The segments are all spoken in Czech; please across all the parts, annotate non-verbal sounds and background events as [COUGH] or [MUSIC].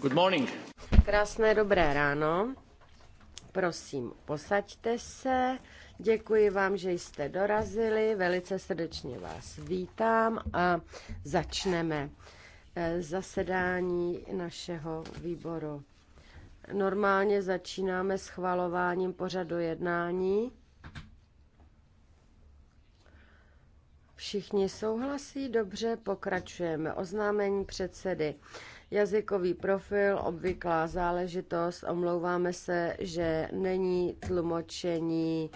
Good morning. Krásné dobré ráno. Prosím, posaďte se. Děkuji vám, že jste dorazili. Velice srdečně vás vítám a začneme eh, zasedání našeho výboru. Normálně začínáme schvalováním pořadu jednání. Všichni souhlasí, dobře, pokračujeme. Oznámení předsedy. Jazykový profil, obvyklá záležitost, omlouváme se, že není tlumočení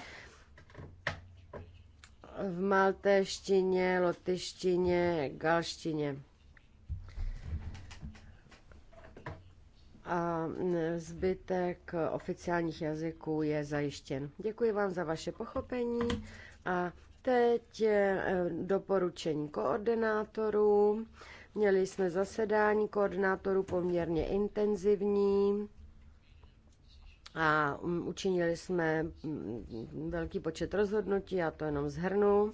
v maltéštině, lotyštině, galštině. a zbytek oficiálních jazyků je zajištěn. Děkuji vám za vaše pochopení a teď eh, doporučení koordinátorů. Měli jsme zasedání koordinátorů poměrně intenzivní a učinili jsme velký počet rozhodnutí, já to jenom zhrnu.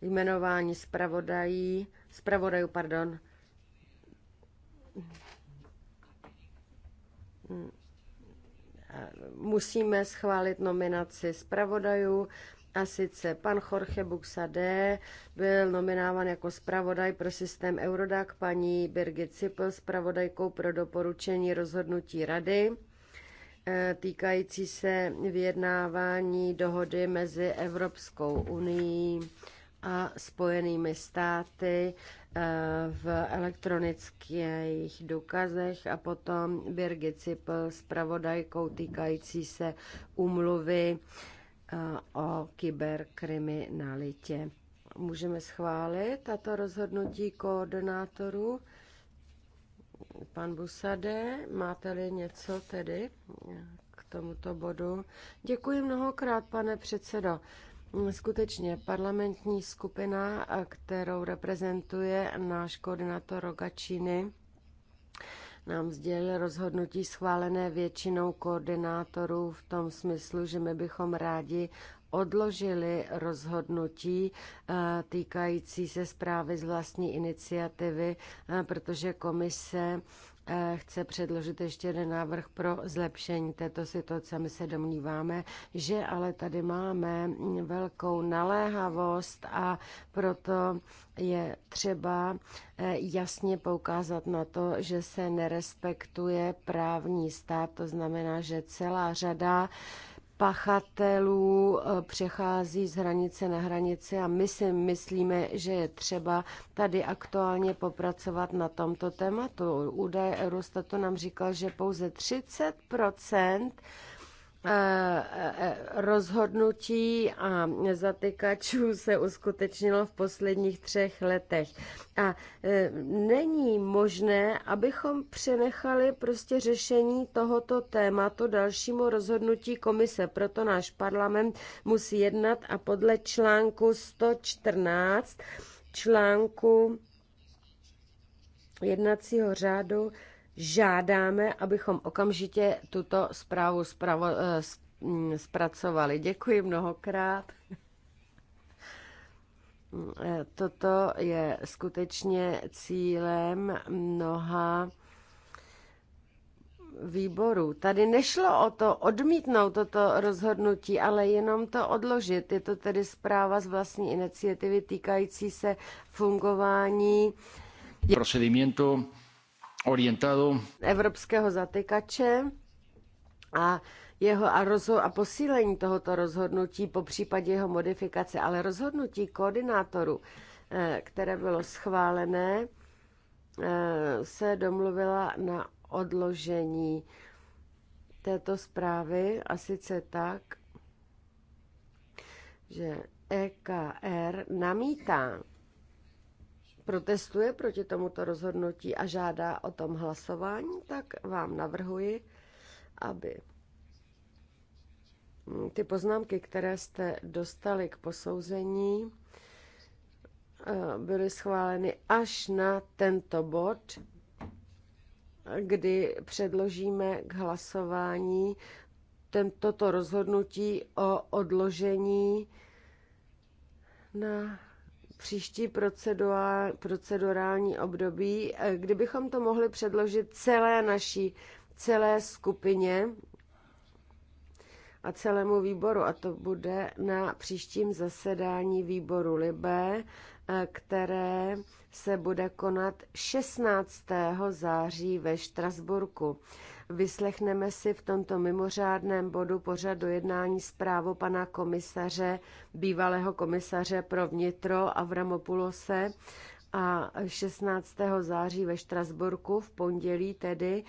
Jmenování zpravodají, zpravodajů, pardon, musíme schválit nominaci zpravodajů. A sice pan Jorge Buxade byl nominován jako zpravodaj pro systém Eurodac, paní Birgit Sipl zpravodajkou pro doporučení rozhodnutí rady e, týkající se vyjednávání dohody mezi Evropskou unii a Spojenými státy e, v elektronických důkazech a potom Birgit Sipl s pravodajkou týkající se umluvy Eh, o kyberkriminalitě. Můžeme schválit tato rozhodnutí koordinátorů. Pan Busade, máte-li něco tedy k tomuto bodu? Děkuji mnohokrát, pane předsedo. Skutečně parlamentní skupina, eh, kterou reprezentuje náš koordinátor Rogačiny, nám sdělil rozhodnutí schválené většinou koordinátorů v tom smyslu, že my bychom rádi odložili rozhodnutí eh, týkající se zprávy z vlastní iniciativy, eh, protože komise Eh, chce předložit ještě jeden návrh pro zlepšení této situace. My se domníváme, že ale tady máme velkou naléhavost a proto je třeba eh, jasně poukázat na to, že se nerespektuje právní stát. To znamená, že celá řada pachatelů eh, přechází z hranice na hranice a my si myslíme, že je třeba tady aktuálně popracovat na tomto tématu. Údaj Eurostatu nám říkal, že pouze 30 Eh, eh, rozhodnutí a zatykačů se uskutečnilo v posledních třech letech. A eh, není možné, abychom přenechali prostě řešení tohoto tématu dalšímu rozhodnutí komise. Proto náš parlament musí jednat a podle článku 114 článku jednacího řádu žádáme, abychom okamžitě tuto zprávu zpravo, eh, mm, zpracovali. Děkuji mnohokrát. Eh, toto je skutečně cílem mnoha výboru. Tady nešlo o to odmítnout toto rozhodnutí, ale jenom to odložit. Je to tedy zpráva z vlastní iniciativy týkající se fungování procedimiento orientado... Evropského zatykače a jeho a, rozho- a posílení tohoto rozhodnutí, po případě jeho modifikace, ale rozhodnutí koordinátoru, eh, které bylo schválené, eh, se domluvila na odložení této zprávy a sice tak, že EKR namítá protestuje proti tomuto rozhodnutí a žádá o tom hlasování, tak vám navrhuji, aby ty poznámky, které jste dostali k posouzení, eh, byly schváleny až na tento bod, kdy předložíme k hlasování tento rozhodnutí o odložení na příští procedurální období, eh, kdybychom to mohli předložit celé naší, celé skupině a celému výboru. A to bude na příštím zasedání výboru Libé, eh, které se bude konat 16. září ve Štrasburku. Vyslechneme si v tomto mimořádném bodu pořadu jednání zprávu pana komisaře, bývalého komisaře pro vnitro Avramopulose a 16. září ve Štrasburku v pondělí tedy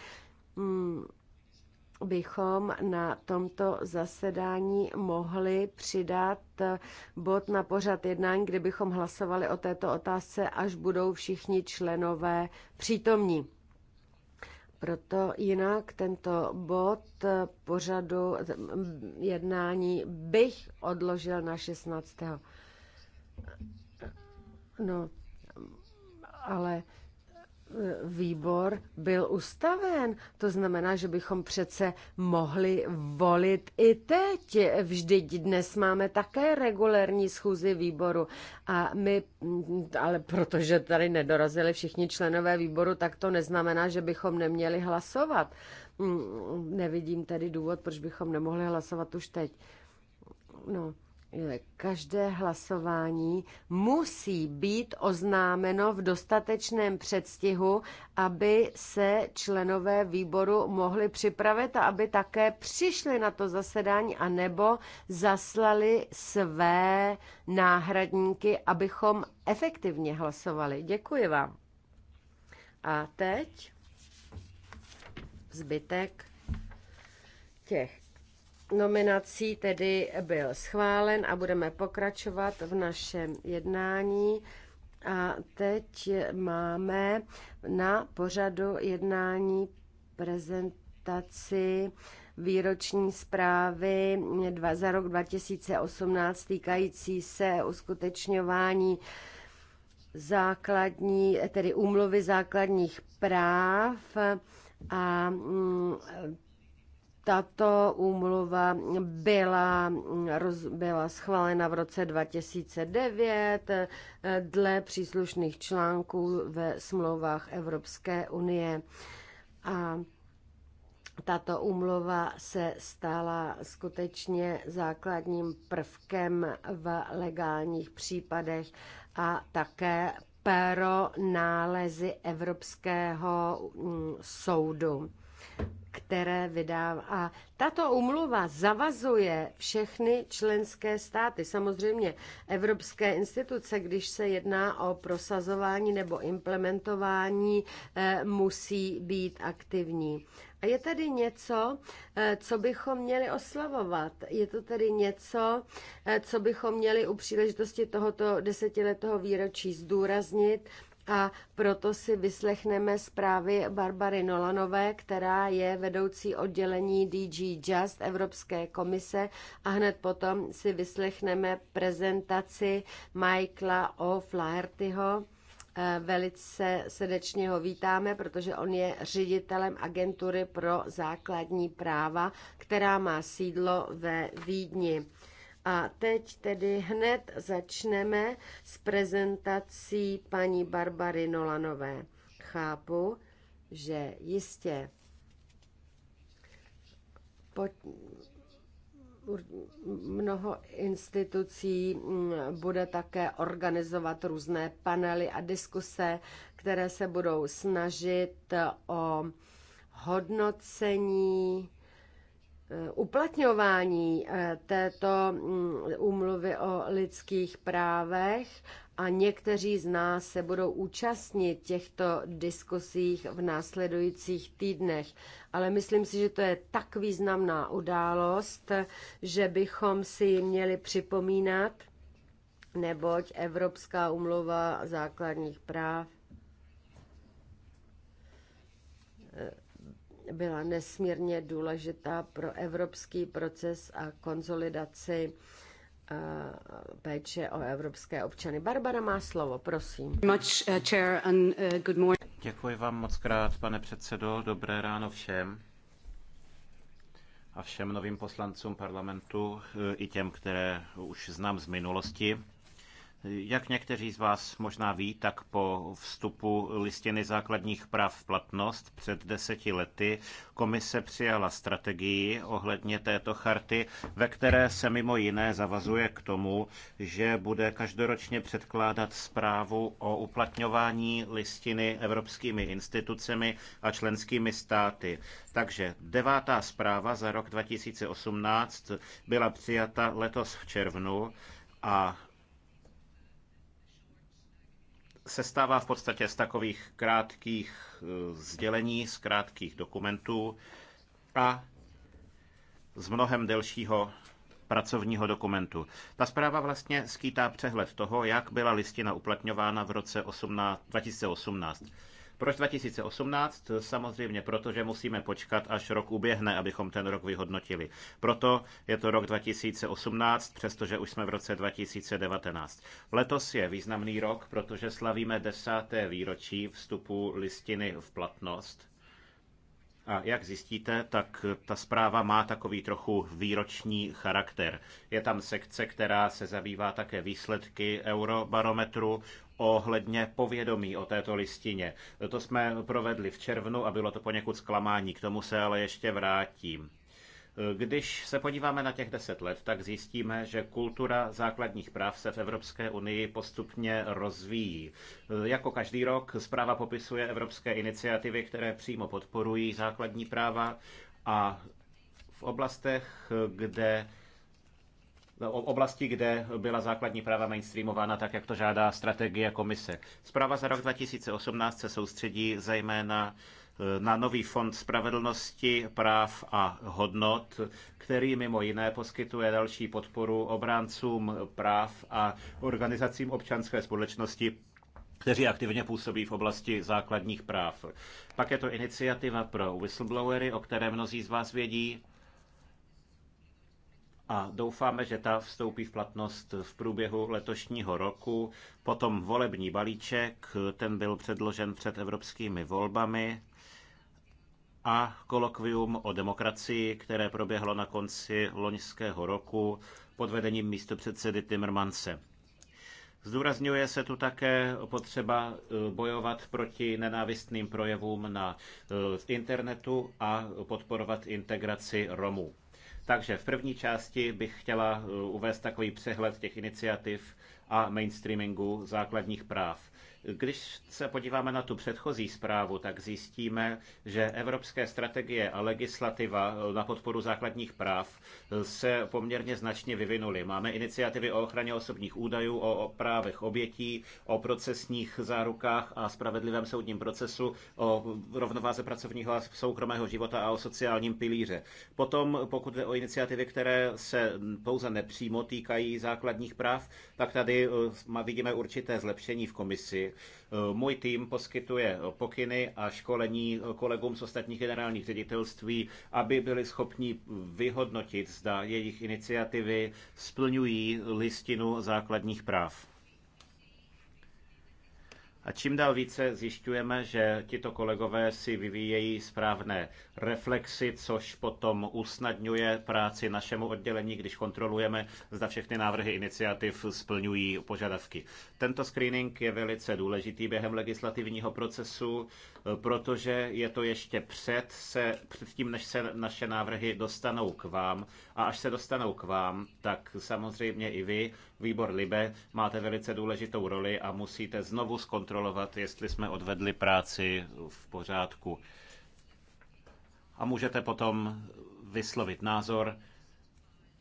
hmm, bychom na tomto zasedání mohli přidat bod na pořad jednání, kde bychom hlasovali o této otázce, až budou všichni členové přítomní. Proto jinak tento bod pořadu jednání bych odložil na 16. No, ale výbor byl ustaven. To znamená, že bychom přece mohli volit i teď. Vždyť dnes máme také regulérní schůzi výboru. A my, ale protože tady nedorazili všichni členové výboru, tak to neznamená, že bychom neměli hlasovat. Mm, nevidím tady důvod, proč bychom nemohli hlasovat už teď. No, Každé hlasování musí být oznámeno v dostatečném předstihu, aby se členové výboru mohli připravit a aby také přišli na to zasedání a nebo zaslali své náhradníky, abychom efektivně hlasovali. Děkuji vám. A teď zbytek těch nominací tedy byl schválen a budeme pokračovat v našem jednání. A teď máme na pořadu jednání prezentaci výroční zprávy dva, za rok 2018 týkající se uskutečňování základní, tedy úmluvy základních práv a mm, tato úmluva byla, roz, byla schválena v roce 2009 eh, dle příslušných článků ve smlouvách Evropské unie. A tato úmluva se stala skutečně základním prvkem v legálních případech a také pro nálezy Evropského mm, soudu které vydává. A tato umluva zavazuje všechny členské státy, samozřejmě evropské instituce, když se jedná o prosazování nebo implementování, eh, musí být aktivní. A je tady něco, eh, co bychom měli oslavovat. Je to tedy něco, eh, co bychom měli u příležitosti tohoto desetiletého výročí zdůraznit a proto si vyslechneme zprávy Barbary Nolanové, která je vedoucí oddělení DG Just Evropské komise a hned potom si vyslechneme prezentaci Michaela O'Flahertyho. Eh, velice srdečně ho vítáme, protože on je ředitelem agentury pro základní práva, která má sídlo ve Vídni. A teď tedy hned začneme s prezentací paní Barbary Nolanové. Chápu, že jistě po mnoho institucí mm, bude také organizovat různé panely a diskuse, které se budou snažit o hodnocení Eh, uplatňování eh, této mm, úmluvy o lidských právech a někteří z nás se budou účastnit těchto diskusích v následujících týdnech. Ale myslím si, že to je tak významná událost, že bychom si ji měli připomínat, neboť Evropská umluva základních práv eh, byla nesmírně důležitá pro evropský proces a konzolidaci eh, péče o evropské občany. Barbara má slovo, prosím. Eh, eh, Děkuji vám moc krát, pane předsedo. Dobré ráno všem a všem novým poslancům parlamentu, i těm, které už znám z minulosti. Jak někteří z vás možná ví, tak po vstupu listiny základních práv v platnost před deseti lety komise přijala strategii ohledně této charty, ve které se mimo jiné zavazuje k tomu, že bude každoročně předkládat zprávu o uplatňování listiny evropskými institucemi a členskými státy. Takže devátá zpráva za rok 2018 byla přijata letos v červnu a se stává v podstatě z takových krátkých eh, sdělení, z krátkých dokumentů a z mnohem delšího pracovního dokumentu. Ta zpráva vlastně skýtá přehled toho, jak byla listina uplatňována v roce 18, 2018. Proč 2018? Samozřejmě proto, že musíme počkat, až rok uběhne, abychom ten rok vyhodnotili. Proto je to rok 2018, přestože už jsme v roce 2019. Letos je významný rok, protože slavíme desáté výročí vstupu listiny v platnost. A jak zjistíte, tak ta zpráva má takový trochu výroční charakter. Je tam sekce, která se zabývá také výsledky eurobarometru, ohledně povědomí o této listině. To jsme provedli v červnu a bylo to poněkud zklamání, k tomu se ale ještě vrátím. Když se podíváme na těch deset let, tak zjistíme, že kultura základních práv se v Evropské unii postupně rozvíjí. Jako každý rok zpráva popisuje evropské iniciativy, které přímo podporují základní práva a v oblastech, kde oblasti, kde byla základní práva mainstreamována tak, jak to žádá strategie komise. Zpráva za rok 2018 se soustředí zejména e, na nový fond spravedlnosti, práv a hodnot, který mimo jiné poskytuje další podporu obráncům práv a organizacím občanské společnosti, kteří aktivně působí v oblasti základních práv. Pak je to iniciativa pro whistleblowery, o které mnozí z vás vědí a doufáme, že ta vstoupí v platnost v průběhu letošního roku. Potom volební balíček, ten byl předložen před evropskými volbami a kolokvium o demokracii, které proběhlo na konci loňského roku pod vedením místopředsedy Timmermanse. Zdůrazňuje se tu také potřeba e, bojovat proti nenávistným projevům na e, internetu a podporovat integraci Romů. Takže v první části bych chtěla uh, uvést takový přehled těch iniciativ a mainstreamingu základních práv. Když se podíváme na tu předchozí zprávu, tak zjistíme, že evropské strategie a legislativa na podporu základních práv se poměrně značně vyvinuly. Máme iniciativy o ochraně osobních údajů, o právech obětí, o procesních zárukách a spravedlivém soudním procesu, o rovnováze pracovního a soukromého života a o sociálním pilíře. Potom, pokud jde o iniciativy, které se pouze nepřímo týkají základních práv, tak tady eh, vidíme určité zlepšení v komisi Eh, můj tým poskytuje pokyny a školení kolegům z ostatních generálních ředitelství, aby byli schopni vyhodnotit, zda jejich iniciativy splňují listinu základních práv. A čím dál více zjišťujeme, že tito kolegové si vyvíjejí správné reflexy, což potom usnadňuje práci našemu oddělení, když kontrolujeme, zda všechny návrhy iniciativ splňují požadavky. Tento screening je velice důležitý během legislativního procesu, protože je to ještě před, se, před tím, než se naše návrhy dostanou k vám. A až se dostanou k vám, tak samozřejmě i vy, výbor Libe, máte velice důležitou roli a musíte znovu zkontrolovat kontrolovat, jestli jsme odvedli práci v pořádku. A můžete potom vyslovit názor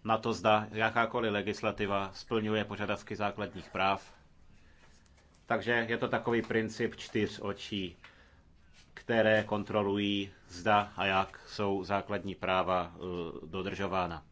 na to, zda jakákoliv legislativa splňuje požadavky základních práv. Takže je to takový princip čtyř očí, které kontrolují, zda a jak jsou základní práva eh, dodržována.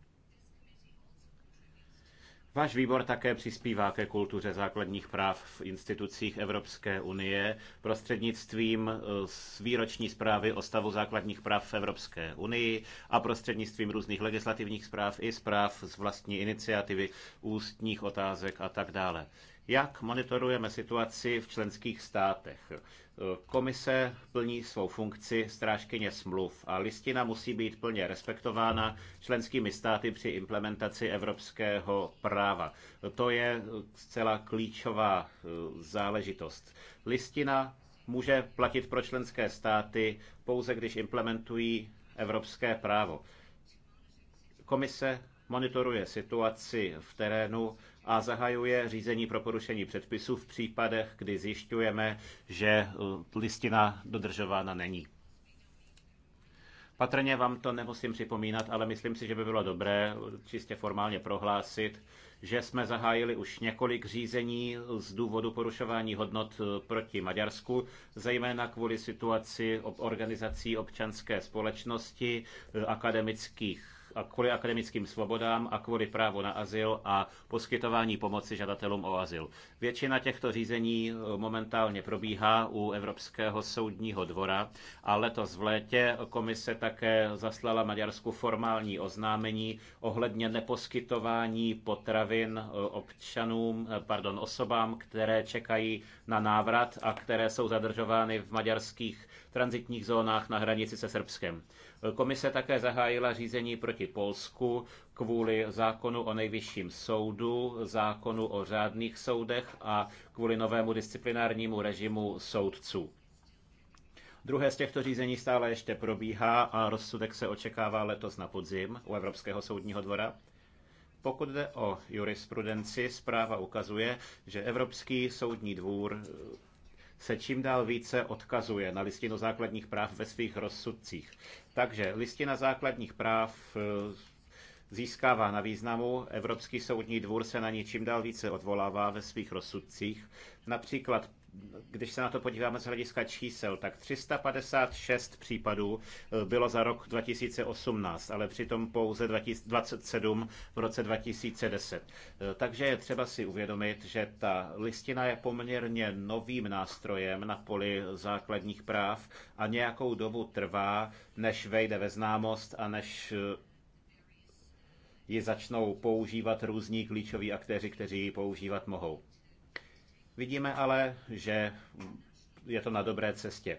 Váš výbor také přispívá ke kultuře základních práv v institucích Evropské unie prostřednictvím eh, výroční zprávy o stavu základních práv v Evropské unii a prostřednictvím různých legislativních zpráv i zpráv z vlastní iniciativy, ústních otázek a tak dále jak monitorujeme situaci v členských státech. Komise plní svou funkci strážkyně smluv a listina musí být plně respektována členskými státy při implementaci evropského práva. To je zcela klíčová eh, záležitost. Listina může platit pro členské státy pouze, když implementují evropské právo. Komise monitoruje situaci v terénu a zahajuje řízení pro porušení předpisů v případech, kdy zjišťujeme, že eh, listina dodržována není. Patrně vám to nemusím připomínat, ale myslím si, že by bylo dobré eh, čistě formálně prohlásit, že jsme zahájili už několik řízení z důvodu porušování hodnot eh, proti Maďarsku, zejména kvůli situaci organizací občanské společnosti, akademických a kvůli akademickým svobodám a kvůli právu na azyl a poskytování pomoci žadatelům o azyl. Většina těchto řízení eh, momentálně probíhá u Evropského soudního dvora a letos v létě komise také zaslala Maďarsku formální oznámení ohledně neposkytování potravin eh, občanům, eh, pardon, osobám, které čekají na návrat a které jsou zadržovány v maďarských transitních zónách na hranici se Srbskem. Komise také zahájila řízení proti Polsku kvůli zákonu o nejvyšším soudu, zákonu o řádných soudech a kvůli novému disciplinárnímu režimu soudců. Druhé z těchto řízení stále ještě probíhá a rozsudek se očekává letos na podzim u Evropského soudního dvora. Pokud jde o jurisprudenci, zpráva ukazuje, že Evropský soudní dvůr eh, se čím dál více odkazuje na listinu základních práv ve svých rozsudcích. Takže listina základních práv eh, získává na významu, Evropský soudní dvůr se na ní čím dál více odvolává ve svých rozsudcích. Například když se na to podíváme z hlediska čísel, tak 356 případů eh, bylo za rok 2018, ale přitom pouze 27 v roce 2010. Eh, takže je třeba si uvědomit, že ta listina je poměrně novým nástrojem na poli základních práv a nějakou dobu trvá, než vejde ve známost a než eh, ji začnou používat různí klíčoví aktéři, kteří ji používat mohou. Vidíme ale, že je to na dobré cestě.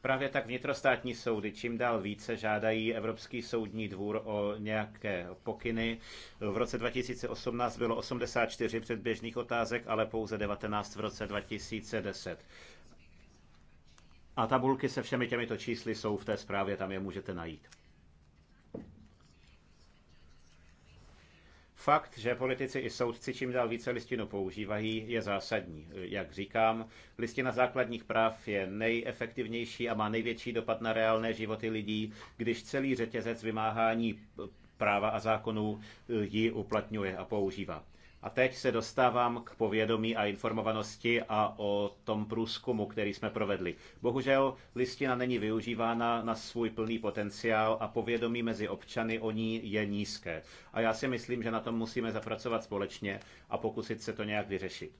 Právě tak vnitrostátní soudy čím dál více žádají Evropský soudní dvůr o nějaké pokyny. V roce 2018 bylo 84 předběžných otázek, ale pouze 19 v roce 2010. A tabulky se všemi těmito čísly jsou v té zprávě, tam je můžete najít. Fakt, že politici i soudci čím dál více listinu používají, je zásadní. Jak říkám, listina základních práv je nejefektivnější a má největší dopad na reálné životy lidí, když celý řetězec vymáhání práva a zákonů ji uplatňuje a používá. A teď se dostávám k povědomí a informovanosti a o tom průzkumu, který jsme provedli. Bohužel listina není využívána na svůj plný potenciál a povědomí mezi občany o ní je nízké. A já si myslím, že na tom musíme zapracovat společně a pokusit se to nějak vyřešit.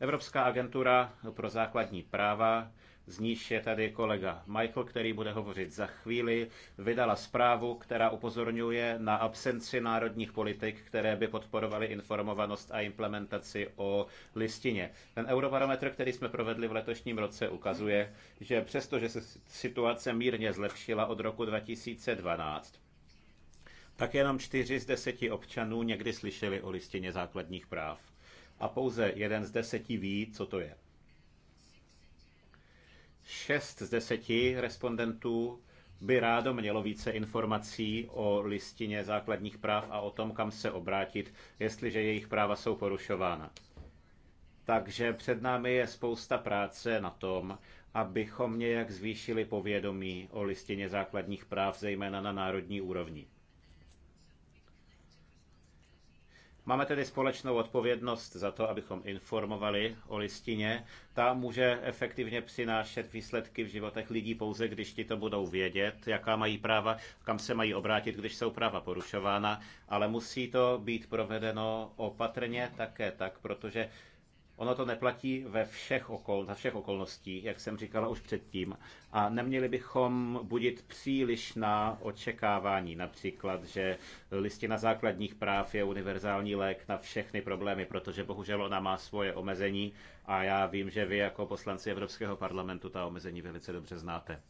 Evropská agentura pro základní práva z níž je tady kolega Michael, který bude hovořit za chvíli, vydala zprávu, která upozorňuje na absenci národních politik, které by podporovaly informovanost a implementaci o listině. Ten eurobarometr, který jsme provedli v letošním roce, ukazuje, že přestože se situace mírně zlepšila od roku 2012, tak jenom čtyři z deseti občanů někdy slyšeli o listině základních práv. A pouze jeden z deseti ví, co to je. Šest z deseti respondentů by rádo mělo více informací o listině základních práv a o tom, kam se obrátit, jestliže jejich práva jsou porušována. Takže před námi je spousta práce na tom, abychom nějak zvýšili povědomí o listině základních práv, zejména na národní úrovni. Máme tedy společnou odpovědnost za to, abychom informovali o listině. Ta může efektivně přinášet výsledky v životech lidí pouze, když ti to budou vědět, jaká mají práva, kam se mají obrátit, když jsou práva porušována, ale musí to být provedeno opatrně také tak, protože Ono to neplatí ve všech okol, za všech okolností, jak jsem říkala už předtím. A neměli bychom budit příliš na očekávání, například, že listina základních práv je univerzální lék na všechny problémy, protože bohužel ona má svoje omezení a já vím, že vy jako poslanci Evropského parlamentu ta omezení velice dobře znáte.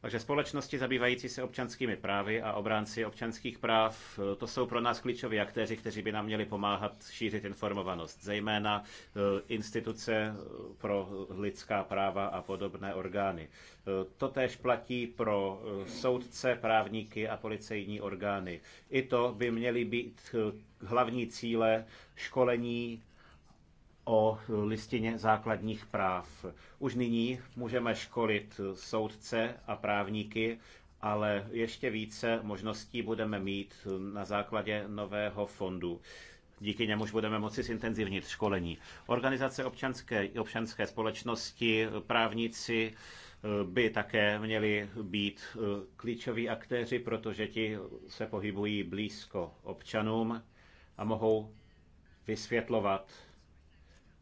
Takže společnosti zabývající se občanskými právy a obránci občanských práv, to jsou pro nás klíčoví aktéři, kteří by nám měli pomáhat šířit informovanost, zejména eh, instituce eh, pro lidská práva a podobné orgány. Eh, to též platí pro soudce, právníky a policejní orgány. I to by měly být hlavní cíle školení o listině základních práv. Už nyní můžeme školit soudce a právníky, ale ještě více možností budeme mít na základě nového fondu. Díky němuž budeme moci zintenzivnit školení. Organizace občanské, občanské společnosti, právníci, eh, by také měli být eh, klíčoví aktéři, protože ti se pohybují blízko občanům a mohou vysvětlovat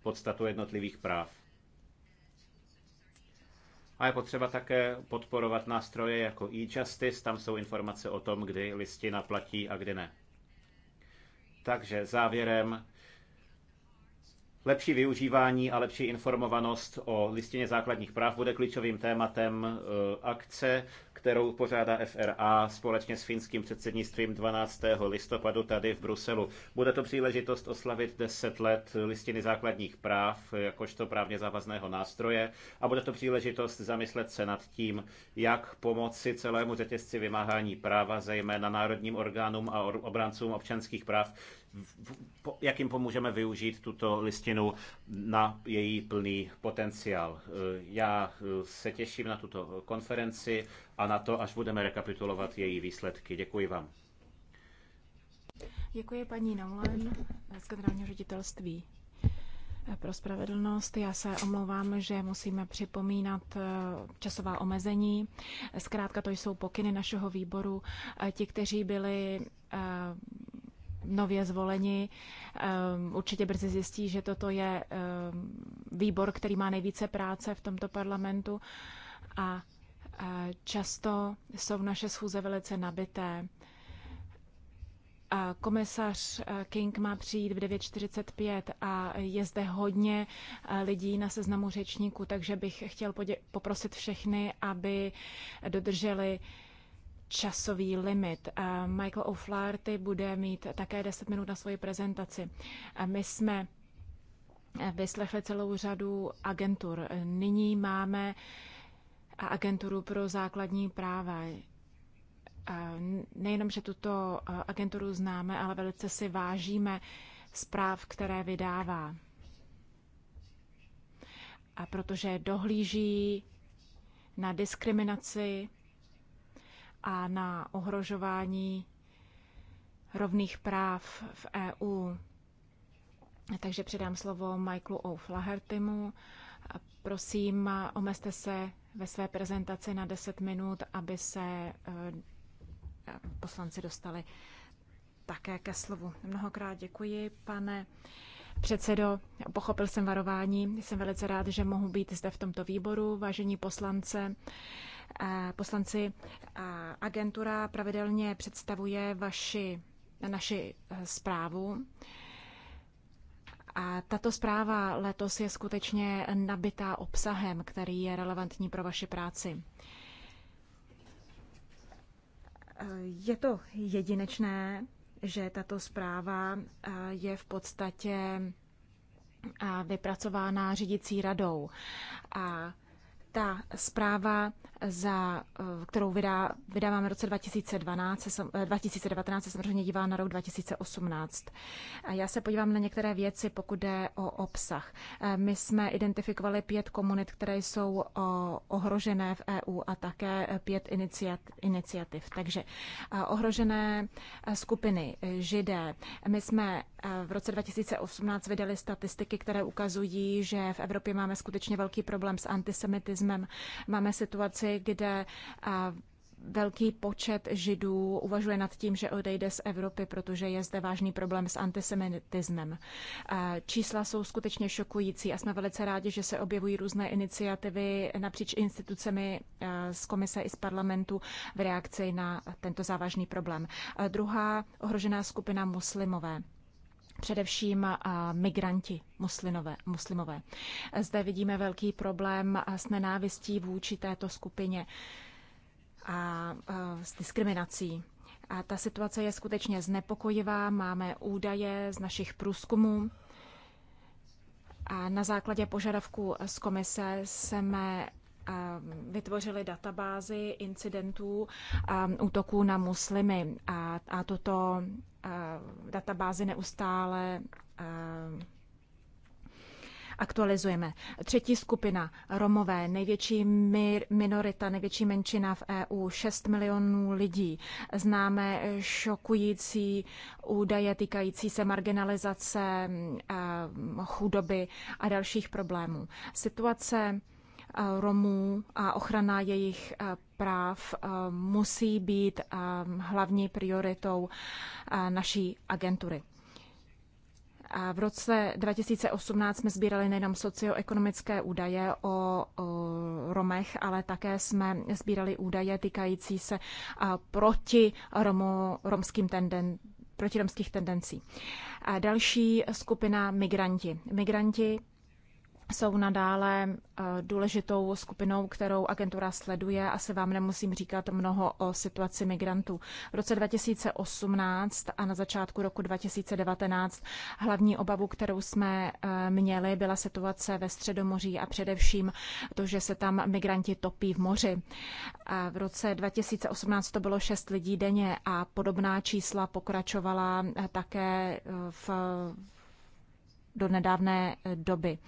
podstatu jednotlivých práv. A je potřeba také podporovat nástroje jako e-justice, tam jsou informace o tom, kdy listina platí a kdy ne. Takže závěrem, lepší využívání a lepší informovanost o listině základních práv bude klíčovým tématem eh, akce kterou pořádá FRA společně s finským předsednictvím 12. listopadu tady v Bruselu. Bude to příležitost oslavit 10 let listiny základních práv jakožto právně závazného nástroje a bude to příležitost zamyslet se nad tím, jak pomoci celému řetězci vymáhání práva, zejména národním orgánům a obrancům občanských práv, jak jim pomůžeme využít tuto listinu na její plný potenciál. Já eh, se těším na tuto konferenci a na to, až budeme rekapitulovat její výsledky. Děkuji vám. Děkuji paní Naulen z generálního ředitelství pro spravedlnost. Já se omlouvám, že musíme připomínat eh, časová omezení. Zkrátka to jsou pokyny našeho výboru. Eh, ti, kteří byli eh, nově zvoleni, určitě brzy zjistí, že toto je výbor, který má nejvíce práce v tomto parlamentu a Často jsou naše schůze velice nabité. komisař eh, King má přijít v 9.45 a je zde hodně eh, lidí na seznamu řečníků, takže bych chtěl poprosit všechny, aby dodrželi časový limit. Eh, Michael O'Flaherty bude mít také 10 minut na svoji prezentaci. My jsme vyslechli celou řadu agentur. Nyní máme a agenturu pro základní práva. Nejenom, že tuto agenturu známe, ale velice si vážíme zpráv, které vydává. A protože dohlíží na diskriminaci a na ohrožování rovných práv v EU. Takže předám slovo Michaelu O'Flahertymu. Prosím, omezte se ve své prezentaci na 10 minut, aby se eh, poslanci dostali také ke slovu. Mnohokrát děkuji, pane předsedo. Pochopil jsem varování. Jsem velice rád, že mohu být zde v tomto výboru. Vážení poslance, eh, poslanci, agentura pravidelně představuje vaši, naši eh, zprávu a tato zpráva letos je skutečně nabitá obsahem, který je relevantní pro vaši práci. Je to jedinečné, že tato zpráva eh, je v podstatě eh, vypracována řídicí radou. A ta zpráva, za, kterou vydá, vydáváme v roce 2012, 2019, eh, se samozřejmě dívá na rok 2018. Já se podívám na některé věci, pokud jde o obsah. Eh, my jsme identifikovali pět komunit, které jsou ohrožené v EU a také eh, pět iniciativ. Takže ohrožené skupiny, židé. My jsme v roce 2018 vydali statistiky, které ukazují, že v Evropě máme skutečně velký problém s antisemitismem nacismem. Máme situaci, kde velký počet židů uvažuje nad tím, že odejde z Evropy, protože je zde vážný problém s antisemitismem. Čísla jsou skutečně šokující a jsme velice rádi, že se objevují různé iniciativy napříč institucemi z komise i z parlamentu v reakci na tento závažný problém. Druhá ohrožená skupina muslimové především migranti muslinové, muslimové. Zde vidíme velký problém s nenávistí vůči této skupině a s diskriminací. A ta situace je skutečně znepokojivá, máme údaje z našich průzkumů. A na základě požadavku z komise jsme vytvořili databázy incidentů útoků na muslimy a, a toto databázy neustále aktualizujeme. Třetí skupina, Romové, největší minorita, největší menšina v EU, 6 milionů lidí. Známe šokující údaje týkající se marginalizace, chudoby a dalších problémů. Situace Romů a ochrana jejich eh, práv eh, musí být eh, hlavní prioritou naší agentury. A v roce 2018 jsme sbírali nejenom socioekonomické údaje o, o Romech, ale také jsme sbírali údaje týkající se a, proti romo, romským tenden, proti romských tendencí. A další skupina migranti. Migranti jsou nadále eh, důležitou skupinou, kterou agentura sleduje. Asi vám nemusím říkat mnoho o situaci migrantů. V roce 2018 a na začátku roku 2019 hlavní obavu, kterou jsme eh, měli, byla situace ve Středomoří a především to, že se tam migranti topí v moři. V roce 2018 to bylo 6 lidí denně a podobná čísla pokračovala eh, také v do nedávné eh, doby.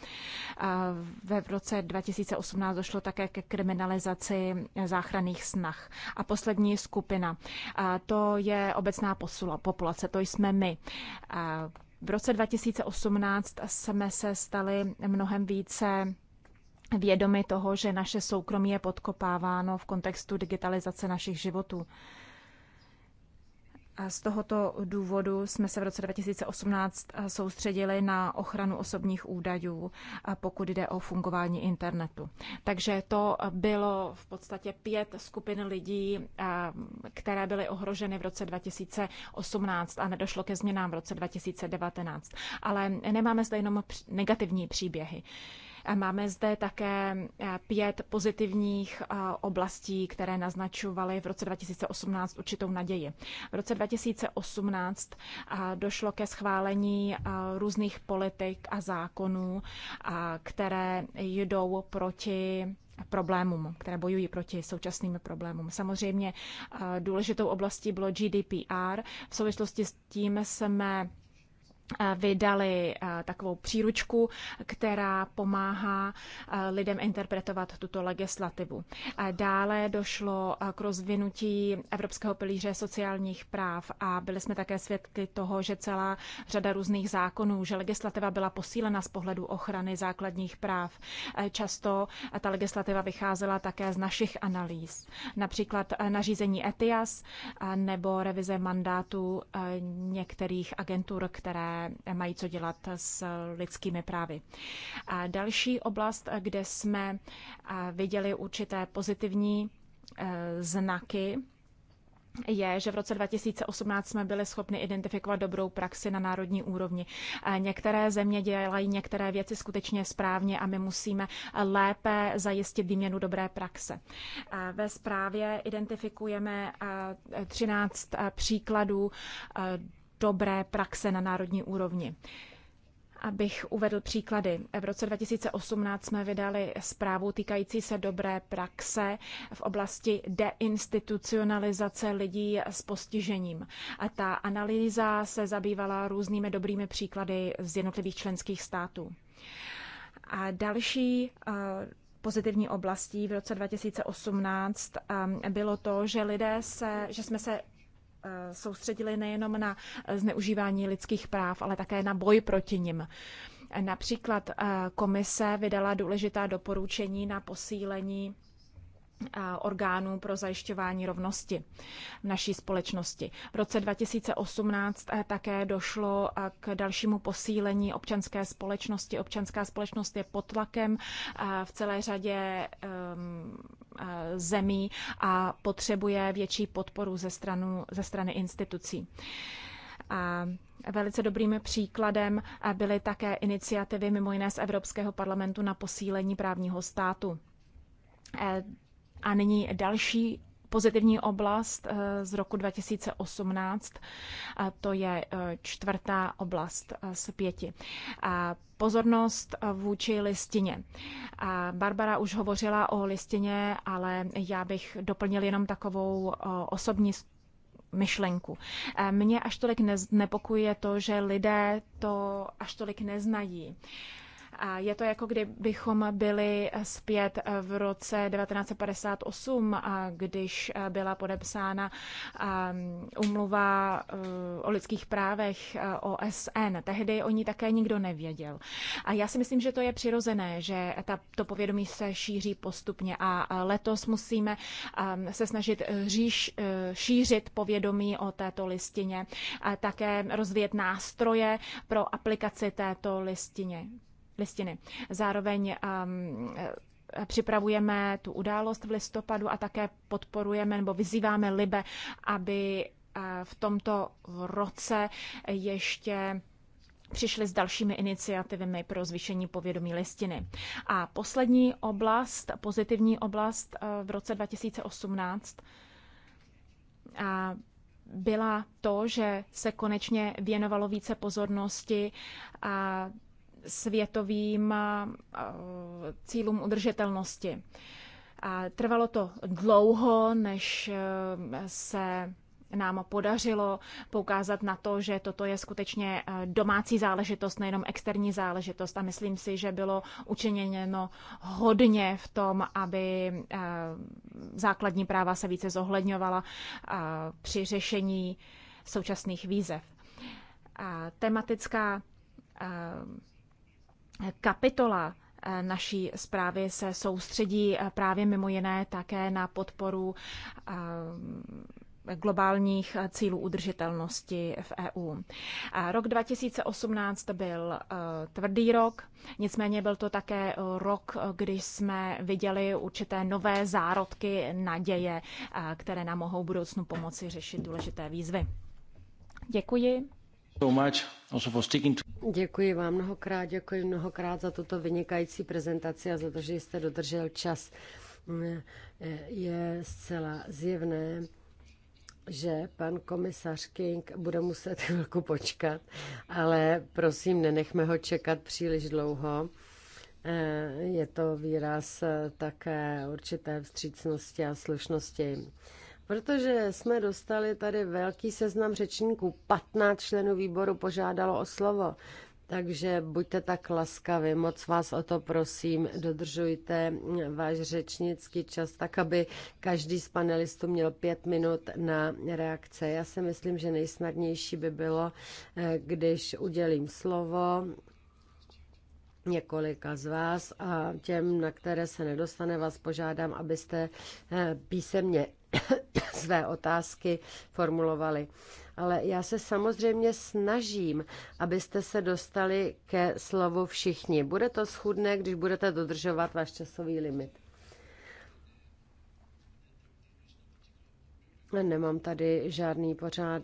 Ve v roce 2018 došlo také ke kriminalizaci eh, záchranných snah. A poslední skupina, to je obecná posula populace, to jsme my. V roce 2018 jsme se stali mnohem více vědomi toho, že naše soukromí je podkopáváno v kontextu digitalizace našich životů. Z tohoto důvodu jsme se v roce 2018 eh, soustředili na ochranu osobních údajů, eh, pokud jde o fungování internetu. Takže to eh, bylo v podstatě pět skupin lidí, které byly ohroženy v roce 2018 a nedošlo ke změnám v roce 2019. Ale nemáme zde jenom negativní příběhy. Máme zde také eh, pět pozitivních eh, oblastí, které naznačovaly v roce 2018 určitou naději. V roce 2018 eh, došlo ke schválení různých politik a zákonů, které jdou proti problémům, které bojují proti současným problémům. Samozřejmě důležitou oblastí bylo GDPR. V souvislosti s tím jsme vydali takovou příručku, která pomáhá lidem interpretovat tuto legislativu. Dále došlo k rozvinutí Evropského pilíře sociálních práv a byli jsme také svědky toho, že celá řada různých zákonů, že legislativa byla posílena z pohledu ochrany základních práv. Často ta legislativa vycházela také z našich analýz, například nařízení ETIAS nebo revize mandátu některých agentur, které mají co dělat s lidskými právy. A další oblast, kde jsme viděli určité pozitivní e, znaky, je, že v roce 2018 jsme byli schopni identifikovat dobrou praxi na národní úrovni. Některé země dělají některé věci skutečně správně a my musíme lépe zajistit výměnu dobré praxe. Ve zprávě identifikujeme 13 příkladů dobré praxe na národní úrovni. Abych uvedl příklady. V roce 2018 jsme vydali zprávu týkající se dobré praxe v oblasti deinstitucionalizace lidí s postižením. A ta analýza se zabývala různými dobrými příklady z jednotlivých členských států. A další eh, pozitivní oblastí v roce 2018 eh, bylo to, že lidé se, že jsme se Eh, soustředili nejenom na eh, zneužívání lidských práv, ale také na boj proti nim. Například eh, komise vydala důležitá doporučení na posílení orgánů pro zajišťování rovnosti v naší společnosti. V roce 2018 eh, také došlo eh, k dalšímu posílení občanské společnosti. Občanská společnost je pod tlakem eh, v celé řadě ehm, zemí a potřebuje větší podporu ze, stranu, ze strany institucí. A velice dobrým příkladem byly také iniciativy mimo jiné z Evropského parlamentu na posílení právního státu a nyní další pozitivní oblast eh, z roku 2018, to je eh, čtvrtá oblast eh, z pěti. A pozornost vůči listině. A Barbara už hovořila o listině, ale já bych doplnil jenom takovou osobní myšlenku. Mně až tolik nepokuje to, že lidé to až tolik neznají. Je to jako kdybychom byli zpět v roce 1958, když byla podepsána um, umluva uh, o lidských právech uh, OSN. Tehdy o ní také nikdo nevěděl. A já si myslím, že to je přirozené, že ta, to povědomí se šíří postupně a letos musíme um, se snažit říš, uh, šířit povědomí o této listině, a také rozvíjet nástroje pro aplikaci této listině listiny. Zároveň um, připravujeme tu událost v listopadu a také podporujeme nebo vyzýváme Libe, aby eh, v tomto roce ještě přišli s dalšími iniciativami pro zvýšení povědomí listiny. A poslední oblast, pozitivní oblast eh, v roce 2018 eh, byla to, že se konečně věnovalo více pozornosti světovým eh, cílům udržitelnosti. A trvalo to dlouho, než eh, se nám podařilo poukázat na to, že toto je skutečně eh, domácí záležitost, nejenom externí záležitost. A myslím si, že bylo učiněno hodně v tom, aby základní práva se více zohledňovala při řešení současných výzev. A tematická kapitola eh, naší zprávy se soustředí eh, právě mimo jiné také na podporu eh, globálních cílů udržitelnosti v EU. Rok 2018 byl tvrdý rok, nicméně byl to také rok, kdy jsme viděli určité nové zárodky naděje, které nám mohou v budoucnu pomoci řešit důležité výzvy. Děkuji. Děkuji vám mnohokrát, děkuji mnohokrát za tuto vynikající prezentaci a za to, že jste dodržel čas. Je zcela zjevné, že pan komisař King bude muset chvilku počkat, ale prosím, nenechme ho čekat příliš dlouho. Je to výraz také určité vstřícnosti a slušnosti. Protože jsme dostali tady velký seznam řečníků, 15 členů výboru požádalo o slovo. Takže buďte tak laskavi, moc vás o to prosím, dodržujte váš řečnický čas tak, aby každý z panelistů měl pět minut na reakce. Já si myslím, že nejsnadnější by bylo, eh, když udělím slovo několika z vás a těm, na které se nedostane, vás požádám, abyste eh, písemně [COUGHS] své otázky formulovali. Ale já se samozřejmě snažím, abyste se dostali ke slovu všichni. Bude to schudné, když budete dodržovat váš časový limit. Nemám tady žádný pořád,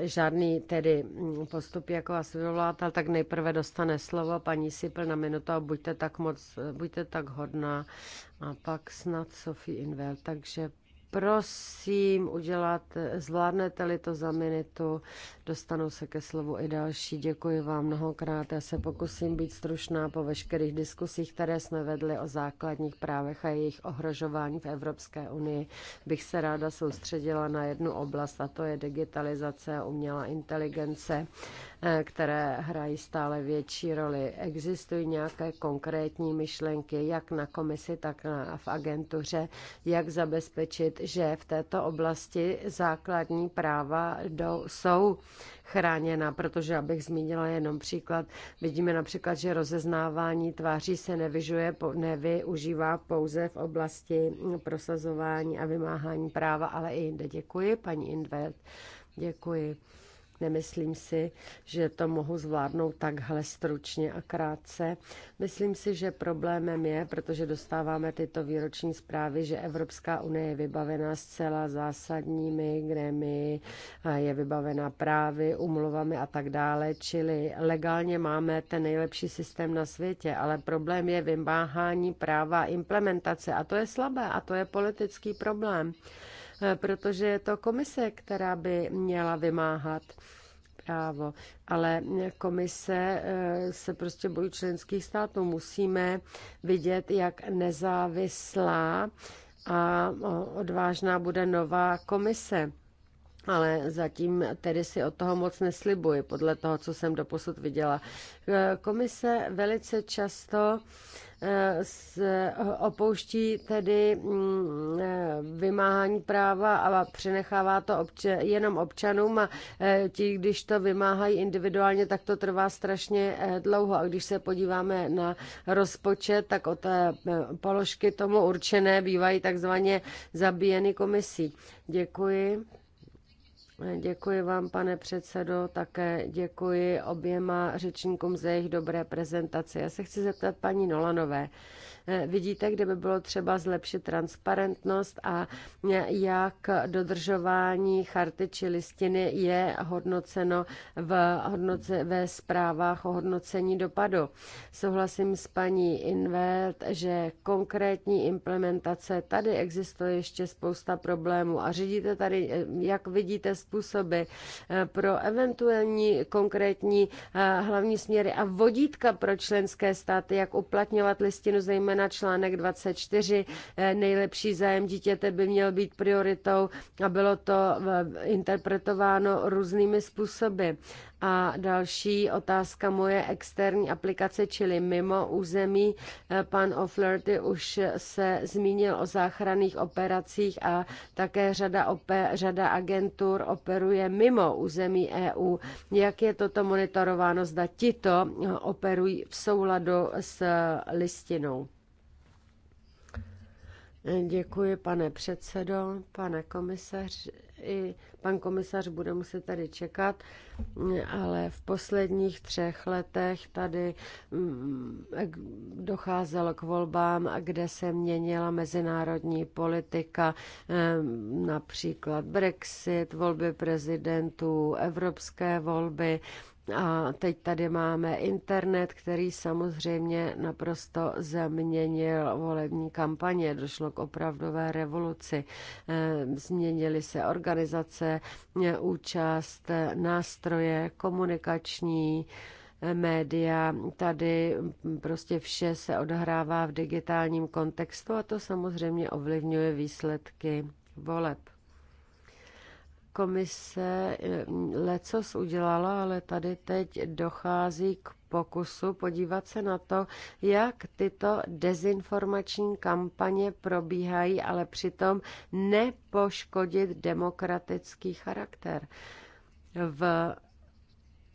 žádný tedy mm, postup jako asimilovatel, tak nejprve dostane slovo paní Sipl na minutu a buďte tak moc, buďte tak hodná a pak snad Sophie Invel. Takže Prosím, udělat, zvládnete-li to za minutu, dostanou se ke slovu i další. Děkuji vám mnohokrát. Já se pokusím být stručná po veškerých diskusích, které jsme vedli o základních právech a jejich ohrožování v Evropské unii. Bych se ráda soustředila na jednu oblast, a to je digitalizace a umělá inteligence, eh, které hrají stále větší roli. Existují nějaké konkrétní myšlenky, jak na komisi, tak na, v agentuře, jak zabezpečit že v této oblasti základní práva jdou, jsou chráněna, protože abych zmínila jenom příklad, vidíme například, že rozeznávání tváří se nevyžuje, nevyužívá pouze v oblasti prosazování a vymáhání práva, ale i jinde. Děkuji, paní Invert. Děkuji. Nemyslím si, že to mohu zvládnout takhle stručně a krátce. Myslím si, že problémem je, protože dostáváme tyto výroční zprávy, že Evropská unie je vybavená zcela zásadními grémy, je vybavená právy, umluvami a tak dále, čili legálně máme ten nejlepší systém na světě, ale problém je vymáhání práva implementace a to je slabé a to je politický problém protože je to komise, která by měla vymáhat právo. Ale komise eh, se prostě bojí členských států. Musíme vidět, jak nezávislá a odvážná bude nová komise. Ale zatím tedy si od toho moc neslibuji, podle toho, co jsem doposud viděla. Eh, komise velice často opouští tedy mm, vymáhání práva a přenechává to obče, jenom občanům a e, ti, když to vymáhají individuálně, tak to trvá strašně e, dlouho. A když se podíváme na rozpočet, tak od e, položky tomu určené bývají takzvaně zabíjeny komisí. Děkuji. Děkuji vám, pane předsedo, také děkuji oběma řečníkům za jejich dobré prezentace. Já se chci zeptat paní Nolanové. Eh, vidíte, kde by bylo třeba zlepšit transparentnost a eh, jak dodržování charty či listiny je hodnoceno v, hodnoce, ve zprávách o hodnocení dopadu. Souhlasím s paní Invert, že konkrétní implementace tady existuje ještě spousta problémů a řídíte tady, eh, jak vidíte, způsoby pro eventuální konkrétní hlavní směry a vodítka pro členské státy, jak uplatňovat listinu, zejména na článek 24, eh, nejlepší zájem dítěte by měl být prioritou a bylo to eh, interpretováno různými způsoby. A další otázka moje externí aplikace, čili mimo území. Eh, pan O'Flaherty už se zmínil o záchranných operacích a také řada, oper, řada agentur operuje mimo území EU. Jak je toto monitorováno? Zda tito operují v souladu s listinou? Děkuji, pane předsedo, pane komisař. I pan komisař bude muset tady čekat, ale v posledních třech letech tady mm, docházelo k volbám, kde se měnila mezinárodní politika, ehm, například Brexit, volby prezidentů, evropské volby a teď tady máme internet, který samozřejmě naprosto zaměnil volební kampaně. Došlo k opravdové revoluci. Eh, změnily se organizace, eh, účast, eh, nástroje komunikační, média. Tady prostě vše se odhrává v digitálním kontextu a to samozřejmě ovlivňuje výsledky voleb komise eh, lecos udělala, ale tady teď dochází k pokusu podívat se na to, jak tyto dezinformační kampaně probíhají, ale přitom nepoškodit demokratický charakter. V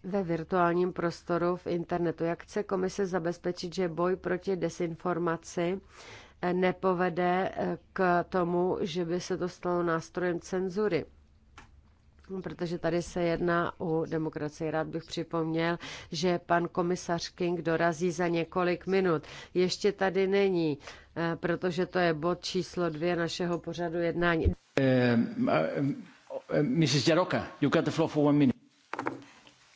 ve virtuálním prostoru v internetu. Jak chce komise zabezpečit, že boj proti desinformaci eh, nepovede eh, k tomu, že by se to stalo nástrojem cenzury? protože tady se jedná o demokracii. Rád bych připomněl, že pan komisař King dorazí za několik minut. Ještě tady není, eh, protože to je bod číslo dvě našeho pořadu jednání. Um, uh, um, uh, Mrs. Jaroka, you got the floor for one minute.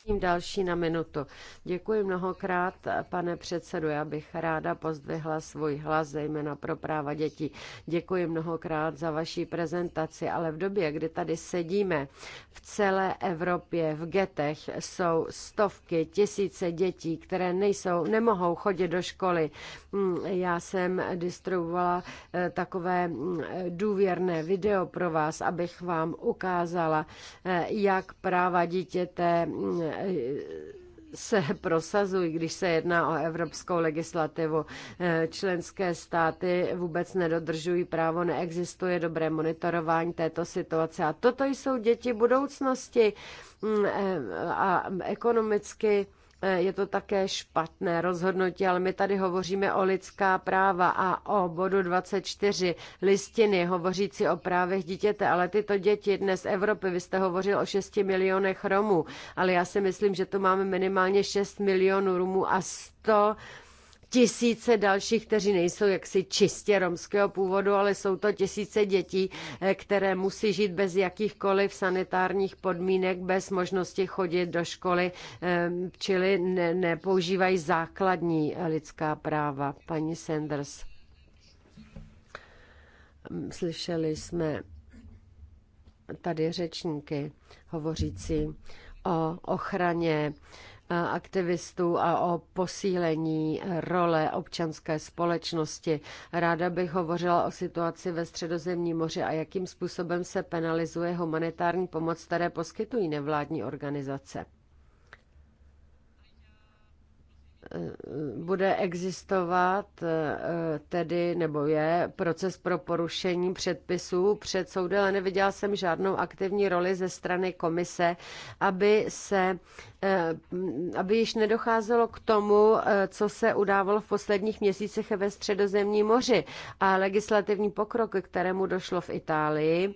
Tím další na minutu. Děkuji mnohokrát, pane předsedu. Já bych ráda pozdvihla svůj hlas, zejména pro práva dětí. Děkuji mnohokrát za vaší prezentaci, ale v době, kdy tady sedíme v celé Evropě, v getech, jsou stovky, tisíce dětí, které nejsou, nemohou chodit do školy. Hmm, já jsem distribuovala eh, takové hmm, důvěrné video pro vás, abych vám ukázala, eh, jak práva dítěte hmm, se prosazují, když se jedná o evropskou legislativu. Eh, Členské státy vůbec nedodržují právo, neexistuje dobré monitorování této situace. A toto jsou děti budoucnosti mm, eh, a ekonomicky Eh, je to také špatné rozhodnutí, ale my tady hovoříme o lidská práva a o bodu 24 listiny hovořící o právech dítěte, ale tyto děti dnes Evropy, vy jste hovořil o 6 milionech Romů, ale já si myslím, že tu máme minimálně 6 milionů Romů a 100 tisíce dalších, kteří nejsou jaksi čistě romského původu, ale jsou to tisíce dětí, eh, které musí žít bez jakýchkoliv sanitárních podmínek, bez možnosti chodit do školy, ehm, čili ne, nepoužívají základní lidská práva. Paní Sanders. Mm, slyšeli jsme tady řečníky hovořící o ochraně aktivistů a o posílení role občanské společnosti. Ráda bych hovořila o situaci ve Středozemním moři a jakým způsobem se penalizuje humanitární pomoc, které poskytují nevládní organizace bude existovat eh, tedy, nebo je proces pro porušení předpisů před soudem, ale neviděla jsem žádnou aktivní roli ze strany komise, aby se, eh, aby již nedocházelo k tomu, eh, co se udávalo v posledních měsících ve středozemní moři a legislativní pokrok, kterému došlo v Itálii,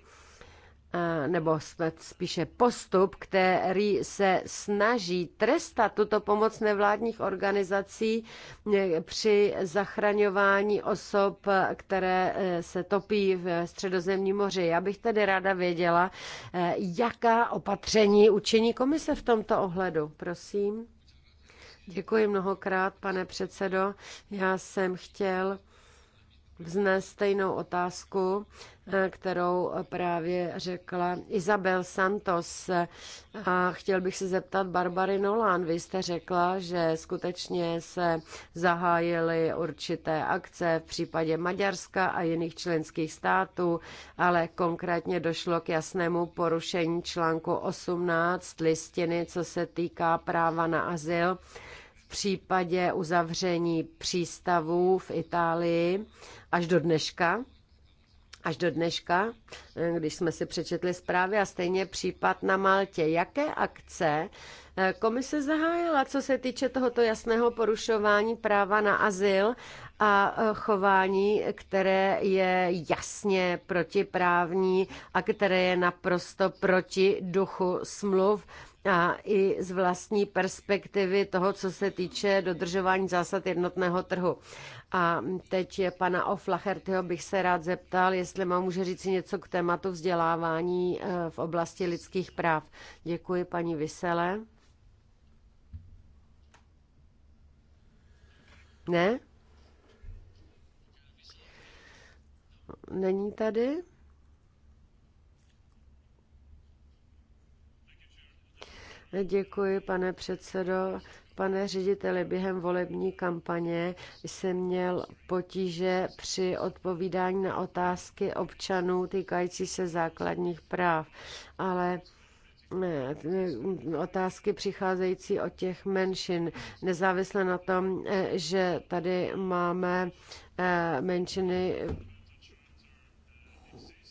nebo spíše postup, který se snaží trestat tuto pomoc nevládních organizací eh, při zachraňování osob, které eh, se topí v středozemním moři. Já bych tedy ráda věděla, eh, jaká opatření učiní komise v tomto ohledu. Prosím. Děkuji mnohokrát, pane předsedo. Já jsem chtěl vznést stejnou otázku, eh, kterou právě řekla Isabel Santos. A chtěl bych se zeptat Barbary Nolan. Vy jste řekla, že skutečně se zahájily určité akce v případě Maďarska a jiných členských států, ale konkrétně došlo k jasnému porušení článku 18 listiny, co se týká práva na azyl případě uzavření přístavů v Itálii až do dneška. Až do dneška, když jsme si přečetli zprávy a stejně případ na Maltě. Jaké akce eh, komise zahájila, co se týče tohoto jasného porušování práva na azyl a eh, chování, které je jasně protiprávní a které je naprosto proti duchu smluv a i z vlastní perspektivy toho, co se týče dodržování zásad jednotného trhu. A teď je pana Oflachertyho bych se rád zeptal, jestli má může říct něco k tématu vzdělávání eh, v oblasti lidských práv. Děkuji paní Vysele. Ne? Není tady? Děkuji, pane předsedo. Pane řediteli, během volební kampaně jsem měl potíže při odpovídání na otázky občanů týkající se základních práv, ale eh, otázky přicházející od těch menšin, nezávisle na tom, eh, že tady máme eh, menšiny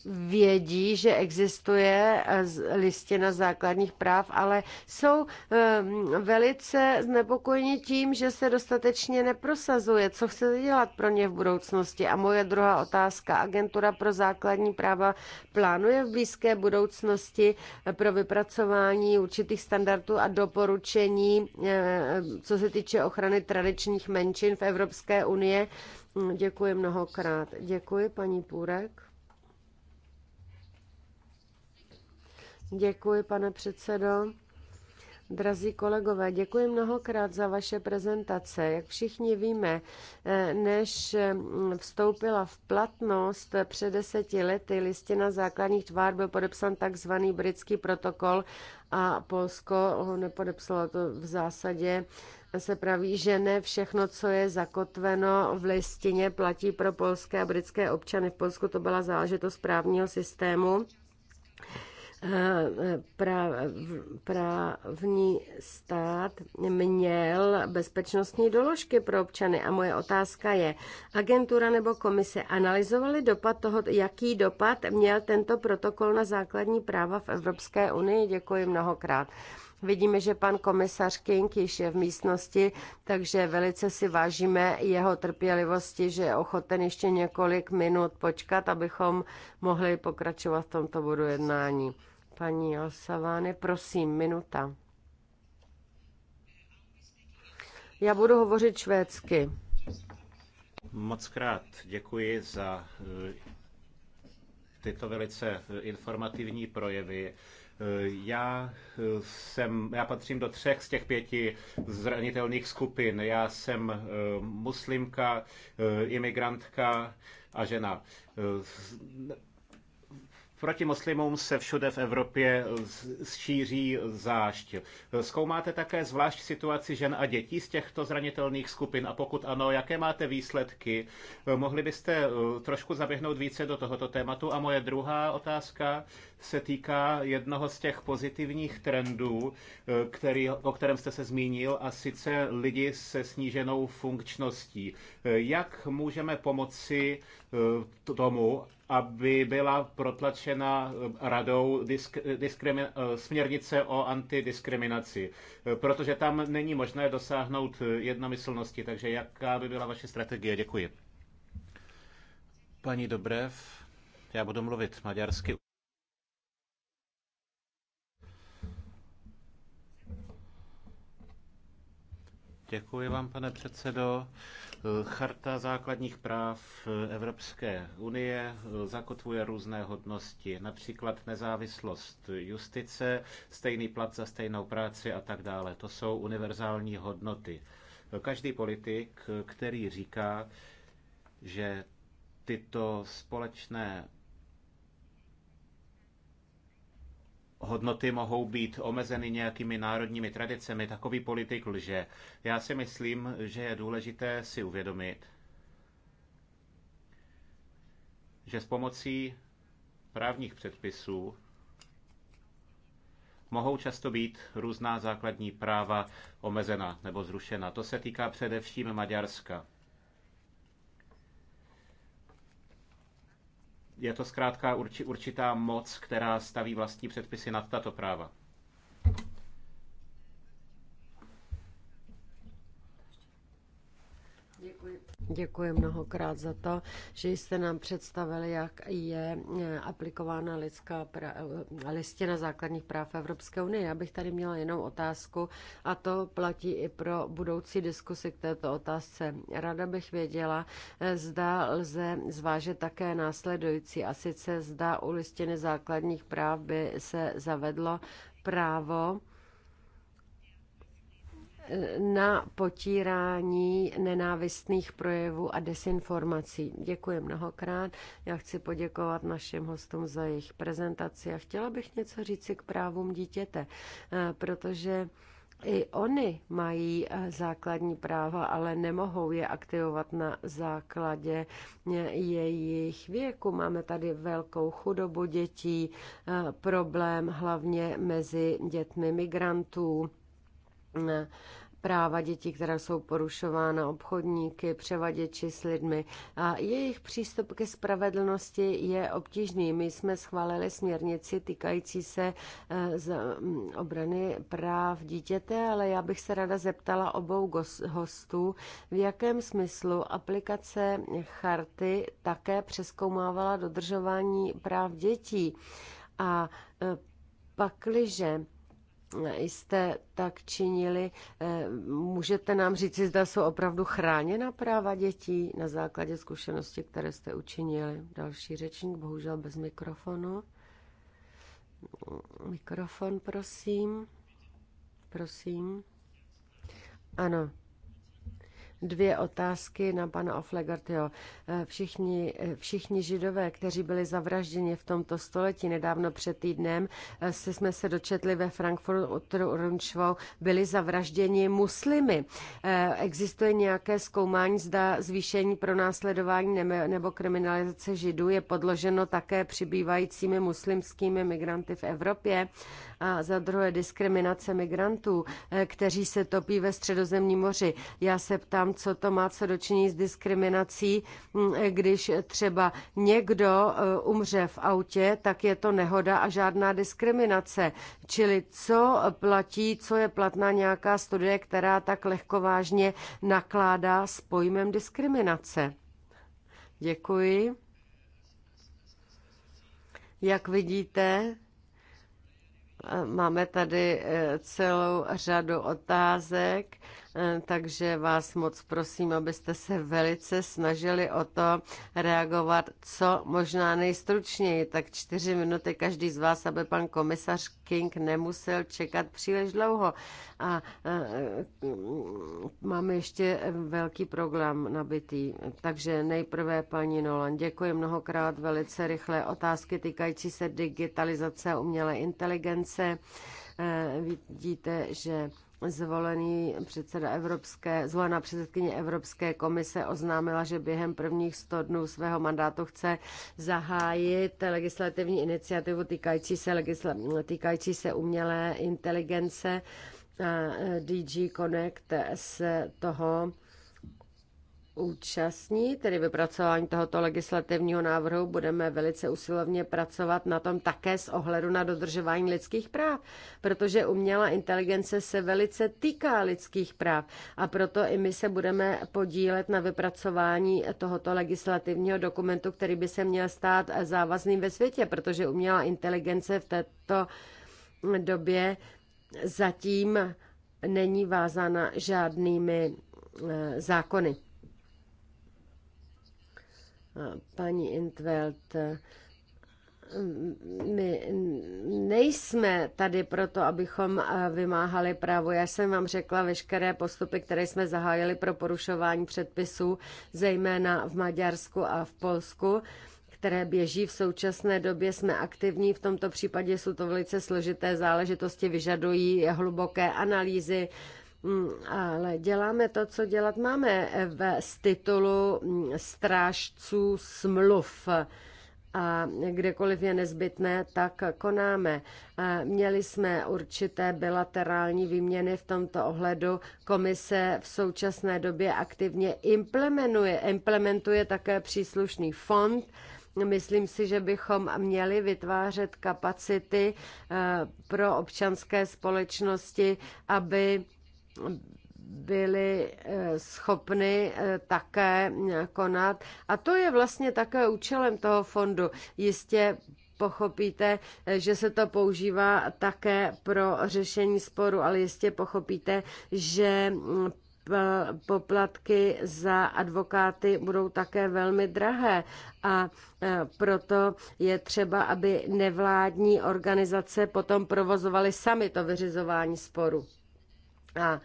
vědí, že existuje listina základních práv, ale jsou ehm, velice znepokojeni tím, že se dostatečně neprosazuje. Co chcete dělat pro ně v budoucnosti? A moje druhá otázka. Agentura pro základní práva plánuje v blízké budoucnosti eh, pro vypracování určitých standardů a doporučení, eh, co se týče ochrany tradičních menšin v Evropské unie. Hm, děkuji mnohokrát. Děkuji, paní Půrek. Děkuji, pane předsedo. Drazí kolegové, děkuji mnohokrát za vaše prezentace. Jak všichni víme, eh, než mm, vstoupila v platnost před deseti lety listina základních tvár, byl podepsan takzvaný britský protokol a Polsko ho nepodepsalo. To v zásadě se praví, že ne všechno, co je zakotveno v listině, platí pro polské a britské občany. V Polsku to byla záležitost právního systému právní stát měl bezpečnostní doložky pro občany. A moje otázka je, agentura nebo komise analyzovaly dopad toho, jaký dopad měl tento protokol na základní práva v Evropské unii? Děkuji mnohokrát. Vidíme, že pan komisař King již je v místnosti, takže velice si vážíme jeho trpělivosti, že je ochoten ještě několik minut počkat, abychom mohli pokračovat v tomto bodu jednání. Paní Alsavány, prosím, minuta. Já budu hovořit švédsky. Moc krát děkuji za eh, tyto velice eh, informativní projevy. Eh, já, jsem, já patřím do třech z těch pěti zranitelných skupin. Já jsem muslimka, imigrantka a žena Proti muslimům se všude v Evropě šíří zášť. Zkoumáte také zvlášť situaci žen a dětí z těchto zranitelných skupin a pokud ano, jaké máte výsledky? Mohli byste eh, trošku zaběhnout více do tohoto tématu? A moje druhá otázka se týká jednoho z těch pozitivních trendů, eh, který, o kterém jste se zmínil, a sice lidi se sníženou funkčností. Eh, jak můžeme pomoci eh, tomu, aby byla protlačena radou disk, diskrimi, směrnice o antidiskriminaci, protože tam není možné dosáhnout jednomyslnosti. Takže jaká by byla vaše strategie? Děkuji. Paní Dobrev, já budu mluvit maďarsky. Děkuji vám, pane předsedo. Charta základních práv Evropské unie zakotvuje různé hodnosti, například nezávislost justice, stejný plat za stejnou práci a tak dále. To jsou univerzální hodnoty. Každý politik, který říká, že tyto společné hodnoty mohou být omezeny nějakými národními tradicemi, takový politik lže. Já si myslím, že je důležité si uvědomit, že s pomocí právních předpisů mohou často být různá základní práva omezena nebo zrušena. To se týká především Maďarska. je to zkrátka určitá moc, která staví vlastní předpisy nad tato práva. Děkuji mnohokrát za to, že jste nám představili, jak je eh, aplikována lidská pra, eh, listina základních práv Evropské unie. Já bych tady měla jenom otázku a to platí i pro budoucí diskusy k této otázce. Rada bych věděla, eh, zda lze zvážit také následující a sice zda u listiny základních práv by se zavedlo právo na potírání nenávistných projevů a desinformací. Děkuji mnohokrát. Já chci poděkovat našim hostům za jejich prezentaci a chtěla bych něco říci k právům dítěte, eh, protože i oni mají eh, základní práva, ale nemohou je aktivovat na základě eh, jejich věku. Máme tady velkou chudobu dětí, problém hlavně mezi dětmi migrantů práva dětí, která jsou porušována obchodníky, převaděči s lidmi a jejich přístup ke spravedlnosti je obtížný. My jsme schválili směrnici týkající se eh, z mm, obrany práv dítěte, ale já bych se rada zeptala obou hostů, v jakém smyslu aplikace charty také přeskoumávala dodržování práv dětí. A eh, pakliže jste tak činili. Eh, můžete nám říct, zda jsou opravdu chráněna práva dětí na základě zkušenosti, které jste učinili? Další řečník, bohužel bez mikrofonu. Mikrofon, prosím. Prosím. Ano, dvě otázky na pana Oflegartyho. Eh, všichni, eh, všichni židové, kteří byli zavražděni v tomto století nedávno před týdnem, eh, se jsme se dočetli ve Frankfurtu Rundschau, byli zavražděni muslimy. Existuje nějaké zkoumání, zda zvýšení pro následování nebo kriminalizace židů je podloženo také přibývajícími muslimskými migranty v Evropě? a za druhé diskriminace migrantů, eh, kteří se topí ve středozemním moři. Já se ptám, co to má co dočiní s diskriminací, mm, eh, když třeba někdo eh, umře v autě, tak je to nehoda a žádná diskriminace. Čili co platí, co je platná nějaká studie, která tak lehkovážně nakládá s pojmem diskriminace. Děkuji. Jak vidíte, Máme tady eh, celou řadu otázek Eh, takže vás moc prosím, abyste se velice snažili o to reagovat co možná nejstručněji, tak čtyři minuty každý z vás, aby pan komisař King nemusel čekat příliš dlouho. A, eh, máme ještě velký program nabitý, takže nejprve paní Nolan, děkuji mnohokrát velice rychle otázky týkající se digitalizace a umělé inteligence. Eh, vidíte, že zvolený předseda Evropské, zvolená předsedkyně Evropské komise oznámila, že během prvních 100 dnů svého mandátu chce zahájit legislativní iniciativu týkající se, legisla, týkající se umělé inteligence. Eh, DG Connect z toho účastní, tedy vypracování tohoto legislativního návrhu, budeme velice usilovně pracovat na tom také s ohledu na dodržování lidských práv, protože umělá inteligence se velice týká lidských práv a proto i my se budeme podílet na vypracování tohoto legislativního dokumentu, který by se měl stát závazným ve světě, protože umělá inteligence v této době zatím není vázána žádnými eh, zákony paní Intveld, my nejsme tady proto, abychom eh, vymáhali právo. Já jsem vám řekla veškeré postupy, které jsme zahájili pro porušování předpisů, zejména v Maďarsku a v Polsku které běží v současné době, jsme aktivní. V tomto případě jsou to velice složité záležitosti, vyžadují hluboké analýzy, Mm, ale děláme to, co dělat máme eh, v, titulu mm, strážců smluv a kdekoliv je nezbytné, tak konáme. Eh, měli jsme určité bilaterální výměny v tomto ohledu. Komise v současné době aktivně implementuje, implementuje také příslušný fond. Myslím si, že bychom měli vytvářet kapacity eh, pro občanské společnosti, aby byly eh, schopny eh, také konat. A to je vlastně také účelem toho fondu. Jistě pochopíte, eh, že se to používá také pro řešení sporu, ale jistě pochopíte, že mm, poplatky za advokáty budou také velmi drahé a proto je třeba, aby nevládní organizace potom provozovaly sami to vyřizování sporu. A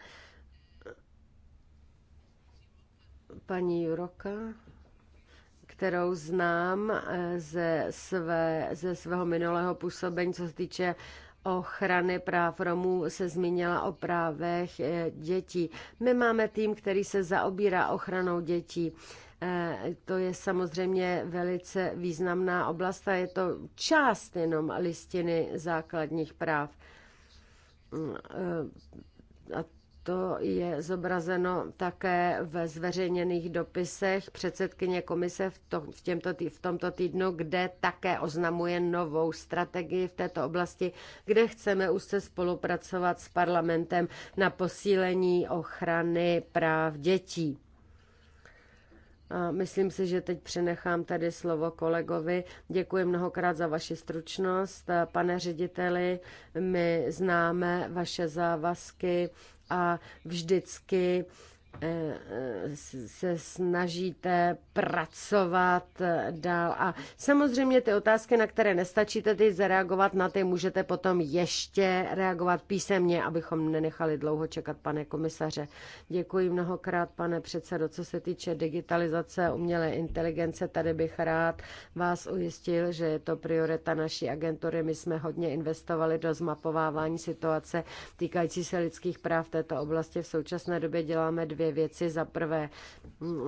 paní Juroka, kterou znám eh, ze, své, ze svého minulého působení, co se týče ochrany práv Romů se zmínila o právech eh, dětí. My máme tým, který se zaobírá ochranou dětí. Eh, to je samozřejmě velice významná oblast a je to část jenom listiny základních práv mm, to je zobrazeno také ve zveřejněných dopisech předsedkyně komise v, to, v, těmto tý, v tomto týdnu, kde také oznamuje novou strategii v této oblasti, kde chceme úzce spolupracovat s parlamentem na posílení ochrany práv dětí myslím si, že teď přenechám tady slovo kolegovi. Děkuji mnohokrát za vaši stručnost. Pane řediteli, my známe vaše závazky a vždycky Eh, se snažíte pracovat eh, dál. A samozřejmě ty otázky, na které nestačíte teď zareagovat, na ty můžete potom ještě reagovat písemně, abychom nenechali dlouho čekat, pane komisaře. Děkuji mnohokrát, pane předsedo. Co se týče digitalizace umělé inteligence, tady bych rád vás ujistil, že je to priorita naší agentury. My jsme hodně investovali do zmapovávání situace týkající se lidských práv v této oblasti. V současné době děláme dvě dvě věci. Za prvé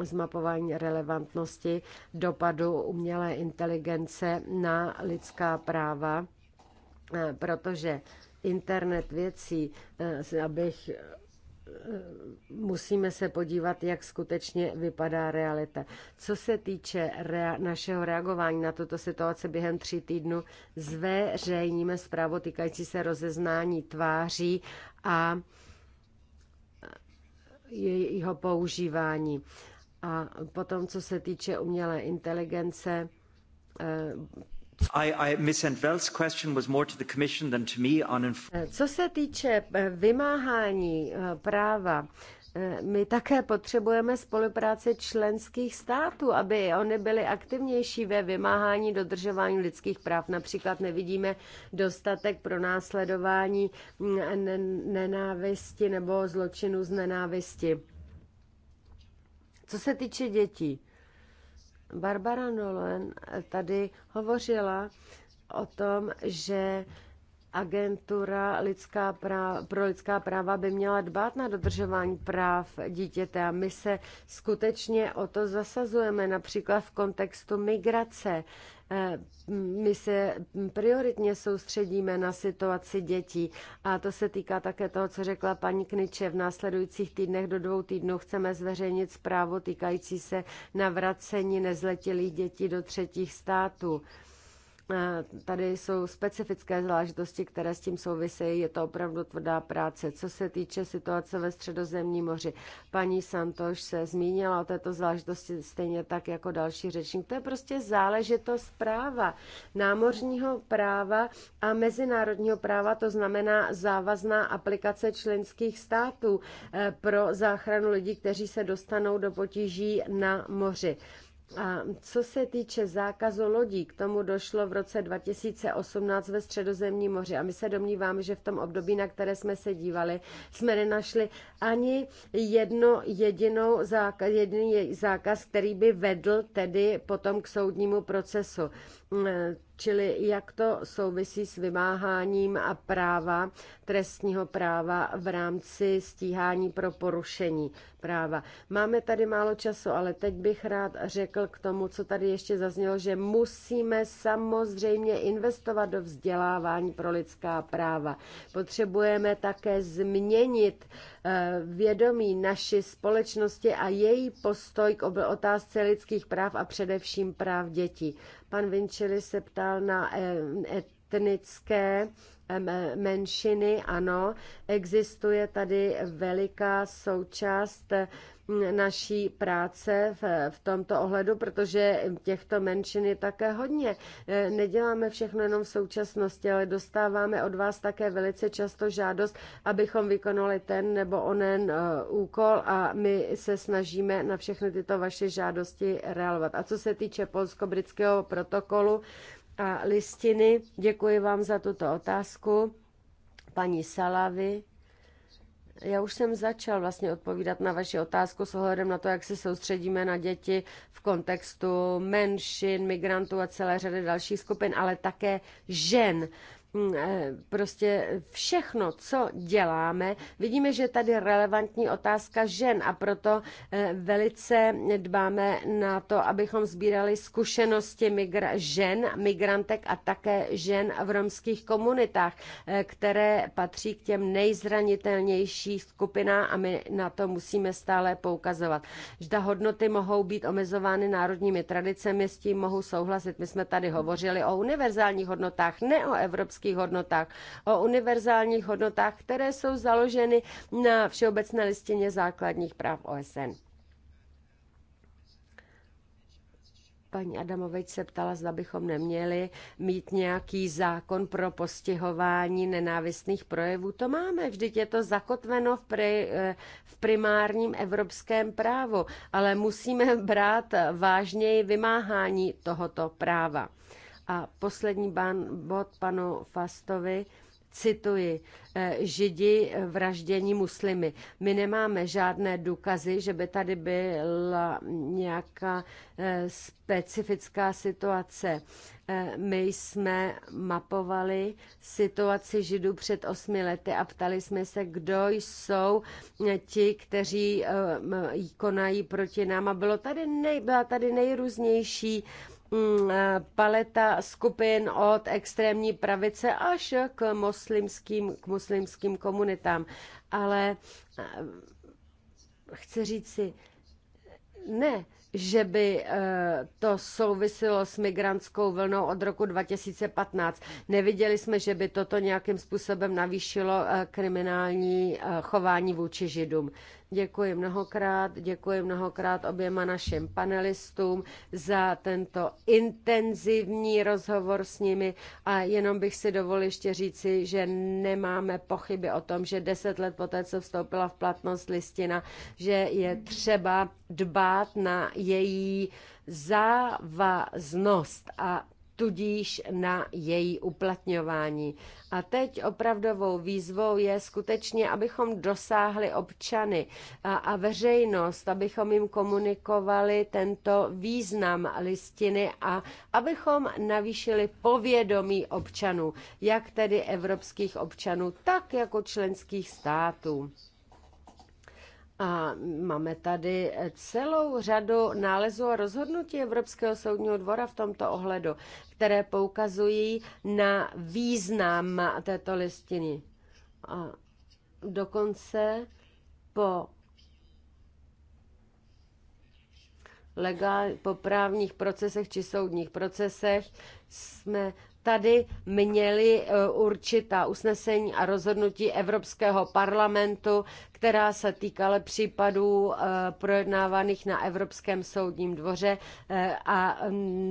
zmapování relevantnosti dopadu umělé inteligence na lidská práva, protože internet věcí, eh, abych eh, musíme se podívat, jak skutečně vypadá realita. Co se týče rea- našeho reagování na tuto situaci během tří týdnů, zveřejníme zprávu týkající se rozeznání tváří a jejího používání. A potom, co se týče umělé inteligence, eh, co se týče eh, vymáhání eh, práva my také potřebujeme spolupráce členských států, aby oni byli aktivnější ve vymáhání dodržování lidských práv. Například nevidíme dostatek pro následování nenávisti nebo zločinu z nenávisti. Co se týče dětí, Barbara Nolan tady hovořila o tom, že Agentura lidská práv pro lidská práva by měla dbát na dodržování práv dítěte a my se skutečně o to zasazujeme, například v kontextu migrace. Eh, my se prioritně soustředíme na situaci dětí a to se týká také toho, co řekla paní Kniče. V následujících týdnech do dvou týdnů chceme zveřejnit zprávu týkající se navracení nezletilých dětí do třetích států. Eh, tady jsou specifické záležitosti, které s tím souvisejí. Je to opravdu tvrdá práce. Co se týče situace ve středozemní moři, paní Santoš se zmínila o této záležitosti stejně tak jako další řečník. To je prostě záležitost práva, námořního práva a mezinárodního práva, to znamená závazná aplikace členských států eh, pro záchranu lidí, kteří se dostanou do potíží na moři. A co se týče zákazu lodí, k tomu došlo v roce 2018 ve Středozemním moři a my se domníváme, že v tom období, na které jsme se dívali, jsme nenašli ani jedno jedinou zákaz, jediný zákaz, který by vedl tedy potom k soudnímu procesu. Čili jak to souvisí s vymáháním a práva, trestního práva v rámci stíhání pro porušení práva. Máme tady málo času, ale teď bych rád řekl k tomu, co tady ještě zaznělo, že musíme samozřejmě investovat do vzdělávání pro lidská práva. Potřebujeme také změnit Eh, vědomí naší společnosti a její postoj k otázce lidských práv a především práv dětí. Pan Vinčili se ptal na eh, etnické eh, menšiny, ano, existuje tady veliká součást naší práce v, v tomto ohledu, protože těchto menšin je také hodně. E, neděláme všechno jenom v současnosti, ale dostáváme od vás také velice často žádost, abychom vykonali ten nebo onen e, úkol a my se snažíme na všechny tyto vaše žádosti realovat. A co se týče polsko-britského protokolu a listiny, děkuji vám za tuto otázku. Paní Salavy, já už jsem začal vlastně odpovídat na vaši otázku s ohledem na to, jak se soustředíme na děti v kontextu menšin, migrantů a celé řady dalších skupin, ale také žen. Mm, eh, prostě všechno, co děláme, vidíme, že je tady relevantní otázka žen a proto eh, velice dbáme na to, abychom sbírali zkušenosti migra- žen, migrantek a také žen v romských komunitách, eh, které patří k těm nejzranitelnější skupinám a my na to musíme stále poukazovat. Žda hodnoty mohou být omezovány národními tradicemi, s tím mohu souhlasit. My jsme tady hovořili o univerzálních hodnotách, ne o evropských křesťanských hodnotách, o univerzálních hodnotách, které jsou založeny na Všeobecné listině základních práv OSN. paní Adamovič se ptala, zda bychom neměli mít nějaký zákon pro postihování nenávistných projevů. To máme, vždyť je to zakotveno v, pri, eh, v primárním evropském právu, ale musíme brát vážněji vymáhání tohoto práva. A poslední ban, bod panu Fastovi cituji, eh, židi vraždění muslimy. My nemáme žádné důkazy, že by tady byla nějaká eh, specifická situace. Eh, my jsme mapovali situaci židů před osmi lety a ptali jsme se, kdo jsou ti, kteří konají proti nám. A bylo tady nej, byla tady nejrůznější Mm, paleta skupin od extrémní pravice až k muslimským, k muslimským komunitám. Ale eh, chci říct si, ne, že by eh, to souviselo s migrantskou vlnou od roku 2015. Neviděli jsme, že by toto nějakým způsobem navýšilo eh, kriminální chování vůči židům. Děkuji mnohokrát, děkuji mnohokrát oběma našim panelistům za tento intenzivní rozhovor s nimi a jenom bych si dovolil ještě říci, že nemáme pochyby o tom, že deset let poté, co vstoupila v platnost listina, že je třeba dbát na její závaznost a tudíž na její uplatňování. A teď opravdovou výzvou je skutečně, abychom dosáhli občany a, a veřejnost, abychom jim komunikovali tento význam listiny a abychom navýšili povědomí občanů, jak tedy evropských občanů, tak jako členských států. A máme tady celou řadu nálezů a rozhodnutí Evropského soudního dvora v tomto ohledu, které poukazují na význam této listiny. A dokonce po legál, po právních procesech či soudních procesech jsme tady měli e, určitá usnesení a rozhodnutí Evropského parlamentu, která se týkala případů e, projednávaných na Evropském soudním dvoře e, a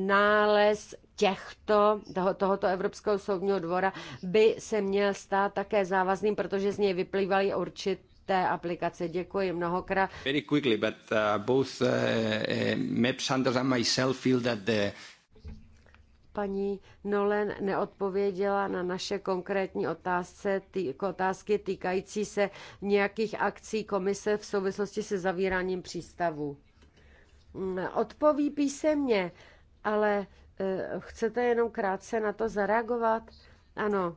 nález těchto, toho, tohoto Evropského soudního dvora by se měl stát také závazným, protože z něj vyplývaly určité té aplikace. Děkuji mnohokrát. Very quickly, but uh, both uh, uh, Sanders and myself feel that the paní Nolen neodpověděla na naše konkrétní otázce, tý, otázky týkající se nějakých akcí komise v souvislosti se zavíráním přístavu. Mm, odpoví písemně, ale eh, chcete jenom krátce na to zareagovat? Ano,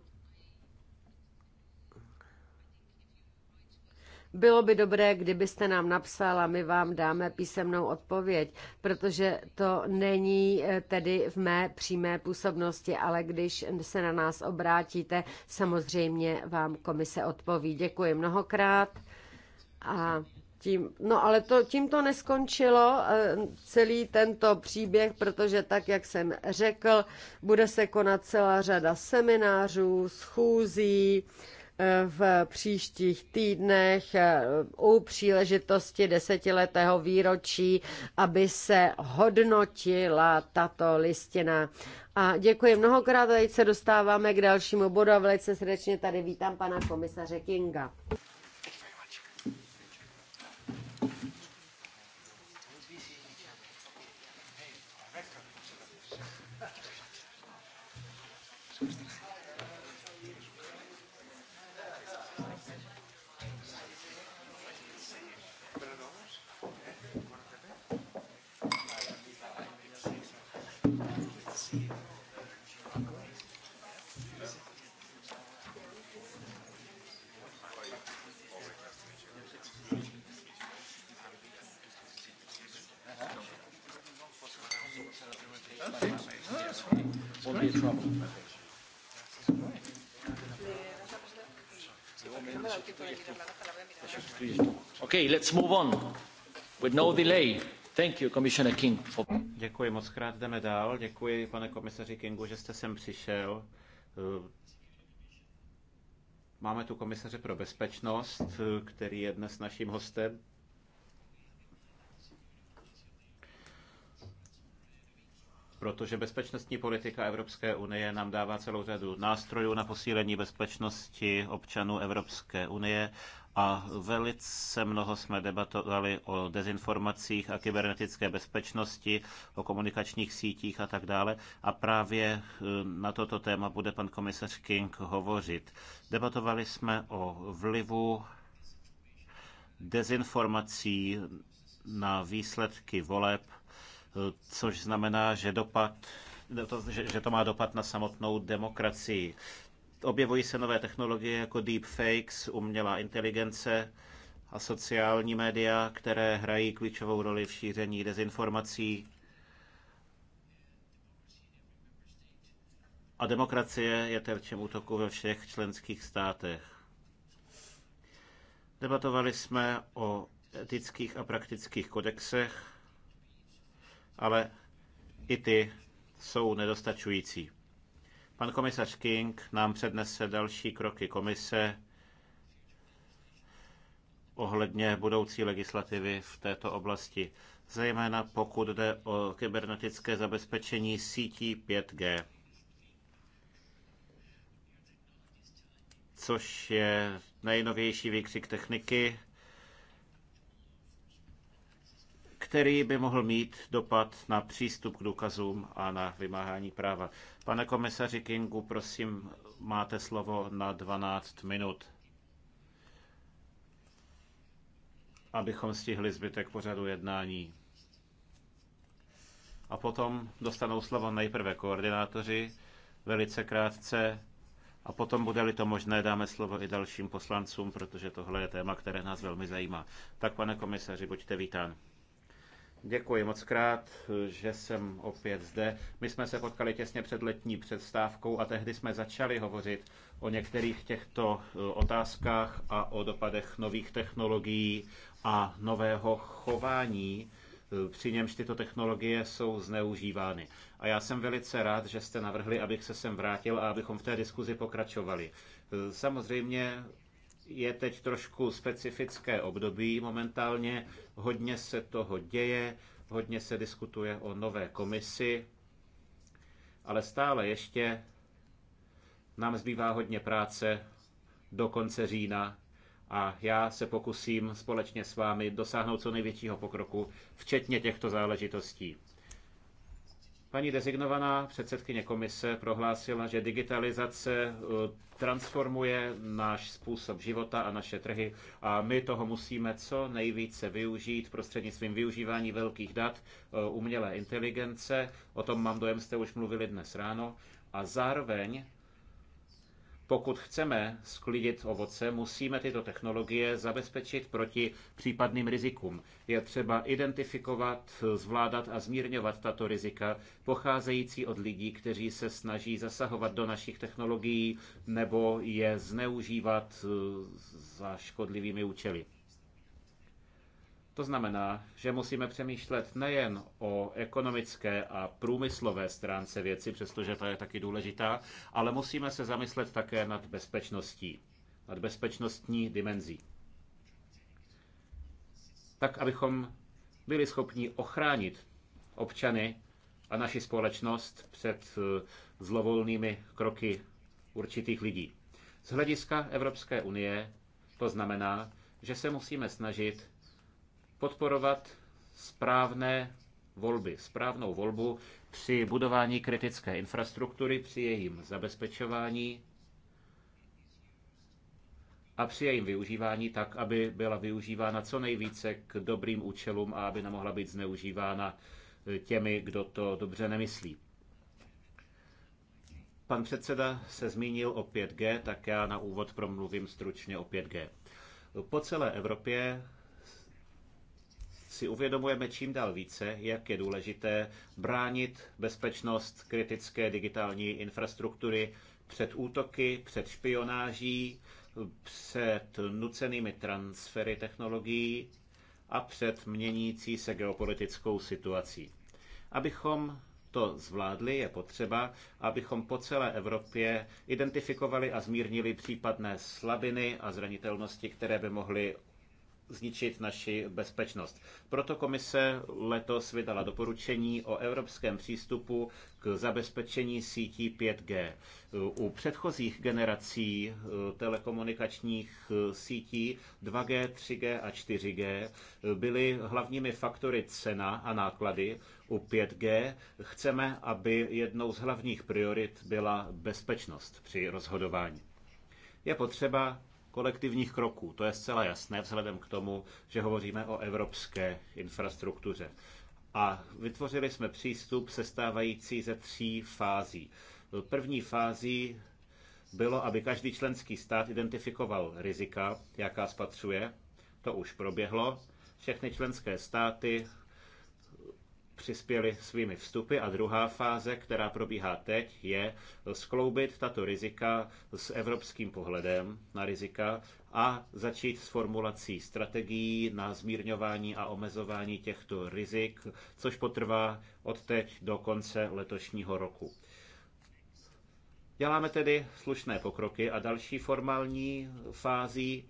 Bylo by dobré, kdybyste nám napsal a my vám dáme písemnou odpověď, protože to není eh, tedy v mé přímé působnosti, ale když se na nás obrátíte, samozřejmě vám komise odpoví. Děkuji mnohokrát. A tím, no ale to, tím to neskončilo eh, celý tento příběh, protože tak, jak jsem řekl, bude se konat celá řada seminářů, schůzí, v příštích týdnech eh, u příležitosti desetiletého výročí, aby se hodnotila tato listina. A děkuji mnohokrát, teď se dostáváme k dalšímu bodu a velice srdečně tady vítám pana komisaře Kinga. Děkuji moc krát, jdeme dál. Děkuji, pane komisaři Kingu, že jste sem přišel. Eh, máme tu komisaře pro bezpečnost, eh, který je dnes naším hostem. protože bezpečnostní politika Evropské unie nám dává celou řadu nástrojů na posílení bezpečnosti občanů Evropské unie a velice mnoho jsme debatovali o dezinformacích a kybernetické bezpečnosti, o komunikačních sítích a tak dále. A právě eh, na toto téma bude pan komisař King hovořit. Debatovali jsme o vlivu dezinformací na výsledky voleb, eh, což znamená, že dopad to, že, že to má dopad na samotnou demokracii. Objevují se nové technologie jako deepfakes, umělá inteligence a sociální média, které hrají klíčovou roli v šíření dezinformací a demokracie je terčem útoku ve všech členských státech. Debatovali jsme o etických a praktických kodexech, ale i ty jsou nedostačující. Pan komisař King nám přednese další kroky komise ohledně budoucí legislativy v této oblasti, zejména pokud jde o kybernetické zabezpečení sítí 5G, což je nejnovější výkřik techniky který by mohl mít dopad na přístup k důkazům a na vymáhání práva. Pane komisaři Kingu, prosím, máte slovo na 12 minut, abychom stihli zbytek pořadu jednání. A potom dostanou slovo nejprve koordinátoři, velice krátce, a potom, bude-li to možné, dáme slovo i dalším poslancům, protože tohle je téma, které nás velmi zajímá. Tak, pane komisaři, buďte vítán. Děkuji moc krát, že jsem opět zde. My jsme se potkali těsně před letní předstávkou a tehdy jsme začali hovořit o některých těchto eh, otázkách a o dopadech nových technologií a nového chování, eh, při němž tyto technologie jsou zneužívány. A já jsem velice rád, že jste navrhli, abych se sem vrátil a abychom v té diskuzi pokračovali. Eh, samozřejmě je teď trošku specifické období momentálně. Hodně se toho děje, hodně se diskutuje o nové komisi, ale stále ještě nám zbývá hodně práce do konce října a já se pokusím společně s vámi dosáhnout co největšího pokroku, včetně těchto záležitostí. Paní designovaná předsedkyně komise prohlásila, že digitalizace eh, transformuje náš způsob života a naše trhy a my toho musíme co nejvíce využít prostřednictvím využívání velkých dat, eh, umělé inteligence, o tom mám dojem, jste už mluvili dnes ráno, a zároveň pokud chceme sklidit ovoce, musíme tyto technologie zabezpečit proti případným rizikům. Je třeba identifikovat, zvládat a zmírňovat tato rizika, pocházející od lidí, kteří se snaží zasahovat do našich technologií nebo je zneužívat e, za škodlivými účely. To znamená, že musíme přemýšlet nejen o ekonomické a průmyslové stránce věci, přestože ta je taky důležitá, ale musíme se zamyslet také nad bezpečností, nad bezpečnostní dimenzí. Tak, abychom byli schopni ochránit občany a naši společnost před eh, zlovolnými kroky určitých lidí. Z hlediska Evropské unie to znamená, že se musíme snažit podporovat správné volby, správnou volbu při budování kritické infrastruktury, při jejím zabezpečování a při jejím využívání tak, aby byla využívána co nejvíce k dobrým účelům a aby nemohla být zneužívána eh, těmi, kdo to dobře nemyslí. Pan předseda se zmínil o 5G, tak já na úvod promluvím stručně o 5G. Po celé Evropě si uvědomujeme čím dál více, jak je důležité bránit bezpečnost kritické digitální infrastruktury před útoky, před špionáží, před nucenými transfery technologií a před měnící se geopolitickou situací. Abychom to zvládli, je potřeba, abychom po celé Evropě identifikovali a zmírnili případné slabiny a zranitelnosti, které by mohly zničit naši bezpečnost. Proto komise letos vydala doporučení o evropském přístupu k zabezpečení sítí 5G. U předchozích generací eh, telekomunikačních eh, sítí 2G, 3G a 4G eh, byly hlavními faktory cena a náklady. U 5G chceme, aby jednou z hlavních priorit byla bezpečnost při rozhodování. Je potřeba kolektivních kroků. To je zcela jasné vzhledem k tomu, že hovoříme o evropské infrastruktuře. A vytvořili jsme přístup sestávající ze tří fází. První fází bylo, aby každý členský stát identifikoval rizika, jaká spatřuje. To už proběhlo. Všechny členské státy přispěli svými vstupy a druhá fáze, která probíhá teď, je skloubit tato rizika s evropským pohledem na rizika a začít s formulací strategií na zmírňování a omezování těchto rizik, což potrvá od teď do konce letošního roku. Děláme tedy slušné pokroky a další formální fází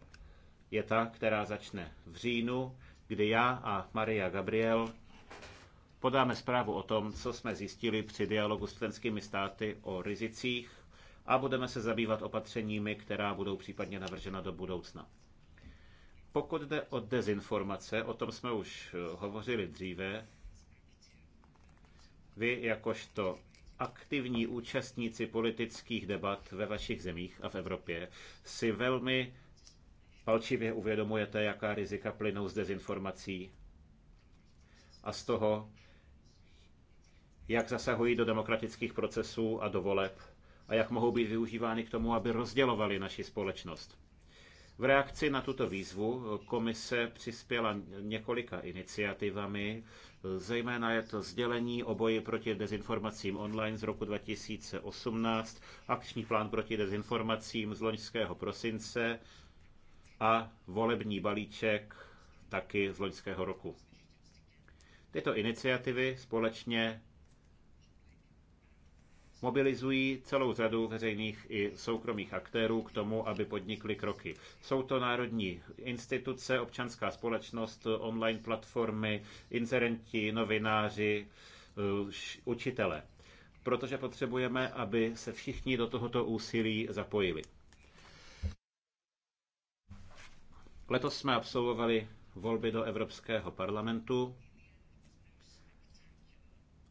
je ta, která začne v říjnu, kdy já a Maria Gabriel Podáme zprávu o tom, co jsme zjistili při dialogu s členskými státy o rizicích a budeme se zabývat opatřeními, která budou případně navržena do budoucna. Pokud jde o dezinformace, o tom jsme už eh, hovořili dříve, vy jakožto aktivní účastníci politických debat ve vašich zemích a v Evropě si velmi palčivě uvědomujete, jaká rizika plynou z dezinformací a z toho, jak zasahují do demokratických procesů a do voleb a jak mohou být využívány k tomu, aby rozdělovali naši společnost. V reakci na tuto výzvu komise přispěla několika iniciativami, zejména je to sdělení o boji proti dezinformacím online z roku 2018, akční plán proti dezinformacím z loňského prosince a volební balíček taky z loňského roku. Tyto iniciativy společně mobilizují celou řadu veřejných i soukromých aktérů k tomu, aby podnikli kroky. Jsou to národní instituce, občanská společnost, online platformy, inzerenti, novináři, eh, učitele. Protože potřebujeme, aby se všichni do tohoto úsilí zapojili. Letos jsme absolvovali volby do Evropského parlamentu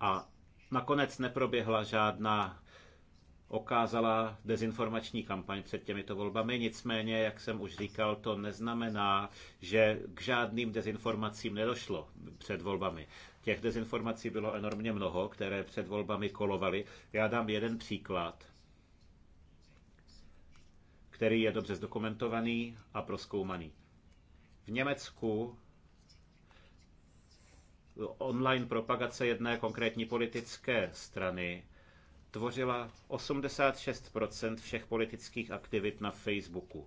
a Nakonec neproběhla žádná okázala dezinformační kampaň před těmito volbami. Nicméně, jak jsem už říkal, to neznamená, že k žádným dezinformacím nedošlo před volbami. Těch dezinformací bylo enormně mnoho, které před volbami kolovaly. Já dám jeden příklad, který je dobře zdokumentovaný a proskoumaný. V Německu online propagace jedné konkrétní politické strany tvořila 86 všech politických aktivit na Facebooku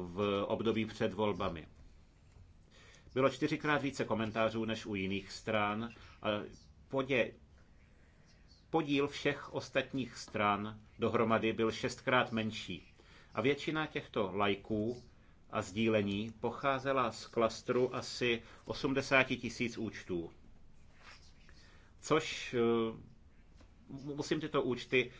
v období před volbami. Bylo čtyřikrát více komentářů než u jiných stran a podě, podíl všech ostatních stran dohromady byl šestkrát menší. A většina těchto lajků a sdílení pocházela z klastru asi 80 tisíc účtů. Což eh, musím tyto účty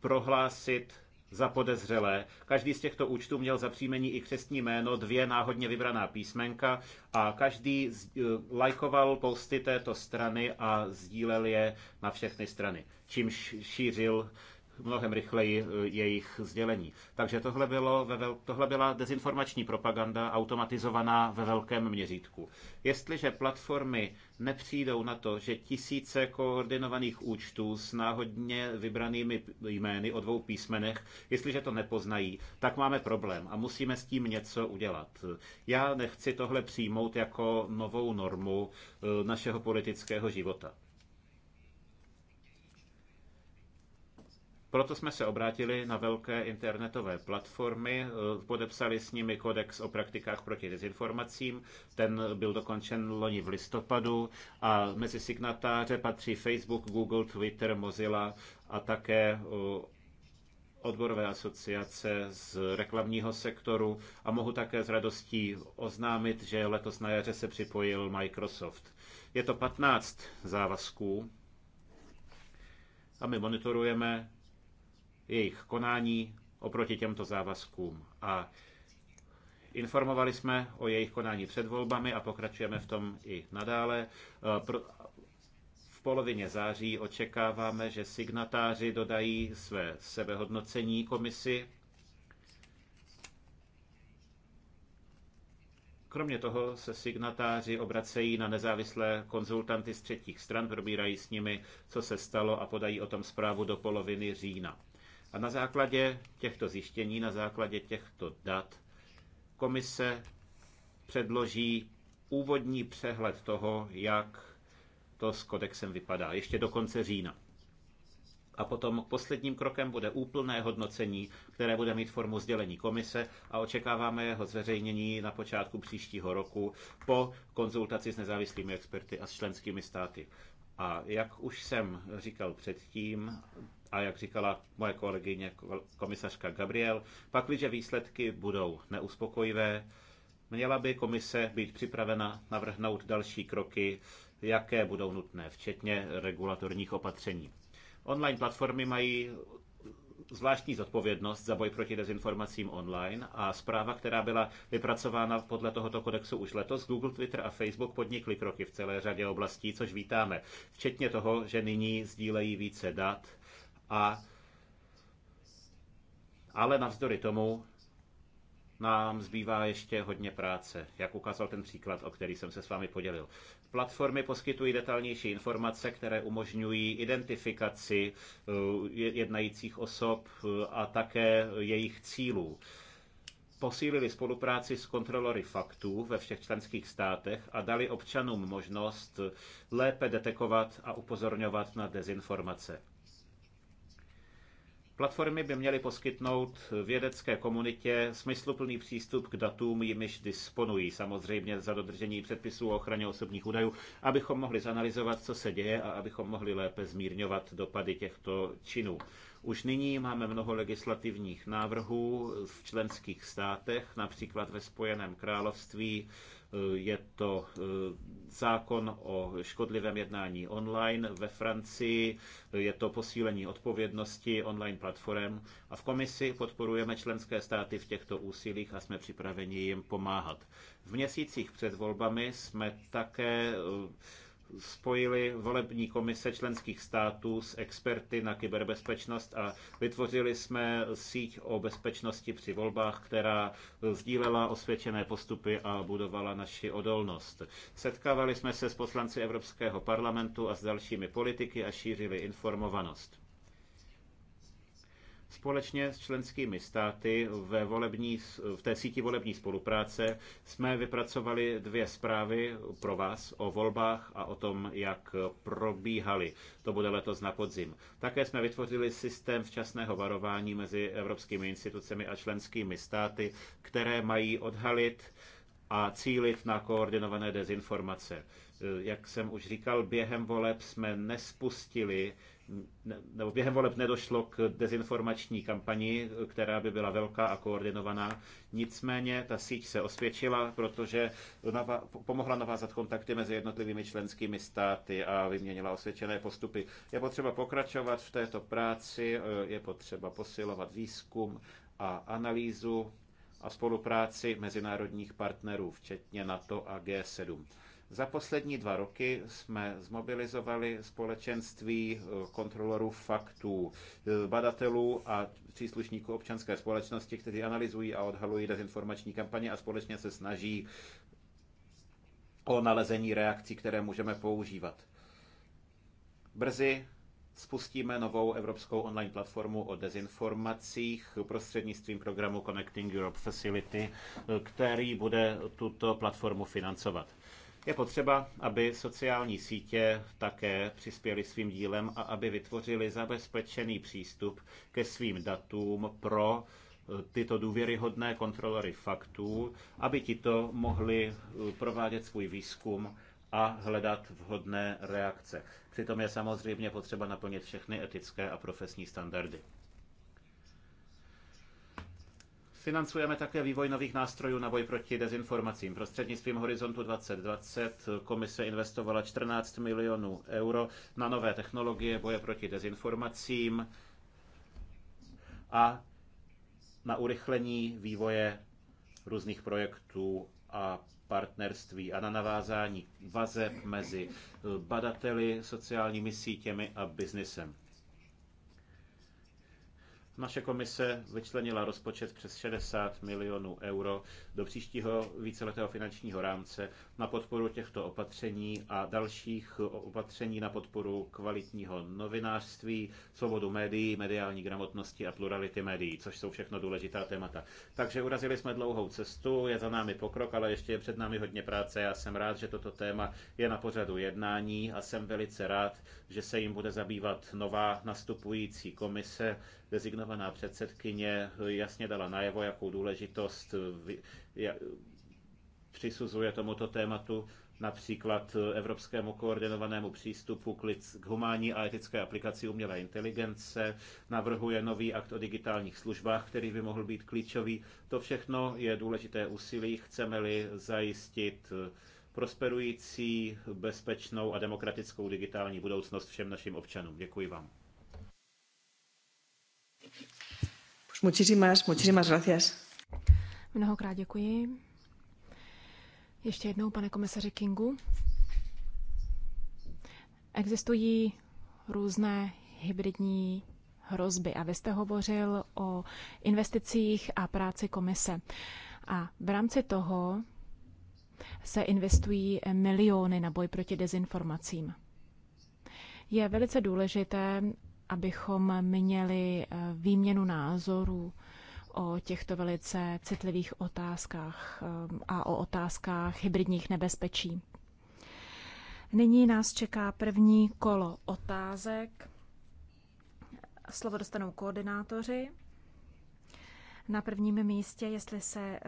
prohlásit za podezřelé. Každý z těchto účtů měl za příjmení i křestní jméno, dvě náhodně vybraná písmenka a každý eh, lajkoval posty této strany a sdílel je na všechny strany, čímž šířil mnohem rychleji eh, jejich sdělení. Takže tohle, bylo ve vel, tohle byla dezinformační propaganda automatizovaná ve velkém měřítku. Jestliže platformy nepřijdou na to, že tisíce koordinovaných účtů s náhodně vybranými jmény o dvou písmenech, jestliže to nepoznají, tak máme problém a musíme s tím něco udělat. Já nechci tohle přijmout jako novou normu eh, našeho politického života. Proto jsme se obrátili na velké internetové platformy, eh, podepsali s nimi kodex o praktikách proti dezinformacím, ten byl dokončen loni v listopadu a mezi signatáře patří Facebook, Google, Twitter, Mozilla a také eh, odborové asociace z reklamního sektoru a mohu také s radostí oznámit, že letos na jaře se připojil Microsoft. Je to 15 závazků a my monitorujeme jejich konání oproti těmto závazkům. A informovali jsme o jejich konání před volbami a pokračujeme v tom i nadále. E, v polovině září očekáváme, že signatáři dodají své sebehodnocení komisi. Kromě toho se signatáři obracejí na nezávislé konzultanty z třetích stran, probírají s nimi, co se stalo a podají o tom zprávu do poloviny října. A na základě těchto zjištění, na základě těchto dat, komise předloží úvodní přehled toho, jak to s kodexem vypadá, ještě do konce října. A potom posledním krokem bude úplné hodnocení, které bude mít formu sdělení komise a očekáváme jeho zveřejnění na počátku příštího roku po konzultaci s nezávislými experty a s členskými státy. A jak už jsem říkal předtím, a jak říkala moje kolegyně komisařka Gabriel, pak když výsledky budou neuspokojivé, měla by komise být připravena navrhnout další kroky, jaké budou nutné, včetně regulatorních opatření. Online platformy mají zvláštní zodpovědnost za boj proti dezinformacím online a zpráva, která byla vypracována podle tohoto kodexu už letos, Google, Twitter a Facebook podnikly kroky v celé řadě oblastí, což vítáme, včetně toho, že nyní sdílejí více dat a ale navzdory tomu nám zbývá ještě hodně práce, jak ukázal ten příklad, o který jsem se s vámi podělil. Platformy poskytují detailnější informace, které umožňují identifikaci eh, jednajících osob eh, a také jejich cílů posílili spolupráci s kontrolory faktů ve všech členských státech a dali občanům možnost lépe detekovat a upozorňovat na dezinformace. Platformy by měly poskytnout vědecké komunitě smysluplný přístup k datům, jimiž disponují, samozřejmě za dodržení předpisů o ochraně osobních údajů, abychom mohli zanalizovat, co se děje a abychom mohli lépe zmírňovat dopady těchto činů. Už nyní máme mnoho legislativních návrhů v členských státech, například ve Spojeném království Eh, je to eh, zákon o škodlivém jednání online ve Francii, eh, je to posílení odpovědnosti online platform a v komisi podporujeme členské státy v těchto úsilích a jsme připraveni jim pomáhat. V měsících před volbami jsme také spojili volební komise členských států s experty na kyberbezpečnost a vytvořili jsme síť o bezpečnosti při volbách, která sdílela osvědčené postupy a budovala naši odolnost. Setkávali jsme se s poslanci Evropského parlamentu a s dalšími politiky a šířili informovanost. Společně s členskými státy ve volební, v té síti volební spolupráce jsme vypracovali dvě zprávy pro vás o volbách a o tom, jak probíhaly. To bude letos na podzim. Také jsme vytvořili systém včasného varování mezi evropskými institucemi a členskými státy, které mají odhalit a cílit na koordinované dezinformace. Jak jsem už říkal, během voleb jsme nespustili nebo během voleb nedošlo k dezinformační kampani, která by byla velká a koordinovaná. Nicméně ta síť se osvědčila, protože nava- pomohla navázat kontakty mezi jednotlivými členskými státy a vyměnila osvědčené postupy. Je potřeba pokračovat v této práci, je potřeba posilovat výzkum a analýzu a spolupráci mezinárodních partnerů, včetně NATO a G7. Za poslední dva roky jsme zmobilizovali společenství eh, kontrolorů faktů, eh, badatelů a příslušníků občanské společnosti, kteří analyzují a odhalují dezinformační kampaně a společně se snaží o nalezení reakcí, které můžeme používat. Brzy spustíme novou evropskou online platformu o dezinformacích prostřednictvím programu Connecting Europe Facility, eh, který bude tuto platformu financovat. Je potřeba, aby sociální sítě také přispěly svým dílem a aby vytvořili zabezpečený přístup ke svým datům pro eh, tyto důvěryhodné kontrolory faktů, aby tito mohli eh, provádět svůj výzkum a hledat vhodné reakce. Přitom je samozřejmě potřeba naplnit všechny etické a profesní standardy. Financujeme také vývoj nových nástrojů na boj proti dezinformacím. Prostřednictvím Horizontu 2020 komise investovala 14 milionů euro na nové technologie boje proti dezinformacím a na urychlení vývoje různých projektů a partnerství a na navázání vazeb mezi badateli, sociálními sítěmi a biznesem. Naše komise vyčlenila rozpočet přes 60 milionů euro do příštího víceletého finančního rámce na podporu těchto opatření a dalších opatření na podporu kvalitního novinářství, svobodu médií, mediální gramotnosti a plurality médií, což jsou všechno důležitá témata. Takže urazili jsme dlouhou cestu, je za námi pokrok, ale ještě je před námi hodně práce. Já jsem rád, že toto téma je na pořadu jednání a jsem velice rád, že se jim bude zabývat nová nastupující komise, dezignovaná předsedkyně jasně dala najevo, jakou důležitost přisuzuje tomuto tématu, například evropskému koordinovanému přístupu k, lic, k humánní a etické aplikaci umělé inteligence, navrhuje nový akt o digitálních službách, který by mohl být klíčový. To všechno je důležité úsilí, chceme-li zajistit prosperující, bezpečnou a demokratickou digitální budoucnost všem našim občanům. Děkuji vám. Muchísimas, muchísimas gracias. Mnohokrát děkuji. Ještě jednou, pane komisaři Kingu. Existují různé hybridní hrozby a vy jste hovořil o investicích a práci komise. A v rámci toho se investují miliony na boj proti dezinformacím. Je velice důležité, abychom měli eh, výměnu názorů o těchto velice citlivých otázkách um, a o otázkách hybridních nebezpečí. Nyní nás čeká první kolo otázek. Slovo dostanou koordinátoři. Na prvním místě, jestli se eh,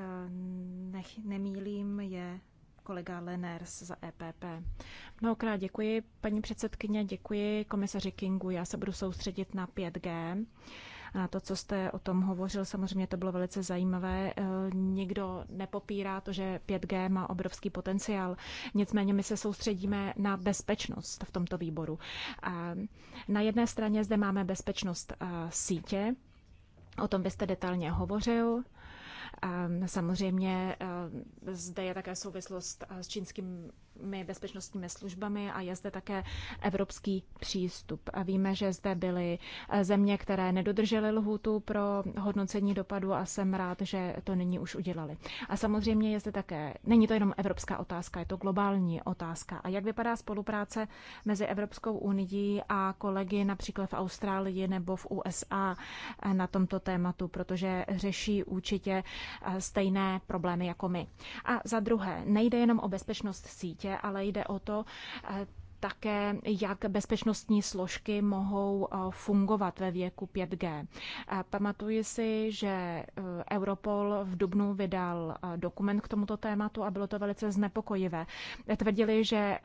nech, nemýlím, je kolega Leners za EPP. Mnohokrát děkuji, paní předsedkyně, děkuji komisaři Kingu. Já se budu soustředit na 5G. A to, co jste o tom hovořil, samozřejmě to bylo velice zajímavé. E, nikdo nepopírá to, že 5G má obrovský potenciál. Nicméně my se soustředíme na bezpečnost v tomto výboru. Na jedné straně zde máme bezpečnost e, sítě, O tom byste detailně hovořil. Samozřejmě eh, zde je také souvislost eh, s čínskými bezpečnostními službami a je zde také evropský přístup. A víme, že zde byly eh, země, které nedodržely lhůtu pro hodnocení dopadu a jsem rád, že to nyní už udělali. A samozřejmě je zde také, není to jenom evropská otázka, je to globální otázka. A jak vypadá spolupráce mezi Evropskou unii a kolegy například v Austrálii nebo v USA na tomto tématu, protože řeší určitě Eh, stejné problémy jako my. A za druhé, nejde jenom o bezpečnost sítě, ale jde o to, eh, také, jak bezpečnostní složky mohou eh, fungovat ve věku 5G. Pamatuji si, že Europol v Dubnu vydal dokument k tomuto tématu a bylo to velice znepokojivé. Tvrdili, že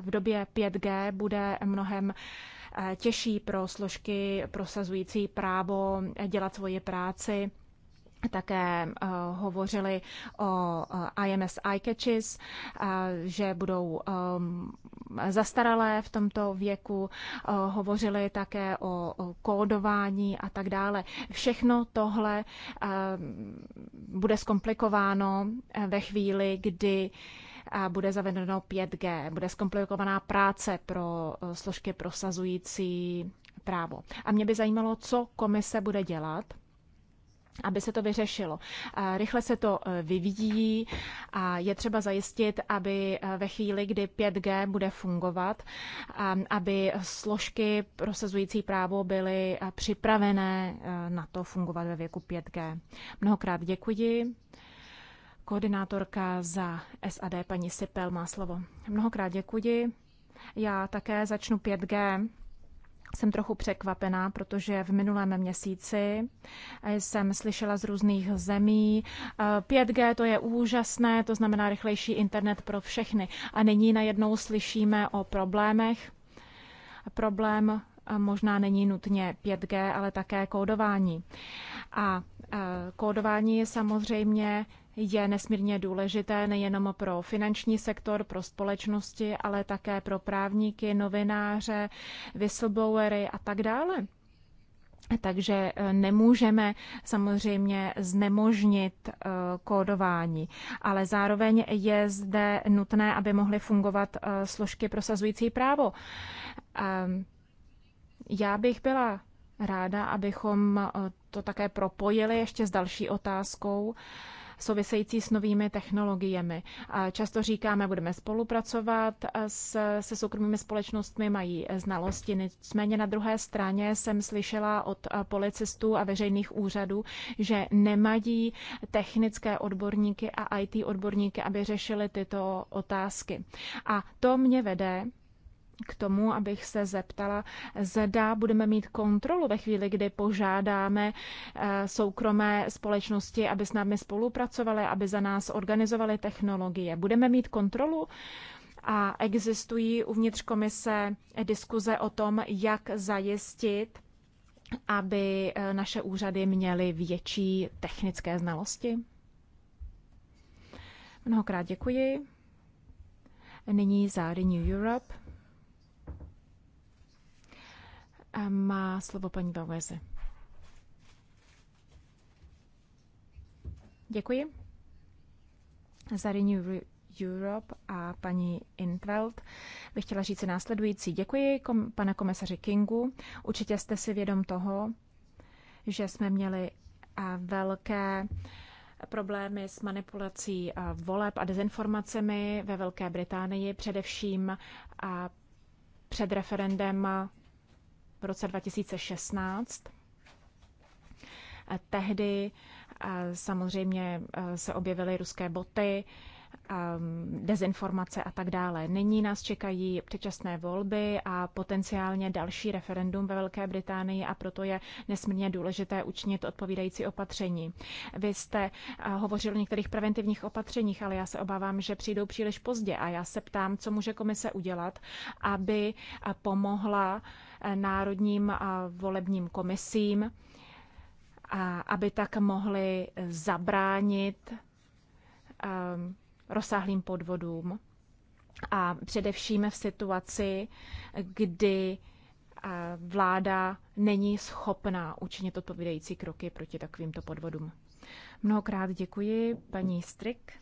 v době 5G bude mnohem těžší pro složky prosazující právo dělat svoji práci také eh, hovořili o eh, IMS eye catches, eh, že budou zastaralé v tomto věku, hovořili také o kódování a tak dále. Všechno tohle bude zkomplikováno ve chvíli, kdy bude zavedeno 5G, bude zkomplikovaná práce pro složky prosazující právo. A mě by zajímalo, co komise bude dělat, aby se to vyřešilo. Rychle se to eh, vyvíjí a je třeba zajistit, aby eh, ve chvíli, kdy 5G bude fungovat, aby složky prosazující právo byly eh, připravené na to fungovat ve věku 5G. Mnohokrát děkuji. Koordinátorka za SAD, paní Sipel, má slovo. Mnohokrát děkuji. Já také začnu 5G. Jsem trochu překvapená, protože v minulém měsíci eh, jsem slyšela z různých zemí, 5G eh, to je úžasné, to znamená rychlejší internet pro všechny. A nyní najednou slyšíme o problémech. Problém eh, možná není nutně 5G, ale také kódování. A kódování je samozřejmě je nesmírně důležité nejenom pro finanční sektor, pro společnosti, ale také pro právníky, novináře, whistleblowery a tak dále. Takže eh, nemůžeme samozřejmě znemožnit eh, kódování, ale zároveň je zde nutné, aby mohly fungovat eh, složky prosazující právo. Ehm, já bych byla ráda, abychom to také propojili ještě s další otázkou, související s novými technologiemi. Často říkáme, budeme spolupracovat s, se soukromými společnostmi, mají znalosti. Nicméně na druhé straně jsem slyšela od eh, policistů a veřejných úřadů, že nemají technické odborníky a IT odborníky, aby řešili tyto otázky. A to mě vede k tomu, abych se zeptala, zda budeme mít kontrolu ve chvíli, kdy požádáme eh, soukromé společnosti, aby s námi spolupracovaly, aby za nás organizovaly technologie. Budeme mít kontrolu a existují uvnitř komise diskuze o tom, jak zajistit, aby eh, naše úřady měly větší technické znalosti. Mnohokrát děkuji. Nyní zády New Europe. A má slovo paní Bauerze. Děkuji. Za Renew Europe a paní Intveld bych chtěla říct následující. Děkuji kom, pane komisaři Kingu. Určitě jste si vědom toho, že jsme měli velké problémy s manipulací voleb a dezinformacemi ve Velké Británii, především před referendem roce 2016. Tehdy eh, samozřejmě eh, se objevily ruské boty, Um, dezinformace a tak dále. Nyní nás čekají předčasné volby a potenciálně další referendum ve Velké Británii a proto je nesmírně důležité učinit odpovídající opatření. Vy jste uh, hovořil o některých preventivních opatřeních, ale já se obávám, že přijdou příliš pozdě a já se ptám, co může komise udělat, aby uh, pomohla uh, národním volebním komisím, aby tak mohli zabránit um, rozsáhlým podvodům a především v situaci, kdy eh, vláda není schopná učinit odpovídající kroky proti takovýmto podvodům. Mnohokrát děkuji paní Strik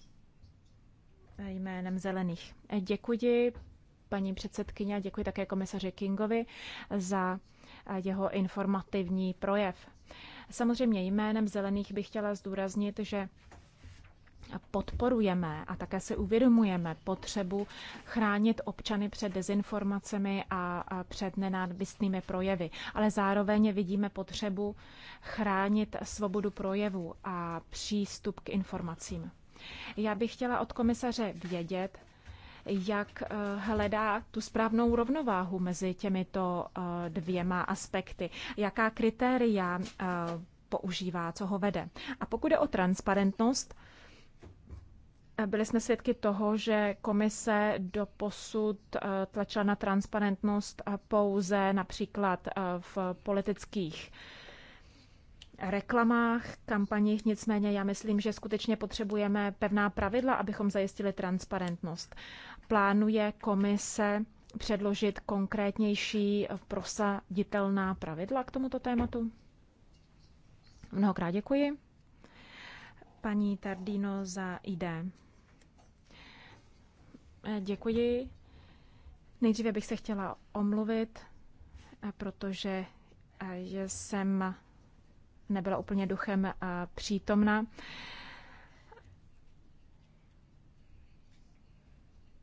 jménem Zelených. Eh, děkuji paní předsedkyně a děkuji také komisaři Kingovi za eh, jeho informativní projev. Samozřejmě jménem Zelených bych chtěla zdůraznit, že podporujeme a také si uvědomujeme potřebu chránit občany před dezinformacemi a před nenávistnými projevy, ale zároveň vidíme potřebu chránit svobodu projevu a přístup k informacím. Já bych chtěla od komisaře vědět, jak eh, hledá tu správnou rovnováhu mezi těmito eh, dvěma aspekty, jaká kritéria eh, používá, co ho vede. A pokud je o transparentnost, Eh, byli jsme svědky toho, že komise do posud eh, tlačila na transparentnost eh, pouze například v politických reklamách, kampaních, nicméně já myslím, že skutečně potřebujeme pevná pravidla, abychom zajistili transparentnost. Plánuje komise předložit konkrétnější prosaditelná pravidla k tomuto tématu? Mnohokrát děkuji. Paní Tardino za ID. Eh, děkuji. Nejdříve bych se chtěla omluvit, eh, protože eh, jsem nebyla úplně duchem přítomna.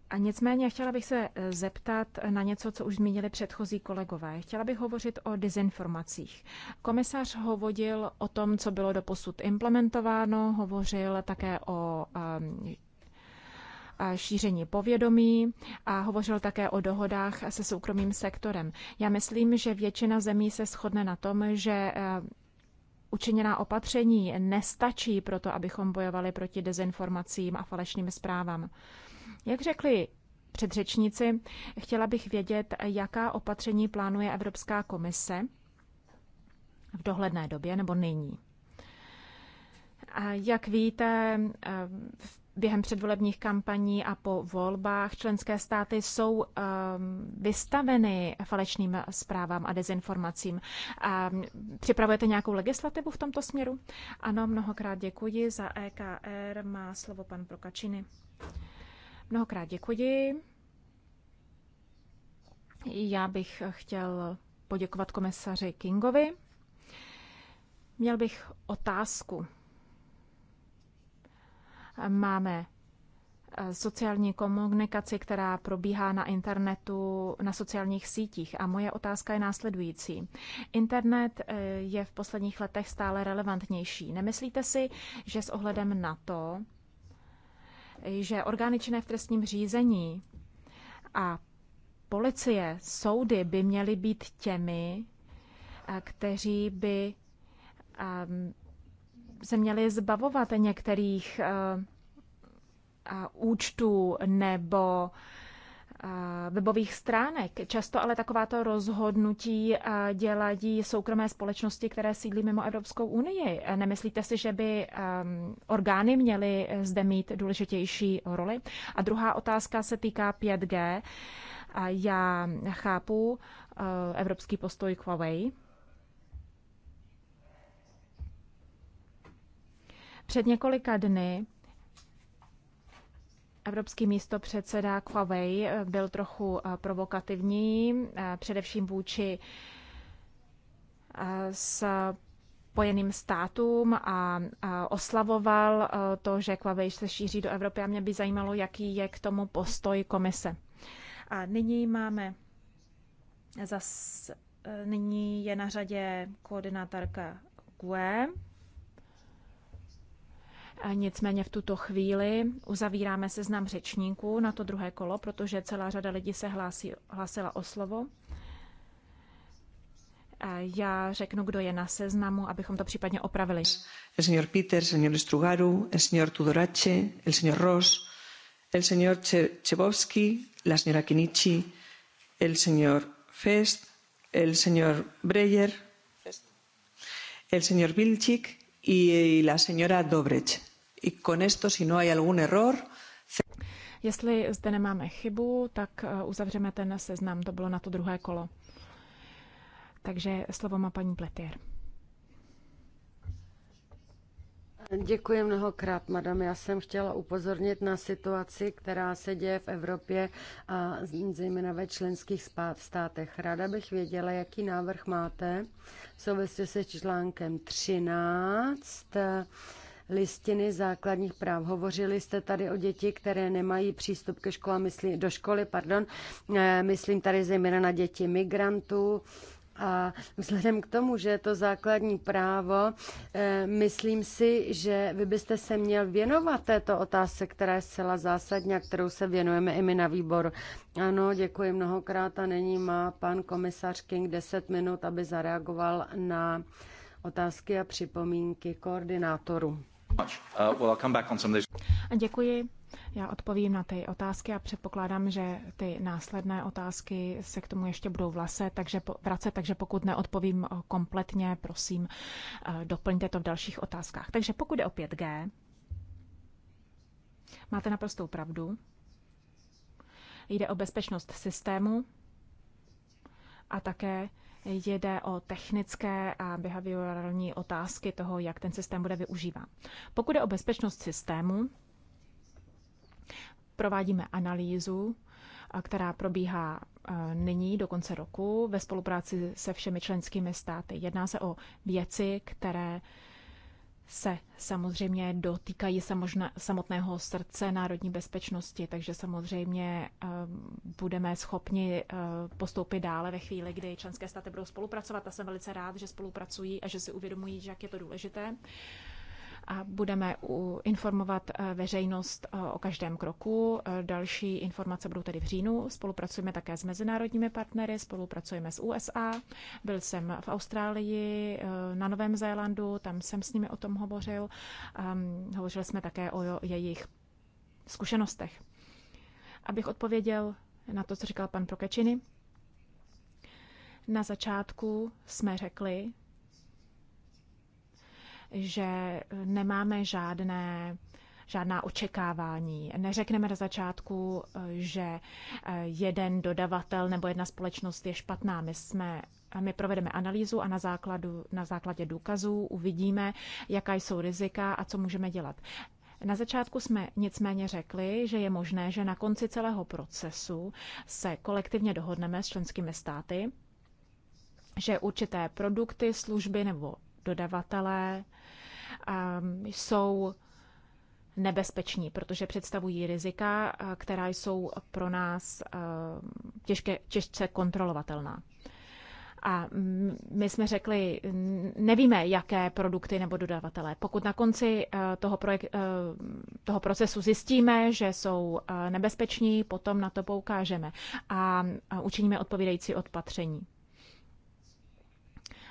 A nicméně chtěla bych se zeptat na něco, co už zmínili předchozí kolegové. Chtěla bych hovořit o dezinformacích. Komisař hovořil o tom, co bylo doposud implementováno, hovořil také o um, šíření povědomí a hovořil také o dohodách se soukromým sektorem. Já myslím, že většina zemí se shodne na tom, že eh, učiněná opatření nestačí pro to, abychom bojovali proti dezinformacím a falešným zprávám. Jak řekli předřečníci, chtěla bych vědět, jaká opatření plánuje Evropská komise v dohledné době nebo nyní. Jak víte, eh, v během předvolebních kampaní a po volbách členské státy jsou um, vystaveny falešným zprávám a dezinformacím. Um, připravujete nějakou legislativu v tomto směru? Ano, mnohokrát děkuji. Za EKR má slovo pan Prokačiny. Mnohokrát děkuji. Já bych chtěl poděkovat komisaři Kingovi. Měl bych otázku Máme eh, sociální komunikaci, která probíhá na internetu, na sociálních sítích. A moje otázka je následující. Internet eh, je v posledních letech stále relevantnější. Nemyslíte si, že s ohledem na to, že orgány činné v trestním řízení a policie, soudy by měly být těmi, eh, kteří by ehm, se měli zbavovat některých eh, účtů nebo eh, webových stránek. Často ale takováto rozhodnutí eh, dělají soukromé společnosti, které sídlí mimo Evropskou unii. Nemyslíte si, že by orgány měly zde mít důležitější roli? A druhá otázka se týká 5G. Já chápu evropský postoj k Huawei, Před několika dny Evropský místo předseda Huawei eh, byl trochu eh, provokativní, eh, především vůči s pojeným státům a oslavoval to, že Huawei se šíří do Evropy a mě by zajímalo, jaký je k tomu postoj komise. A nyní máme zas, nyní je na řadě koordinátorka GUE, Nicméně v tuto chvíli uzavíráme seznam řečníků na to druhé kolo, protože celá řada lidí se hlásí, hlásila o slovo. Já řeknu, kdo je na seznamu, abychom to případně opravili. El señor Peter, señor Strugaru, el señor Tudorache, el señor Ross, el señor Chebowski, la señora Kinichi, el señor Fest, el señor Breyer, el señor Vilchik y la señora Dobrecht. I con esto, si no hay algún error, Jestli zde nemáme chybu, tak eh, uzavřeme ten seznam. To bylo na to druhé kolo. Takže slovo má paní Pletier. Děkuji mnohokrát, madam. Já jsem chtěla upozornit na situaci, která se děje v Evropě a zejména ve členských státech. Ráda bych věděla, jaký návrh máte v souvislosti se článkem 13 listiny základních práv. Hovořili jste tady o děti, které nemají přístup ke škole, myslím, do školy, pardon, eh, myslím tady zejména na děti migrantů, a vzhledem k tomu, že je to základní právo, eh, myslím si, že vy byste se měl věnovat této otázce, která je zcela zásadní a kterou se věnujeme i my na výboru. Ano, děkuji mnohokrát a není má pan komisař King 10 minut, aby zareagoval na otázky a připomínky koordinátorů. Uh, Děkuji. Já odpovím na ty otázky a předpokládám, že ty následné otázky se k tomu ještě budou vlase, takže vrace, takže pokud neodpovím uh, kompletně, prosím, uh, doplňte to v dalších otázkách. Takže pokud je o 5G, máte naprostou pravdu. Jde o bezpečnost systému a také jde o technické a behaviorální otázky toho, jak ten systém bude využíván. Pokud je o bezpečnost systému, provádíme analýzu, která probíhá e, nyní do konce roku ve spolupráci se všemi členskými státy. Jedná se o věci, které se samozřejmě dotýkají samozna samotného srdce národní bezpečnosti, takže samozřejmě ehm, budeme schopni eh, postoupit dále ve chvíli, kdy členské státy budou spolupracovat a jsem velice rád, že spolupracují a že si uvědomují, jak je to důležité a budeme informovat eh, veřejnost eh, o každém kroku. Eh, další informace budou tedy v říjnu. Spolupracujeme také s mezinárodními partnery, spolupracujeme s USA. Byl jsem v Austrálii, na Novém Zélandu, tam jsem s nimi o tom hovořil. Ehm, hovořili jsme také o jejich zkušenostech. Abych odpověděl na to, co říkal pan Prokečiny, na začátku jsme řekli, že nemáme žádné žádná očekávání. Neřekneme na začátku, že eh, jeden dodavatel nebo jedna společnost je špatná. My jsme my provedeme analýzu a na, základu, na základě důkazů uvidíme, jaká jsou rizika a co můžeme dělat. Na začátku jsme nicméně řekli, že je možné, že na konci celého procesu se kolektivně dohodneme s členskými státy, že určité produkty, služby nebo dodavatelé jsou nebezpeční, protože představují rizika, která jsou pro nás těžké, těžce kontrolovatelná. A my jsme řekli, nevíme, jaké produkty nebo dodavatelé. Pokud na konci toho, projek- toho procesu zjistíme, že jsou nebezpeční, potom na to poukážeme a učiníme odpovídající odpatření.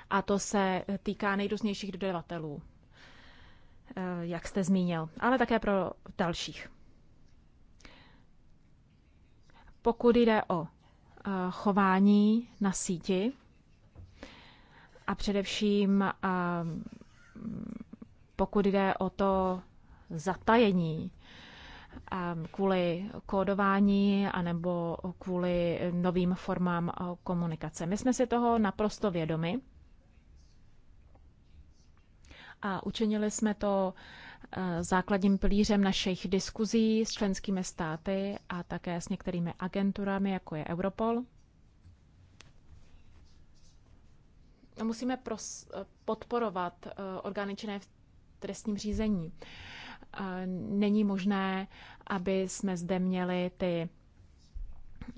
A to se týká nejrůznějších dodavatelů. Eh, jak jste zmínil, ale také pro dalších. Pokud jde o eh, chování na síti a především eh, pokud jde o to zatajení kvůli kódování anebo kvůli novým formám komunikace. My jsme si toho naprosto vědomi a učinili jsme to eh, základním pilířem našich diskuzí s členskými státy a také s některými agenturami, jako je Europol. Musíme pros eh, podporovat eh, orgány činné v trestním řízení. Není možné, aby jsme zde měli ty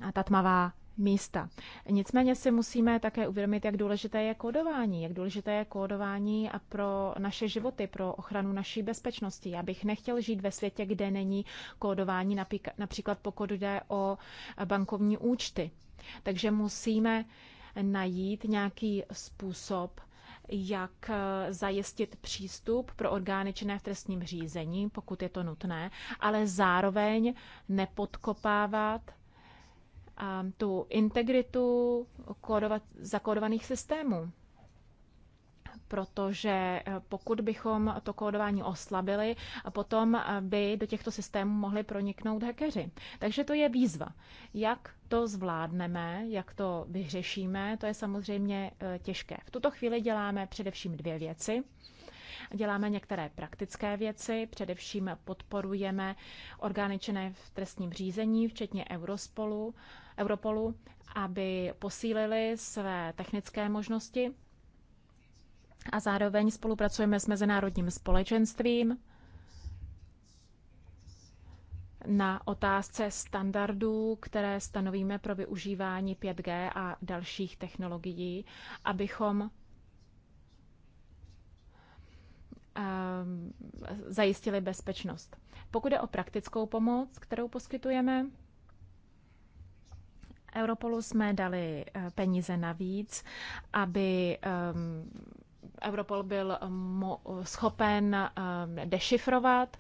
a ta tmavá místa. Nicméně si musíme také uvědomit, jak důležité je kódování, jak důležité je kódování a pro naše životy, pro ochranu naší bezpečnosti. Já bych nechtěl žít ve světě, kde není kódování, například pokud jde o bankovní účty. Takže musíme najít nějaký způsob, jak eh, zajistit přístup pro orgány činné v trestním řízení, pokud je to nutné, ale zároveň nepodkopávat tu integritu kodovat, zakódovaných systémů. Protože eh, pokud bychom to kódování oslabili, potom eh, by do těchto systémů mohli proniknout hackeři. Takže to je výzva. Jak to zvládneme, jak to vyřešíme, to je samozřejmě eh, těžké. V tuto chvíli děláme především dvě věci. Děláme některé praktické věci, především podporujeme orgány činné v trestním řízení, včetně Eurospolu, Europolu, aby posílili své technické možnosti a zároveň spolupracujeme s mezinárodním společenstvím na otázce standardů, které stanovíme pro využívání 5G a dalších technologií, abychom ehm, zajistili bezpečnost. Pokud je o praktickou pomoc, kterou poskytujeme, Europolu jsme dali eh, peníze navíc, aby ehm, Europol byl schopen eh, dešifrovat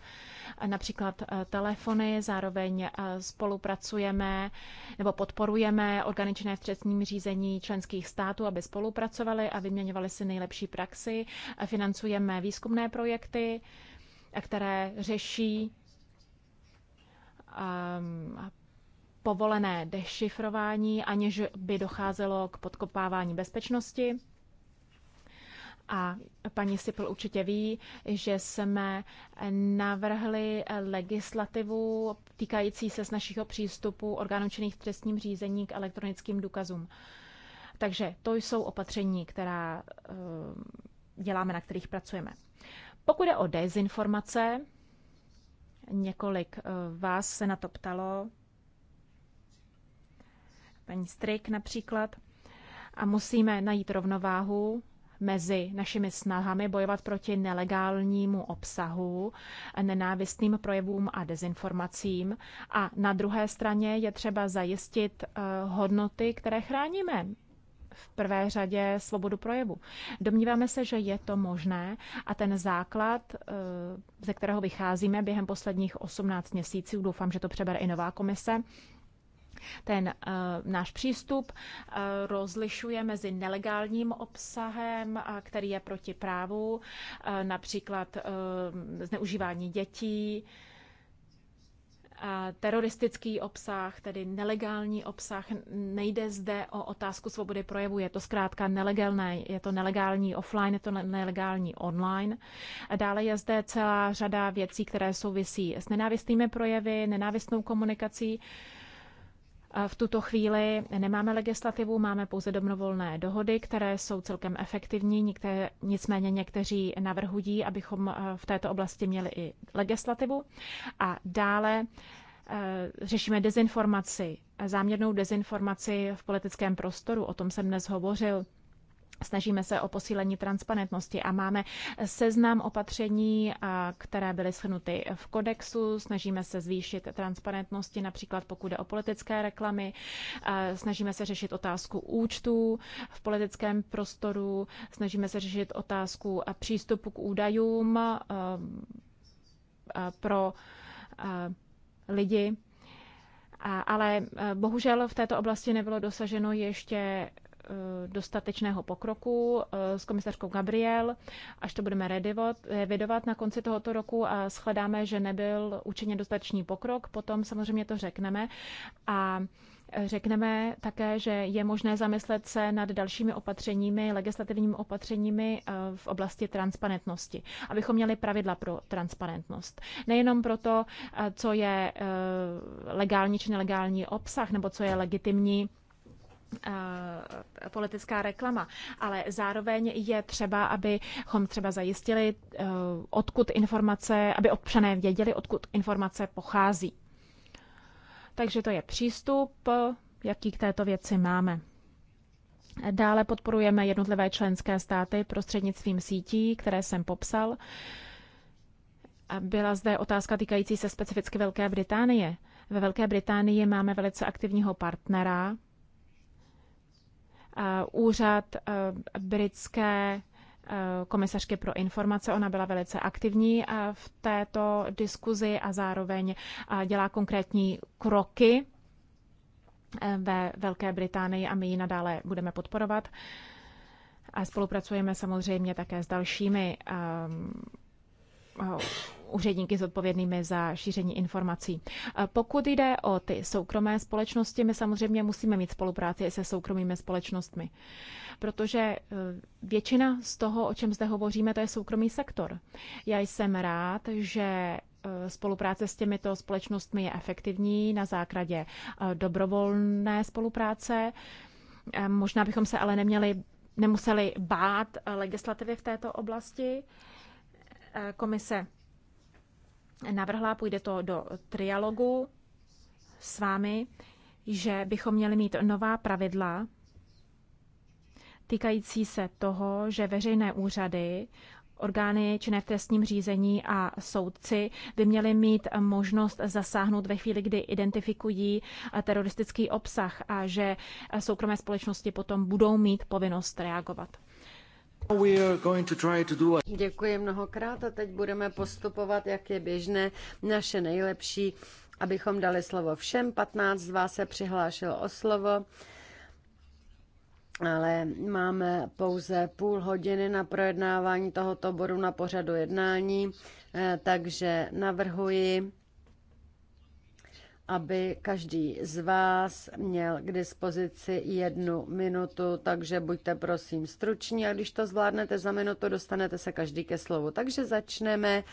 eh, například telefony, zároveň spolupracujeme nebo podporujeme organičné v řízení členských států, aby spolupracovali a vyměňovali si nejlepší praxi. Financujeme výzkumné projekty, které řeší ehm, povolené dešifrování, aniž by docházelo k podkopávání bezpečnosti. A paní Sipl určitě ví, že jsme navrhli legislativu týkající se z našich přístupu orgánů činných v trestním řízení k elektronickým důkazům. Takže to jsou opatření, která eh, děláme, na kterých pracujeme. Pokud je o dezinformace, několik eh, vás se na to ptalo, paní Strik například. A musíme najít rovnováhu mezi našimi snahami bojovat proti nelegálnímu obsahu, nenávistným projevům a dezinformacím. A na druhé straně je třeba zajistit eh, hodnoty, které chráníme. V prvé řadě svobodu projevu. Domníváme se, že je to možné a ten základ, eh, ze kterého vycházíme během posledních 18 měsíců, doufám, že to přebere i nová komise, ten uh, náš přístup uh, rozlišuje mezi nelegálním obsahem, eh, který je proti právu, uh, například uh, zneužívání dětí, teroristický obsah, tedy nelegální obsah. Nejde zde o otázku svobody projevu, je to zkrátka nelegální, je to nelegální offline, je to nelegální online. Dále je zde celá řada věcí, které souvisí s nenávistnými projevy, nenávistnou komunikací. V tuto chvíli nemáme legislativu, máme pouze dobrovolné dohody, které jsou celkem efektivní, některé, nicméně někteří navrhují, abychom eh, v této oblasti měli i legislativu. A dále eh, řešíme dezinformaci, záměrnou dezinformaci v politickém prostoru, o tom jsem dnes hovořil. Snažíme se o posílení transparentnosti a máme seznam opatření, které byly shrnuty v kodexu. Snažíme se zvýšit transparentnosti, například pokud jde o politické reklamy. Snažíme se řešit otázku účtů v politickém prostoru. Snažíme se řešit otázku přístupu k údajům pro lidi. Ale bohužel v této oblasti nebylo dosaženo ještě Eh, dostatečného pokroku eh, s komisařkou Gabriel, až to budeme revidovat na konci tohoto roku a shledáme, že nebyl učiněn dostatečný pokrok, potom samozřejmě to řekneme a Řekneme také, že je možné zamyslet se nad dalšími opatřeními, legislativními opatřeními eh, v oblasti transparentnosti, abychom měli pravidla pro transparentnost. Nejenom pro to, co je legální či nelegální obsah, nebo co je legitimní Eh, politická reklama, ale zároveň je třeba, abychom třeba zajistili, eh, odkud informace, aby občané věděli, odkud informace pochází. Takže to je přístup, jaký k této věci máme. Dále podporujeme jednotlivé členské státy prostřednictvím sítí, které jsem popsal. Byla zde otázka týkající se specificky Velké Británie. Ve Velké Británii máme velice aktivního partnera, Eh, úřad eh, britské eh, komisařky pro informace. Ona byla velice aktivní v této diskuzi a zároveň dělá konkrétní kroky ve Velké Británii a my ji nadále budeme podporovat. A spolupracujeme samozřejmě také s dalšími ehm, Eh, úředníky zodpovědnými za šíření informací. Eh, pokud jde o ty soukromé společnosti, my samozřejmě musíme mít spolupráci se soukromými společnostmi, protože eh, většina z toho, o čem zde hovoříme, to je soukromý sektor. Já jsem rád, že spolupráce s těmito společnostmi je efektivní na základě dobrovolné spolupráce. Možná bychom se ale neměli, nemuseli bát legislativy v této oblasti komise navrhla, půjde to do trialogu s vámi, že bychom měli mít nová pravidla týkající se toho, že veřejné úřady, orgány činné v trestním řízení a soudci by měli mít možnost zasáhnout ve chvíli, kdy identifikují teroristický obsah a že soukromé společnosti potom budou mít povinnost reagovat. Děkuji mnohokrát a teď budeme postupovat, jak je běžné, naše nejlepší, abychom dali slovo všem. 15 z vás se přihlášilo o slovo, ale máme pouze půl hodiny na projednávání tohoto bodu na pořadu jednání, eh, takže navrhuji, aby každý z vás měl k dispozici jednu minutu, takže buďte prosím struční a když to zvládnete za minutu, dostanete se každý ke slovu. Takže začneme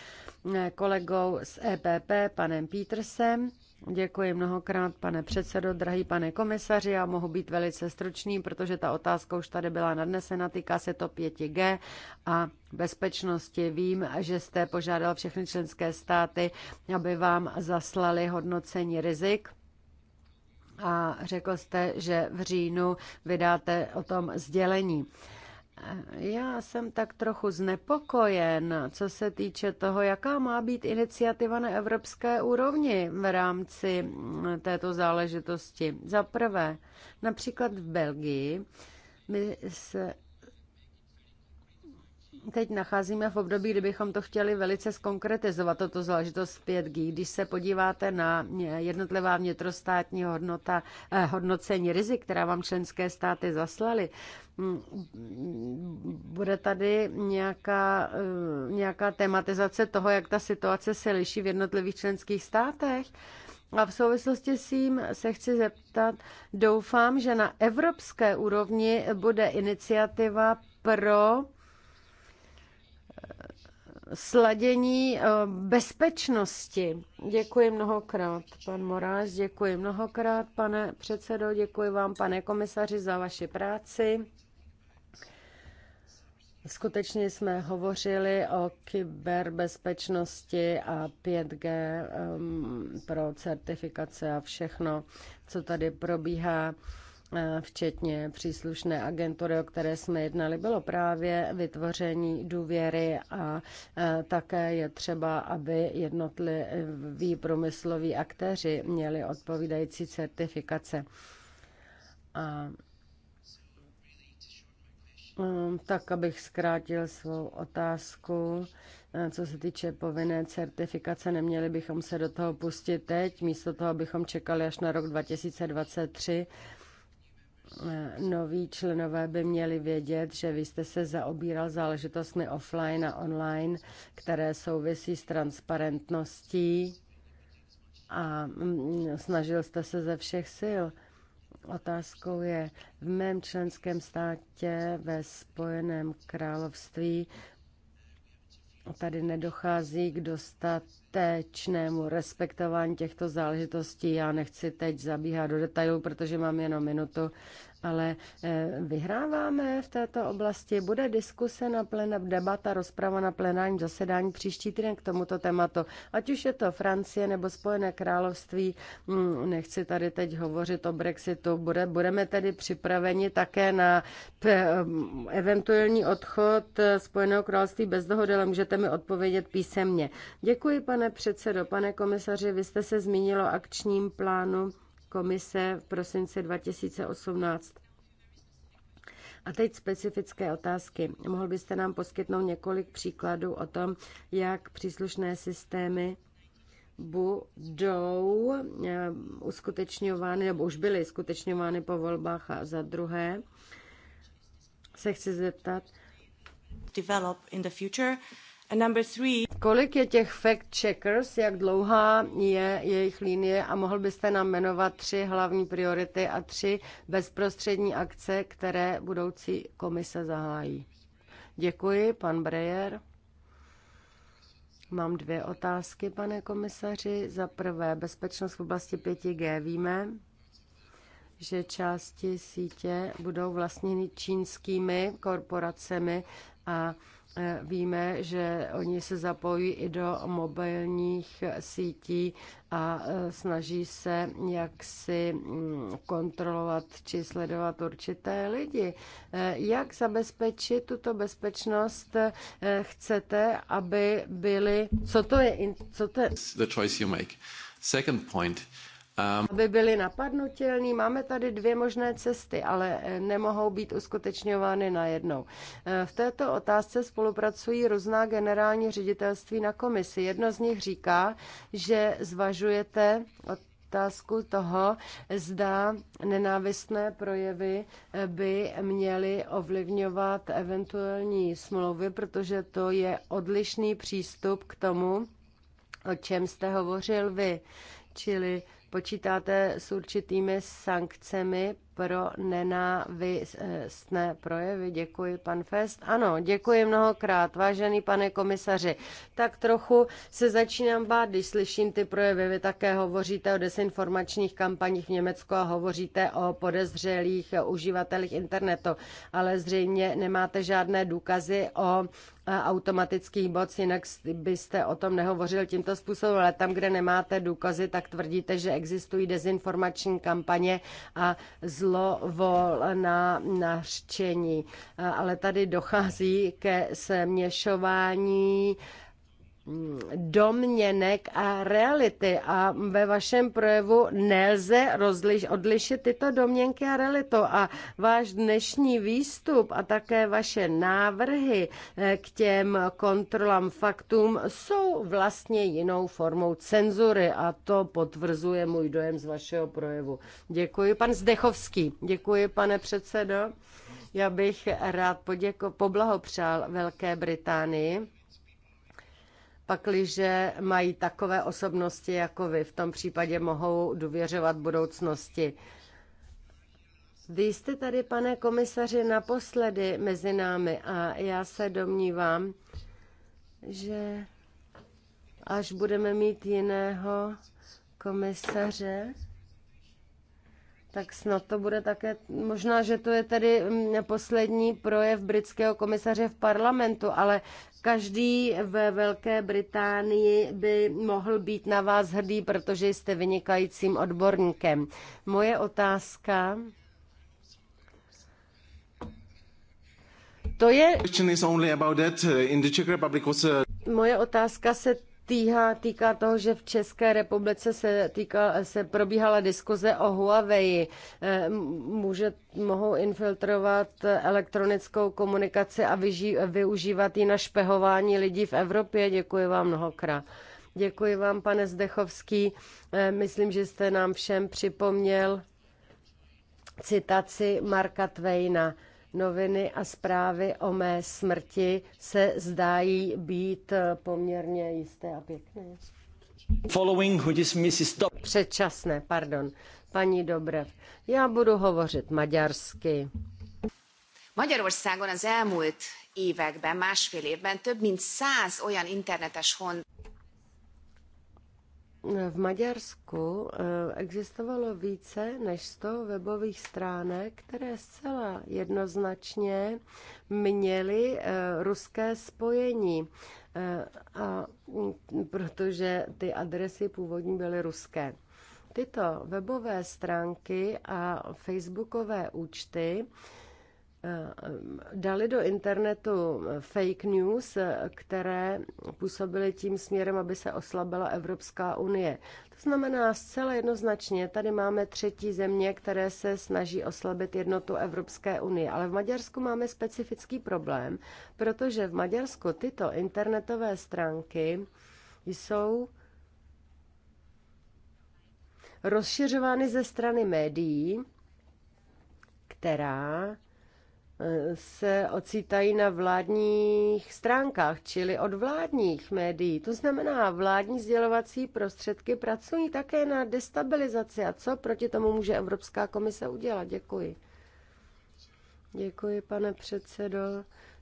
eh, kolegou z EPP, panem Petersem. Děkuji mnohokrát, pane předsedo, drahý pane komisaři. Já mohu být velice stručný, protože ta otázka už tady byla nadnesena. Týká se to 5G a bezpečnosti. Vím, že jste požádal všechny členské státy, aby vám zaslali hodnocení rizik a řekl jste, že v říjnu vydáte o tom sdělení. Já jsem tak trochu znepokojen, co se týče toho, jaká má být iniciativa na evropské úrovni v rámci mm, této záležitosti. Za prvé, například v Belgii my se teď nacházíme v období, kdybychom to chtěli velice skonkretizovat, toto záležitost 5G. Když se podíváte na jednotlivá vnitrostátní hodnota, eh, hodnocení rizik, která vám členské státy zaslaly, mm, bude tady nějaká, eh, nějaká tematizace toho, jak ta situace se liší v jednotlivých členských státech? A v souvislosti s tím se chci zeptat, doufám, že na evropské úrovni bude iniciativa pro sladění eh, bezpečnosti. Děkuji mnohokrát, pan Moráš, děkuji mnohokrát, pane předsedo, děkuji vám, pane komisaři, za vaši práci. Skutečně jsme hovořili o kyberbezpečnosti a 5G um, ehm, pro certifikace a všechno, co tady probíhá. Eh, včetně příslušné agentury, o které jsme jednali, bylo právě vytvoření důvěry a eh, také je třeba, aby jednotliví průmysloví aktéři měli odpovídající certifikace. A mm, tak, abych zkrátil svou otázku, eh, co se týče povinné certifikace, neměli bychom se do toho pustit teď, místo toho, abychom čekali až na rok 2023 noví členové by měli vědět, že vy jste se zaobíral záležitostmi offline a online, které souvisí s transparentností a mm, snažil jste se ze všech sil. Otázkou je, v mém členském státě ve Spojeném království tady nedochází k dostatečnému respektování těchto záležitostí. Já nechci teď zabíhat do detailů, protože mám jenom minutu ale eh, vyhráváme v této oblasti. Bude diskuse na plen, debata, rozprava na plenárním zasedání příští týden k tomuto tématu. Ať už je to Francie nebo Spojené království, mm, nechci tady teď hovořit o Brexitu, bude, budeme tedy připraveni také na eh, eventuální odchod eh, Spojeného království bez dohody, ale můžete mi odpovědět písemně. Děkuji, pane předsedo. Pane komisaři, vy jste se zmínilo akčním plánu komise v prosinci 2018. A teď specifické otázky. Mohl byste nám poskytnout několik příkladů o tom, jak příslušné systémy budou eh, uskutečňovány, nebo už byly uskutečňovány po volbách a za druhé se chci zeptat, develop in the future Three... Kolik je těch fact checkers, jak dlouhá je jejich linie a mohl byste nám jmenovat tři hlavní priority a tři bezprostřední akce, které budoucí komise zahájí? Děkuji, pan Breyer. Mám dvě otázky, pane komisaři. Za prvé, bezpečnost v oblasti 5G. Víme, že části sítě budou vlastněny čínskými korporacemi a Eh, víme, že oni se zapojí i do mobilních sítí a eh, snaží se jaksi mm, kontrolovat či sledovat určité lidi. Eh, jak zabezpečit tuto bezpečnost? Chcete, aby byly... Co to je? Co to je? The choice you make. Second point. Um, Aby byly napadnutelní, máme tady dvě možné cesty, ale eh, nemohou být uskutečňovány najednou. Eh, v této otázce spolupracují různá generální ředitelství na komisi. Jedno z nich říká, že zvažujete otázku toho, zda nenávistné projevy eh, by měly ovlivňovat eventuální smlouvy, protože to je odlišný přístup k tomu, o čem jste hovořil vy. Čili Počítáte s určitými sankcemi pro nenávistné projevy. Děkuji, pan Fest. Ano, děkuji mnohokrát, vážený pane komisaři. Tak trochu se začínám bát, když slyším ty projevy. Vy také hovoříte o desinformačních kampaních v Německu a hovoříte o podezřelých uživatelích internetu, ale zřejmě nemáte žádné důkazy o automatických boc, jinak byste o tom nehovořil tímto způsobem, ale tam, kde nemáte důkazy, tak tvrdíte, že existují dezinformační kampaně a zlo na nařčení. Ale tady dochází ke směšování domněnek a reality. A ve vašem projevu nelze rozliš, odlišit tyto domněnky a realitu. A váš dnešní výstup a také vaše návrhy eh, k těm kontrolám faktům jsou vlastně jinou formou cenzury a to potvrzuje můj dojem z vašeho projevu. Děkuji, pan Zdechovský. Děkuji, pane předsedo. Já bych rád poděko, poblahopřál Velké Británii pakliže mají takové osobnosti jako vy. V tom případě mohou důvěřovat budoucnosti. Vy jste tady, pane komisaři, naposledy mezi námi a já se domnívám, že až budeme mít jiného komisaře, tak snad to bude také, možná, že to je tedy mm, poslední projev britského komisaře v parlamentu, ale každý ve Velké Británii by mohl být na vás hrdý, protože jste vynikajícím odborníkem. Moje otázka. To je... Uh, uh, Moje otázka se týha, týká toho, že v České republice se, týka, se probíhala diskuze o Huawei. Eh, může, mohou infiltrovat elektronickou komunikaci a vyží, využívat ji na špehování lidí v Evropě. Děkuji vám mnohokrát. Děkuji vám, pane Zdechovský. Eh, myslím, že jste nám všem připomněl citaci Marka Twaina. Noviny a zprávy o mé smrti se zdají být poměrně jisté a pěkné. Following, Mrs. Do- Předčasné, pardon. Paní Dobrev, já budu hovořit maďarsky. Magyarországon az elmúlt években, másfél évben több mint száz olyan internetes hon v Maďarsku eh, existovalo více než 100 webových stránek, které zcela jednoznačně měly eh, ruské spojení, eh, a, protože ty adresy původní byly ruské. Tyto webové stránky a facebookové účty Eh, dali do internetu eh, fake news, eh, které působily tím směrem, aby se oslabila Evropská unie. To znamená zcela jednoznačně, tady máme třetí země, které se snaží oslabit jednotu Evropské unie. Ale v Maďarsku máme specifický problém, protože v Maďarsku tyto internetové stránky jsou rozšiřovány ze strany médií, která se ocitají na vládních stránkách, čili od vládních médií. To znamená, vládní sdělovací prostředky pracují také na destabilizaci. A co proti tomu může Evropská komise udělat? Děkuji. Děkuji, pane předsedo.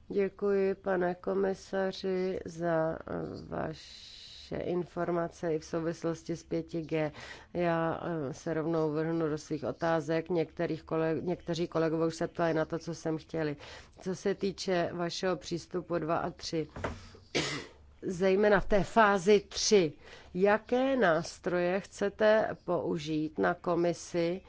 Děkuji, pane komisaři, za eh, vaši vaše informace i v souvislosti s 5G. Já eh, se rovnou vrhnu do svých otázek. Některých koleg, někteří kolegové už se ptali na to, co jsem chtěli. Co se týče vašeho přístupu 2 a 3, zejména v té fázi 3, jaké nástroje chcete použít na komisi,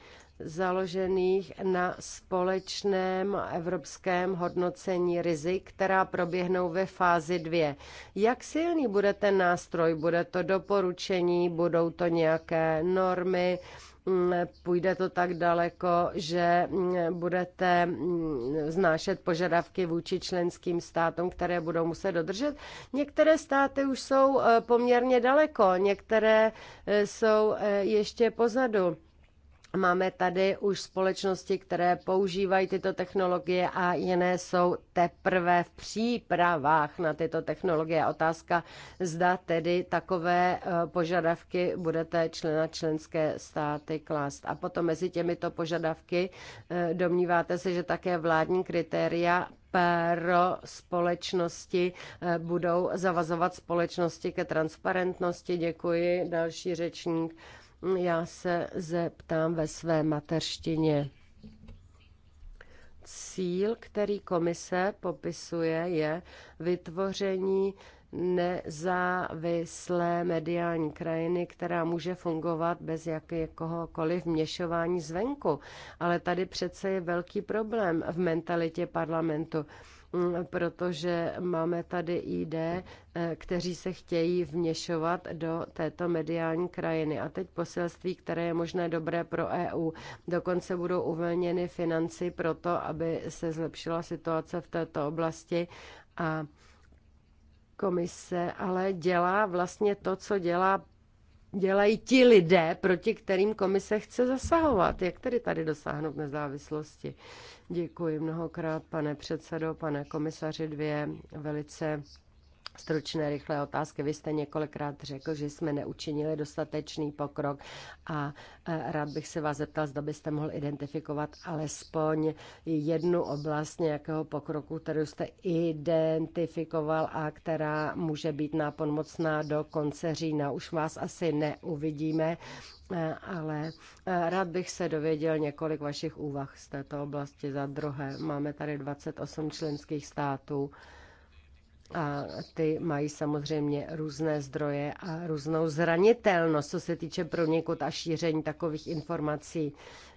založených na společném evropském hodnocení rizik, která proběhnou ve fázi 2. Jak silný bude ten nástroj? Bude to doporučení, budou to nějaké normy? Mm, půjde to tak daleko, že mm, budete mm, znášet požadavky vůči členským státům, které budou muset dodržet. Některé státy už jsou eh, poměrně daleko, některé eh, jsou eh, ještě pozadu. Máme tady už společnosti, které používají tyto technologie a jiné jsou teprve v přípravách na tyto technologie. Otázka, zda tedy takové eh, požadavky budete člena členské státy klást. A potom mezi těmito požadavky eh, domníváte se, že také vládní kritéria pro společnosti eh, budou zavazovat společnosti ke transparentnosti. Děkuji, další řečník. Já se zeptám ve své mateřštině. Cíl, který komise popisuje, je vytvoření nezávislé mediální krajiny, která může fungovat bez jakéhokoliv měšování zvenku. Ale tady přece je velký problém v mentalitě parlamentu. Mm, protože máme tady ID, eh, kteří se chtějí vněšovat do této mediální krajiny. A teď poselství, které je možné dobré pro EU. Dokonce budou uvolněny financi pro to, aby se zlepšila situace v této oblasti a komise ale dělá vlastně to, co dělá dělají ti lidé, proti kterým komise chce zasahovat. Jak tedy tady dosáhnout nezávislosti? Děkuji mnohokrát, pane předsedo, pane komisaři, dvě velice Stručné, rychlé otázky. Vy jste několikrát řekl, že jsme neučinili dostatečný pokrok a e, rád bych se vás zeptal, zda byste mohl identifikovat alespoň jednu oblast nějakého pokroku, kterou jste identifikoval a která může být nápomocná do konce října. Už vás asi neuvidíme, e, ale e, rád bych se dověděl několik vašich úvah z této oblasti. Za druhé, máme tady 28 členských států a ty mají samozřejmě různé zdroje a různou zranitelnost, co se týče proniku a šíření takových informací.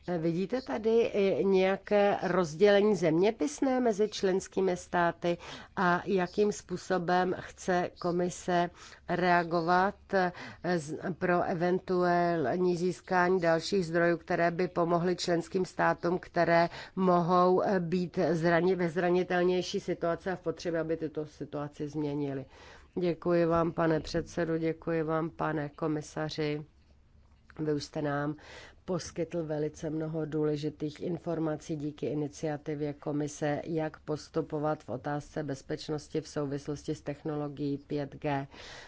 Eh, vidíte tady eh, nějaké rozdělení zeměpisné mezi členskými státy a jakým způsobem chce komise reagovat eh, pro eventuální získání dalších zdrojů, které by pomohly členským státům, které mohou být ve zranitelnější situace a v potřebě, aby tyto situaci změnili. Děkuji vám, pane předsedu, děkuji vám, pane komisaři. Vy už jste nám poskytl velice mnoho důležitých informací díky iniciativě komise, jak postupovat v otázce bezpečnosti v souvislosti s technologií 5G,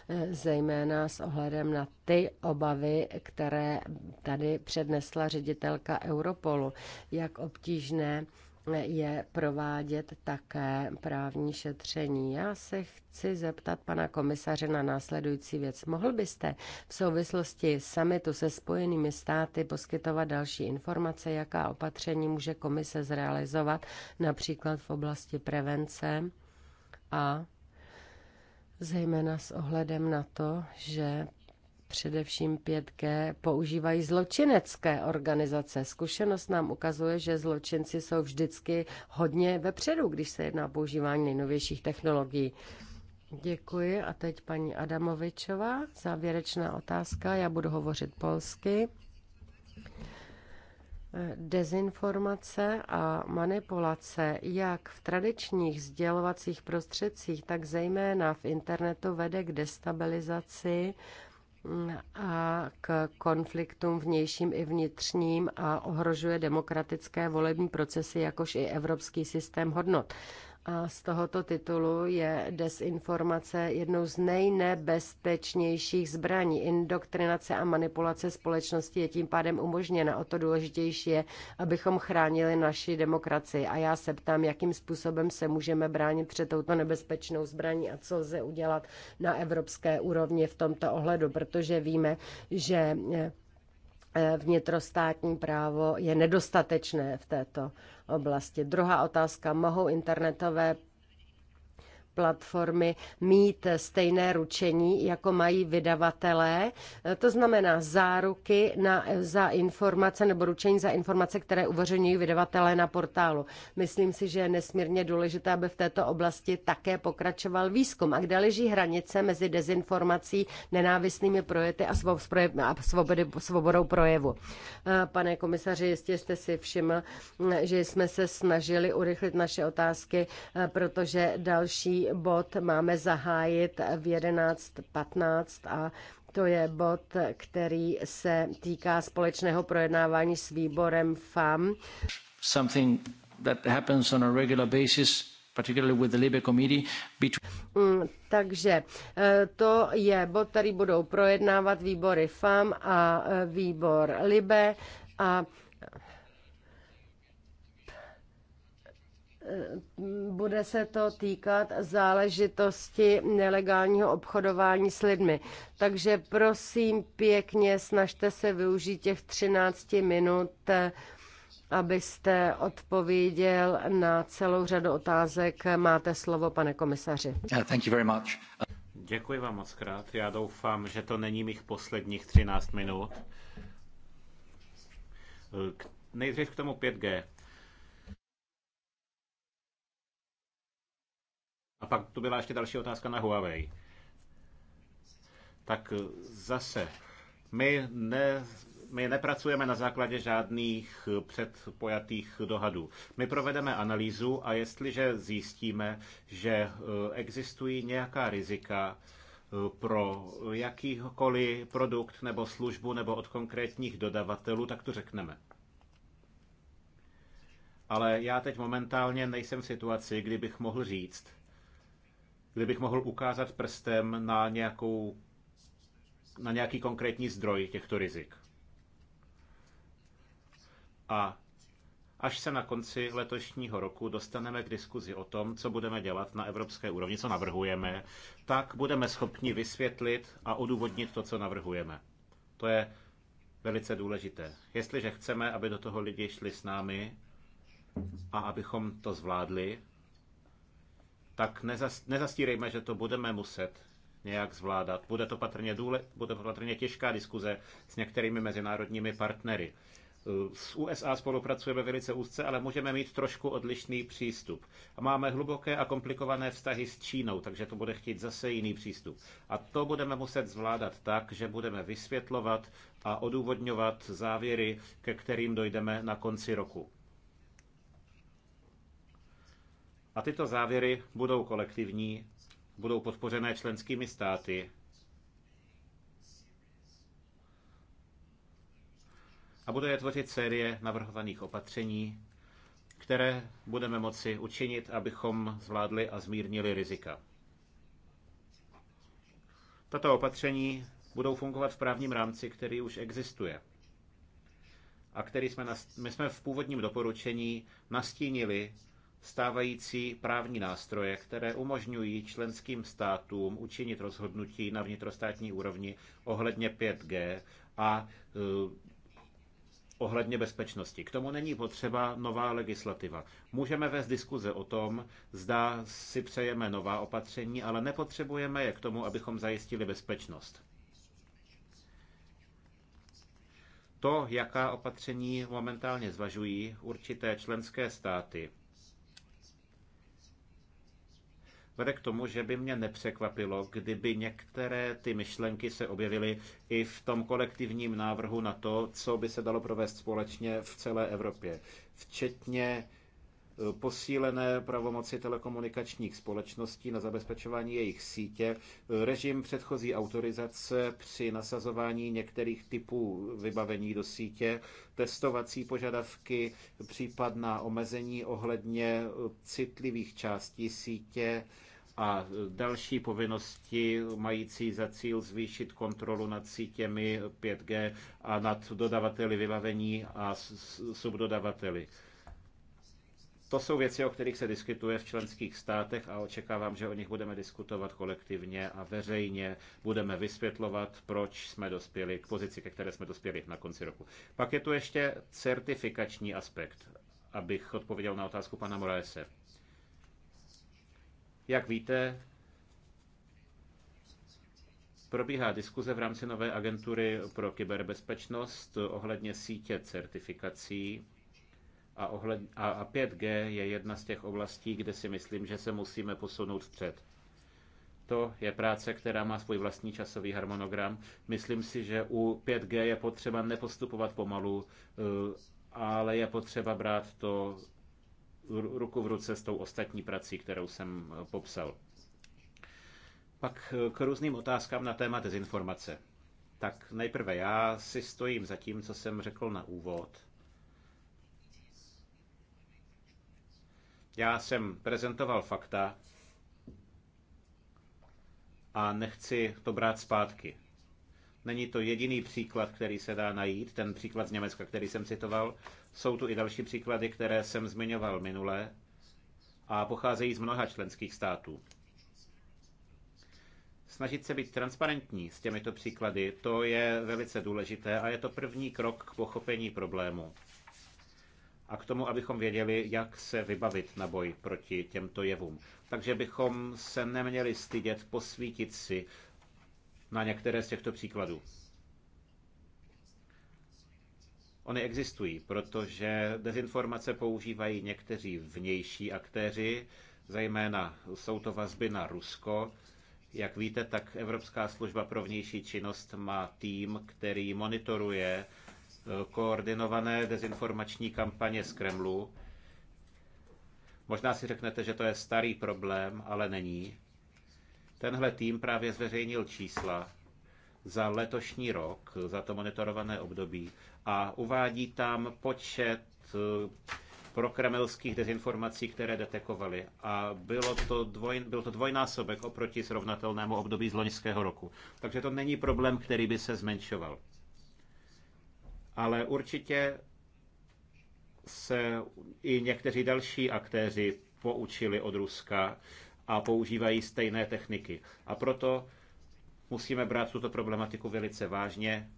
eh, zejména s ohledem na ty obavy, které tady přednesla ředitelka Europolu, jak obtížné je provádět také právní šetření. Já se chci zeptat pana komisaře na následující věc. Mohl byste v souvislosti summitu se Spojenými státy poskytovat další informace, jaká opatření může komise zrealizovat, například v oblasti prevence a zejména s ohledem na to, že především 5G, používají zločinecké organizace. Zkušenost nám ukazuje, že zločinci jsou vždycky hodně vepředu, když se jedná o používání nejnovějších technologií. Děkuji. A teď paní Adamovičová, závěrečná otázka. Já budu hovořit polsky. Dezinformace a manipulace jak v tradičních sdělovacích prostředcích, tak zejména v internetu vede k destabilizaci a k konfliktům vnějším i vnitřním a ohrožuje demokratické volební procesy, jakož i evropský systém hodnot. A z tohoto titulu je desinformace jednou z nejnebezpečnějších zbraní. Indoktrinace a manipulace společnosti je tím pádem umožněna. O to důležitější je, abychom chránili naši demokracii. A já se ptám, jakým způsobem se můžeme bránit před touto nebezpečnou zbraní a co lze udělat na evropské úrovni v tomto ohledu, protože víme, že E, vnitrostátní právo je nedostatečné v této oblasti. Druhá otázka, mohou internetové platformy mít stejné ručení, jako mají vydavatelé. To znamená záruky na, za informace nebo ručení za informace, které uveřejňují vydavatelé na portálu. Myslím si, že je nesmírně důležité, aby v této oblasti také pokračoval výzkum. A kde leží hranice mezi dezinformací, nenávistnými projety a, svob, a svobody, svobodou projevu? Pane komisaři, jistě jste si všiml, že jsme se snažili urychlit naše otázky, protože další Další bod máme zahájit v 11.15 a to je bod, který se týká společného projednávání s výborem FAM. Something that happens on a regular basis particularly with the Libe committee. Between... Mm, takže eh, to je bod, který budou projednávat výbory FAM a eh, výbor Libe a bude se to týkat záležitosti nelegálního obchodování s lidmi. Takže prosím pěkně, snažte se využít těch 13 minut, abyste odpověděl na celou řadu otázek. Máte slovo, pane komisaři. Uh, thank you very much. Děkuji vám moc krát. Já doufám, že to není mých posledních 13 minut. Nejdřív k tomu 5G. A pak tu byla ještě další otázka na Huawei. Tak eh, zase, my, ne, my nepracujeme na základě žádných eh, předpojatých dohadů. My provedeme analýzu a jestliže zjistíme, že eh, existují nějaká rizika, pro jakýkoliv produkt nebo službu nebo od konkrétních dodavatelů, tak to řekneme. Ale já teď momentálně nejsem v situaci, kdy bych mohl říct, kdybych mohl ukázat prstem na, nějakou, na nějaký konkrétní zdroj těchto rizik. A až se na konci letošního roku dostaneme k diskuzi o tom, co budeme dělat na evropské úrovni, co navrhujeme, tak budeme schopni vysvětlit a odůvodnit to, co navrhujeme. To je velice důležité. Jestliže chceme, aby do toho lidi šli s námi a abychom to zvládli, tak nezas, nezastírejme, že to budeme muset nějak zvládat. Bude to patrně, důle, bude to patrně těžká diskuze s některými mezinárodními partnery. S USA spolupracujeme velice úzce, ale můžeme mít trošku odlišný přístup. A máme hluboké a komplikované vztahy s Čínou, takže to bude chtít zase jiný přístup. A to budeme muset zvládat tak, že budeme vysvětlovat a odůvodňovat závěry, ke kterým dojdeme na konci roku. A tyto závěry budou kolektivní, budou podpořené členskými státy a bude je tvořit série navrhovaných opatření, které budeme moci učinit, abychom zvládli a zmírnili rizika. Tato opatření budou fungovat v právním rámci, který už existuje a který jsme, my jsme v původním doporučení nastínili stávající právní nástroje, které umožňují členským státům učinit rozhodnutí na vnitrostátní úrovni ohledně 5G a eh, ohledně bezpečnosti. K tomu není potřeba nová legislativa. Můžeme vést diskuze o tom, zda si přejeme nová opatření, ale nepotřebujeme je k tomu, abychom zajistili bezpečnost. To, jaká opatření momentálně zvažují určité členské státy, vede k tomu, že by mě nepřekvapilo, kdyby některé ty myšlenky se objevily i v tom kolektivním návrhu na to, co by se dalo provést společně v celé Evropě, včetně posílené pravomoci telekomunikačních společností na zabezpečování jejich sítě, režim předchozí autorizace při nasazování některých typů vybavení do sítě, testovací požadavky, případná omezení ohledně citlivých částí sítě, a další povinnosti mající za cíl zvýšit kontrolu nad sítěmi 5G a nad dodavateli vybavení a subdodavateli. To jsou věci, o kterých se diskutuje v členských státech a očekávám, že o nich budeme diskutovat kolektivně a veřejně budeme vysvětlovat, proč jsme dospěli k pozici, ke které jsme dospěli na konci roku. Pak je tu ještě certifikační aspekt, abych odpověděl na otázku pana Moraese. Jak víte, probíhá diskuze v rámci nové agentury pro kyberbezpečnost ohledně sítě certifikací a, ohled, a, a 5G je jedna z těch oblastí, kde si myslím, že se musíme posunout vpřed. To je práce, která má svůj vlastní časový harmonogram. Myslím si, že u 5G je potřeba nepostupovat pomalu, eh, ale je potřeba brát to ruku v ruce s tou ostatní prací, kterou jsem eh, popsal. Pak eh, k různým otázkám na téma dezinformace. Tak nejprve já si stojím za tím, co jsem řekl na úvod. Já jsem prezentoval fakta a nechci to brát zpátky. Není to jediný příklad, který se dá najít, ten příklad z Německa, který jsem citoval. Jsou tu i další příklady, které jsem zmiňoval minule a pocházejí z mnoha členských států. Snažit se být transparentní s těmito příklady, to je velice důležité a je to první krok k pochopení problému a k tomu, abychom věděli, jak se vybavit na boj proti těmto jevům. Takže bychom se neměli stydět posvítit si na některé z těchto příkladů. Ony existují, protože dezinformace používají někteří vnější aktéři, zejména jsou to vazby na Rusko. Jak víte, tak Evropská služba pro vnější činnost má tým, který monitoruje koordinované dezinformační kampaně z Kremlu. Možná si řeknete, že to je starý problém, ale není. Tenhle tým právě zveřejnil čísla za letošní rok, za to monitorované období a uvádí tam počet eh, prokremelských dezinformací, které detekovali. A bylo to, dvoj, byl to dvojnásobek oproti srovnatelnému období z loňského roku. Takže to není problém, který by se zmenšoval ale určitě se i někteří další aktéři poučili od Ruska a používají stejné techniky. A proto musíme brát tuto problematiku velice vážně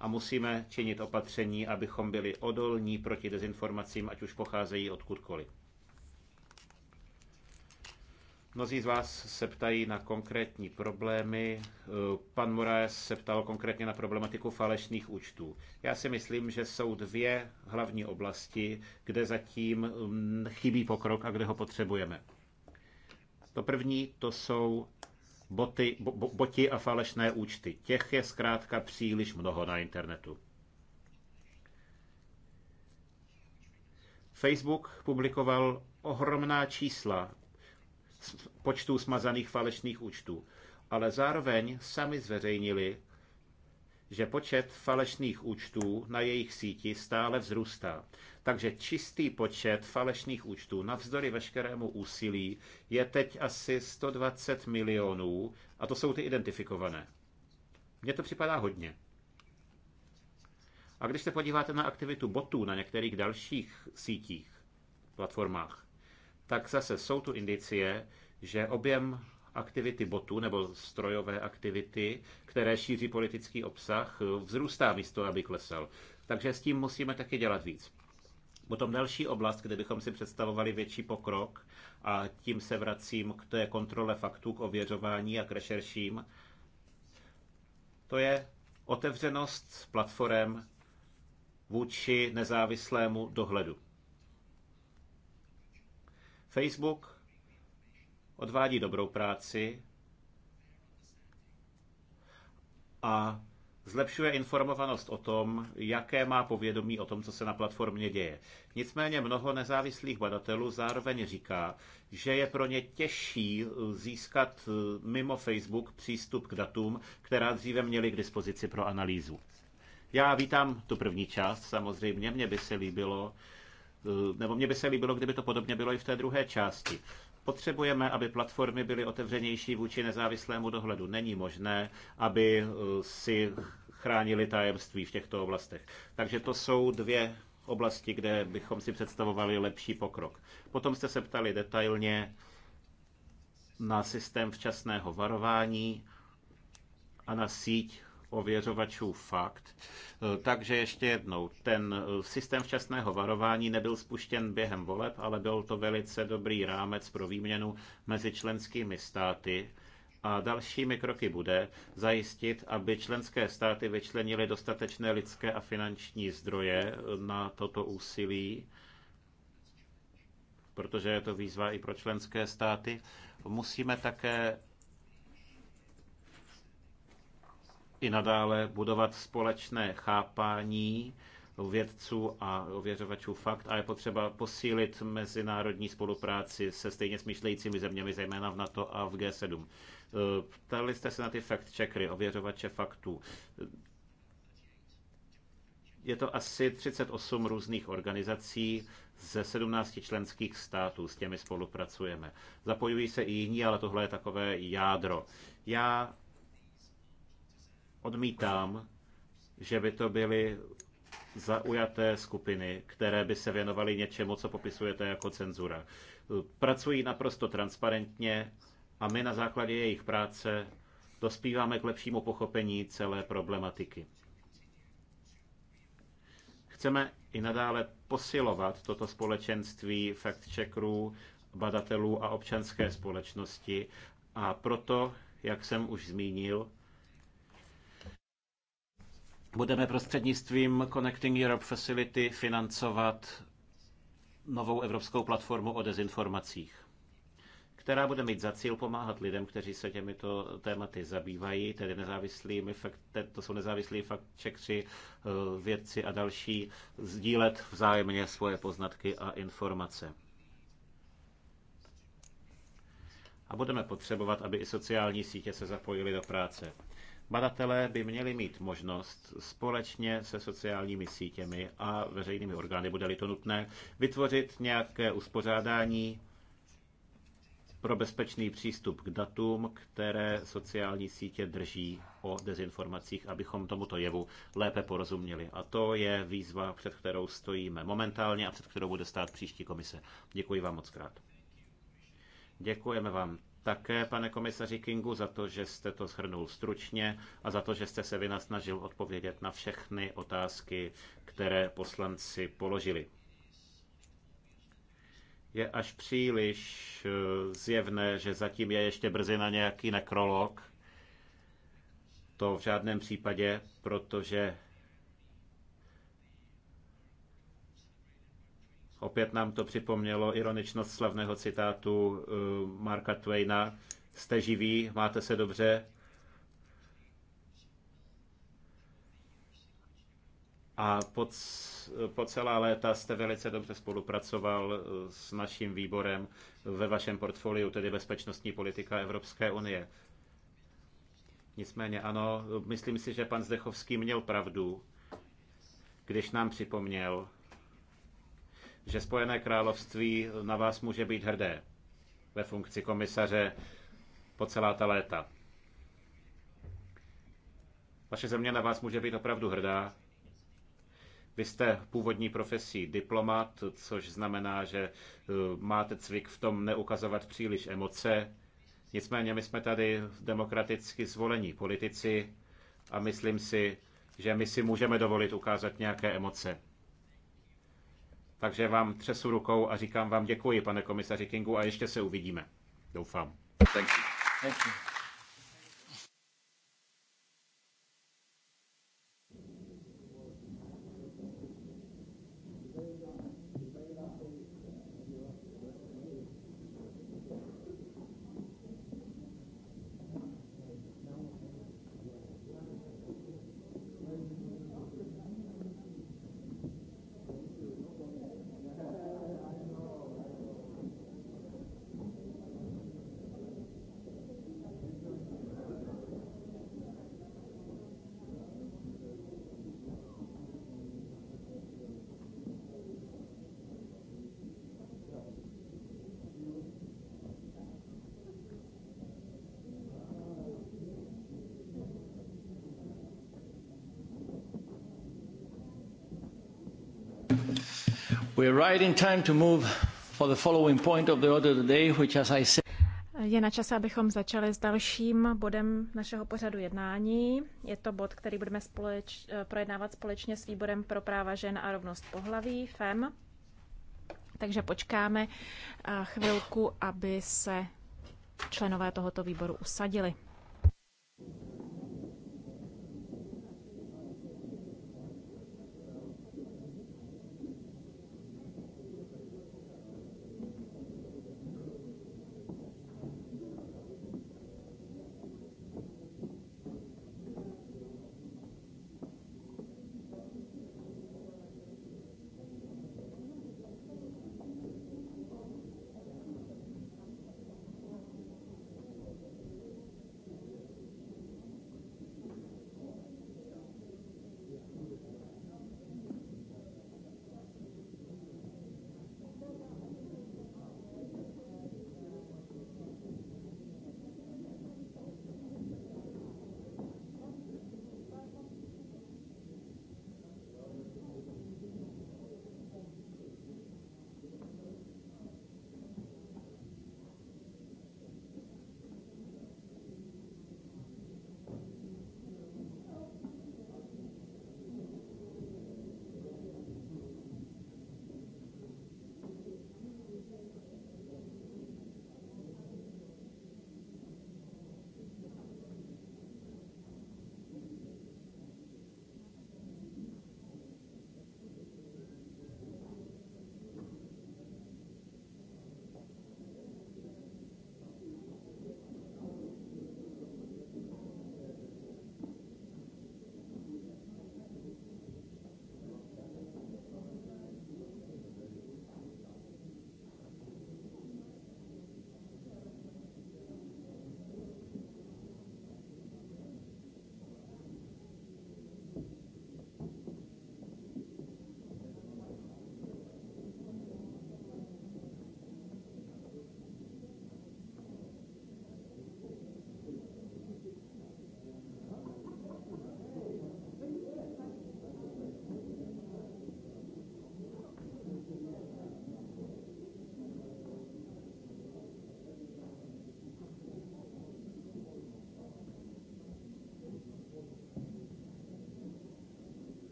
a musíme činit opatření, abychom byli odolní proti dezinformacím, ať už pocházejí odkudkoliv. Mnozí z vás se ptají na konkrétní problémy. Eh, pan Moraes se ptal konkrétně na problematiku falešných účtů. Já si myslím, že jsou dvě hlavní oblasti, kde zatím mm, chybí pokrok a kde ho potřebujeme. To první, to jsou boty, bo, boti a falešné účty. Těch je zkrátka příliš mnoho na internetu. Facebook publikoval ohromná čísla počtu smazaných falešných účtů. Ale zároveň sami zveřejnili, že počet falešných účtů na jejich síti stále vzrůstá. Takže čistý počet falešných účtů navzdory veškerému úsilí je teď asi 120 milionů a to jsou ty identifikované. Mně to připadá hodně. A když se podíváte na aktivitu botů na některých dalších sítích, platformách, tak zase jsou tu indicie, že objem aktivity botů nebo strojové aktivity, které šíří politický obsah, vzrůstá místo, aby klesal. Takže s tím musíme taky dělat víc. Potom další oblast, kde bychom si představovali větší pokrok, a tím se vracím k té kontrole faktů, k ověřování a k rešerším, to je otevřenost platform vůči nezávislému dohledu. Facebook odvádí dobrou práci a zlepšuje informovanost o tom, jaké má povědomí o tom, co se na platformě děje. Nicméně mnoho nezávislých badatelů zároveň říká, že je pro ně těžší získat mimo Facebook přístup k datům, která dříve měli k dispozici pro analýzu. Já vítám tu první část, samozřejmě mě by se líbilo, Eh, nebo mně by se líbilo, kdyby to podobně bylo i v té druhé části. Potřebujeme, aby platformy byly otevřenější vůči nezávislému dohledu. Není možné, aby eh, si chránili tajemství v těchto oblastech. Takže to jsou dvě oblasti, kde bychom si představovali lepší pokrok. Potom jste se ptali detailně na systém včasného varování a na síť ověřovačů fakt. Eh, takže ještě jednou, ten eh, systém včasného varování nebyl spuštěn během voleb, ale byl to velice dobrý rámec pro výměnu mezi členskými státy. A dalšími kroky bude zajistit, aby členské státy vyčlenily dostatečné lidské a finanční zdroje eh, na toto úsilí, protože je to výzva i pro členské státy. Musíme také i nadále budovat společné chápání vědců a ověřovačů fakt a je potřeba posílit mezinárodní spolupráci se stejně smýšlejícími zeměmi, zejména v NATO a v G7. Eh, ptali jste se na ty fact-checkery, ověřovače faktů. Je to asi 38 různých organizací ze 17 členských států, s těmi spolupracujeme. Zapojují se i jiní, ale tohle je takové jádro. Já Odmítám, že by to byly zaujaté skupiny, které by se věnovaly něčemu, co popisujete jako cenzura. Pracují naprosto transparentně a my na základě jejich práce dospíváme k lepšímu pochopení celé problematiky. Chceme i nadále posilovat toto společenství fact-checkerů, badatelů a občanské společnosti a proto, jak jsem už zmínil, budeme prostřednictvím Connecting Europe Facility financovat novou evropskou platformu o dezinformacích, která bude mít za cíl pomáhat lidem, kteří se těmito tématy zabývají, tedy nezávislými, to jsou nezávislí faktčekři, eh, vědci a další, sdílet vzájemně svoje poznatky a informace. A budeme potřebovat, aby i sociální sítě se zapojily do práce. Badatelé by měli mít možnost společně se sociálními sítěmi a veřejnými orgány, bude-li to nutné, vytvořit nějaké uspořádání pro bezpečný přístup k datům, které sociální sítě drží o dezinformacích, abychom tomuto jevu lépe porozuměli. A to je výzva, před kterou stojíme momentálně a před kterou bude stát příští komise. Děkuji vám moc krát. Děkujeme vám také, pane komisaři Kingu, za to, že jste to shrnul stručně a za to, že jste se vynasnažil odpovědět na všechny otázky, které poslanci položili. Je až příliš eh, zjevné, že zatím je ještě brzy na nějaký nekrolog. To v žádném případě, protože Opět nám to připomnělo ironičnost slavného citátu eh, Marka Twaina. Jste živí, máte se dobře. A po, po celá léta jste velice dobře spolupracoval eh, s naším výborem ve vašem portfoliu, tedy bezpečnostní politika Evropské unie. Nicméně ano, eh, myslím si, že pan Zdechovský měl pravdu, když nám připomněl, že Spojené království na vás může být hrdé ve funkci komisaře po celá ta léta. Vaše země na vás může být opravdu hrdá. Vy jste původní profesí diplomat, což znamená, že eh, máte cvik v tom neukazovat příliš emoce. Nicméně my jsme tady demokraticky zvolení politici a myslím si, že my si můžeme dovolit ukázat nějaké emoce. Takže vám třesu rukou a říkám vám děkuji, pane komisaři Kingu, a ještě se uvidíme. Doufám. Thank you. Thank you. Je na čase, abychom začali s dalším bodem našeho pořadu jednání. Je to bod, který budeme společ, eh, projednávat společně s Výborem pro práva žen a rovnost pohlaví, FEM. Takže počkáme eh, chvilku, aby se členové tohoto výboru usadili.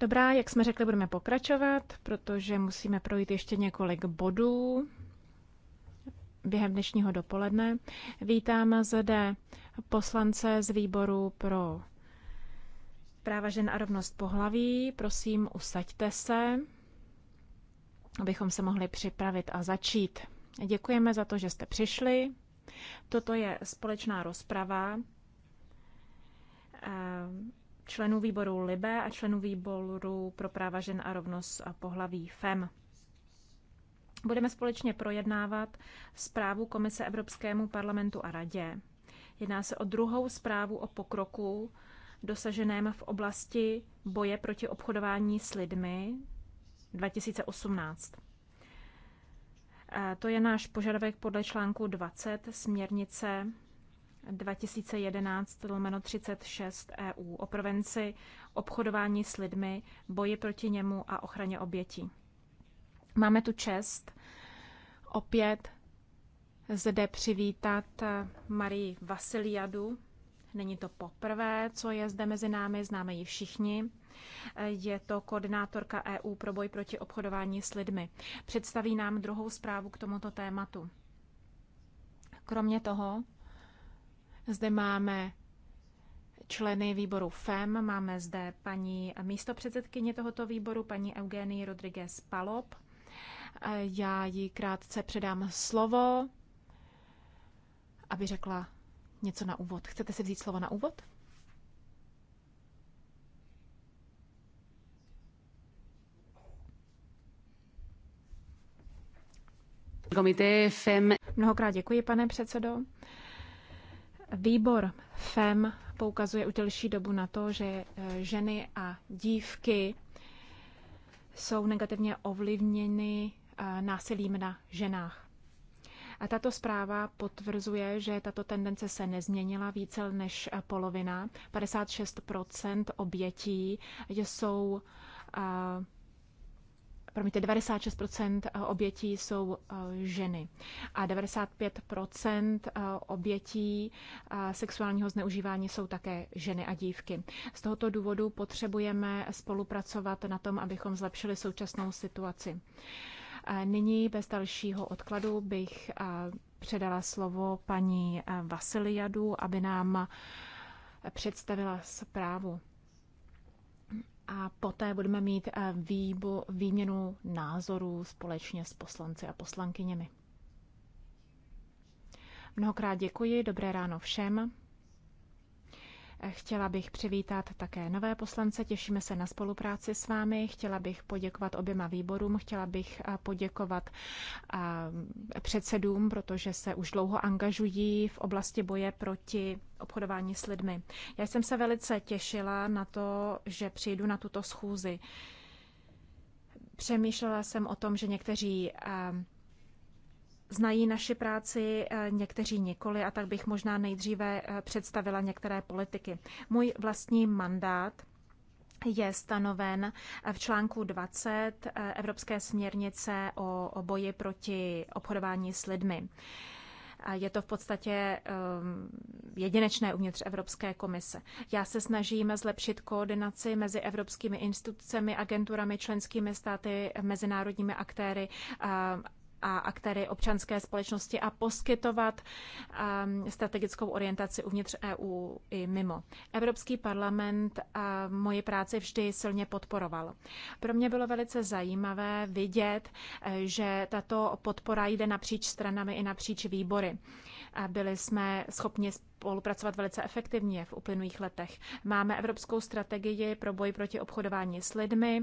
Dobrá, jak jsme řekli, budeme pokračovat, protože musíme projít ještě několik bodů během dnešního dopoledne. Vítám zde poslance z výboru pro práva žen a rovnost pohlaví. Prosím, usaďte se, abychom se mohli připravit a začít. Děkujeme za to, že jste přišli. Toto je společná rozprava členů výboru LIBE a členů výboru pro práva žen a rovnost a pohlaví FEM. Budeme společně projednávat zprávu Komise Evropskému parlamentu a Radě. Jedná se o druhou zprávu o pokroku dosaženém v oblasti boje proti obchodování s lidmi 2018. To je náš požadavek podle článku 20 směrnice 2011 36 EU o prevenci obchodování s lidmi, boji proti němu a ochraně obětí. Máme tu čest opět zde přivítat Marii Vasiliadu. Není to poprvé, co je zde mezi námi, známe ji všichni. Je to koordinátorka EU pro boj proti obchodování s lidmi. Představí nám druhou zprávu k tomuto tématu. Kromě toho zde máme členy výboru FEM, máme zde paní místopředsedkyně tohoto výboru, paní Eugenie Rodriguez Palop. Já jí krátce předám slovo, aby řekla něco na úvod. Chcete si vzít slovo na úvod? Komité FEM. Mnohokrát děkuji, pane předsedo. Výbor FEM poukazuje už delší dobu na to, že eh, ženy a dívky jsou negativně ovlivněny eh, násilím na ženách. A tato zpráva potvrzuje, že tato tendence se nezměnila více než eh, polovina. 56 obětí jsou promiňte, 96% eh, obětí jsou eh, ženy a 95% eh, obětí sexuálního zneužívání jsou také ženy a dívky. Z tohoto důvodu potřebujeme spolupracovat na tom, abychom zlepšili současnou situaci. Nyní bez dalšího odkladu bych předala slovo paní Vasiliadu, aby nám představila zprávu a poté budeme mít eh, výbu, výměnu názorů společně s poslanci a poslankyněmi. Mnohokrát děkuji, dobré ráno všem. Chtěla bych přivítat také nové poslance, těšíme se na spolupráci s vámi. Chtěla bych poděkovat oběma výborům, chtěla bych poděkovat předsedům, protože se už dlouho angažují v oblasti boje proti obchodování s lidmi. Já jsem se velice těšila na to, že přijdu na tuto schůzi. Přemýšlela jsem o tom, že někteří znají naši práci, eh, někteří nikoli, a tak bych možná nejdříve eh, představila některé politiky. Můj vlastní mandát je stanoven eh, v článku 20 Evropské směrnice o boji proti obchodování s lidmi. Je to v podstatě ehm, jedinečné uvnitř Evropské komise. Já se snažím zlepšit koordinaci mezi evropskými institucemi, agenturami, členskými státy, mezinárodními aktéry a aktéry občanské společnosti a poskytovat um, strategickou orientaci uvnitř EU i mimo. Evropský parlament uh, moji práci vždy silně podporoval. Pro mě bylo velice zajímavé vidět, uh, že tato podpora jde napříč stranami i napříč výbory. Byli jsme schopni spolupracovat velice efektivně v uplynulých letech. Máme evropskou strategii pro boj proti obchodování s lidmi,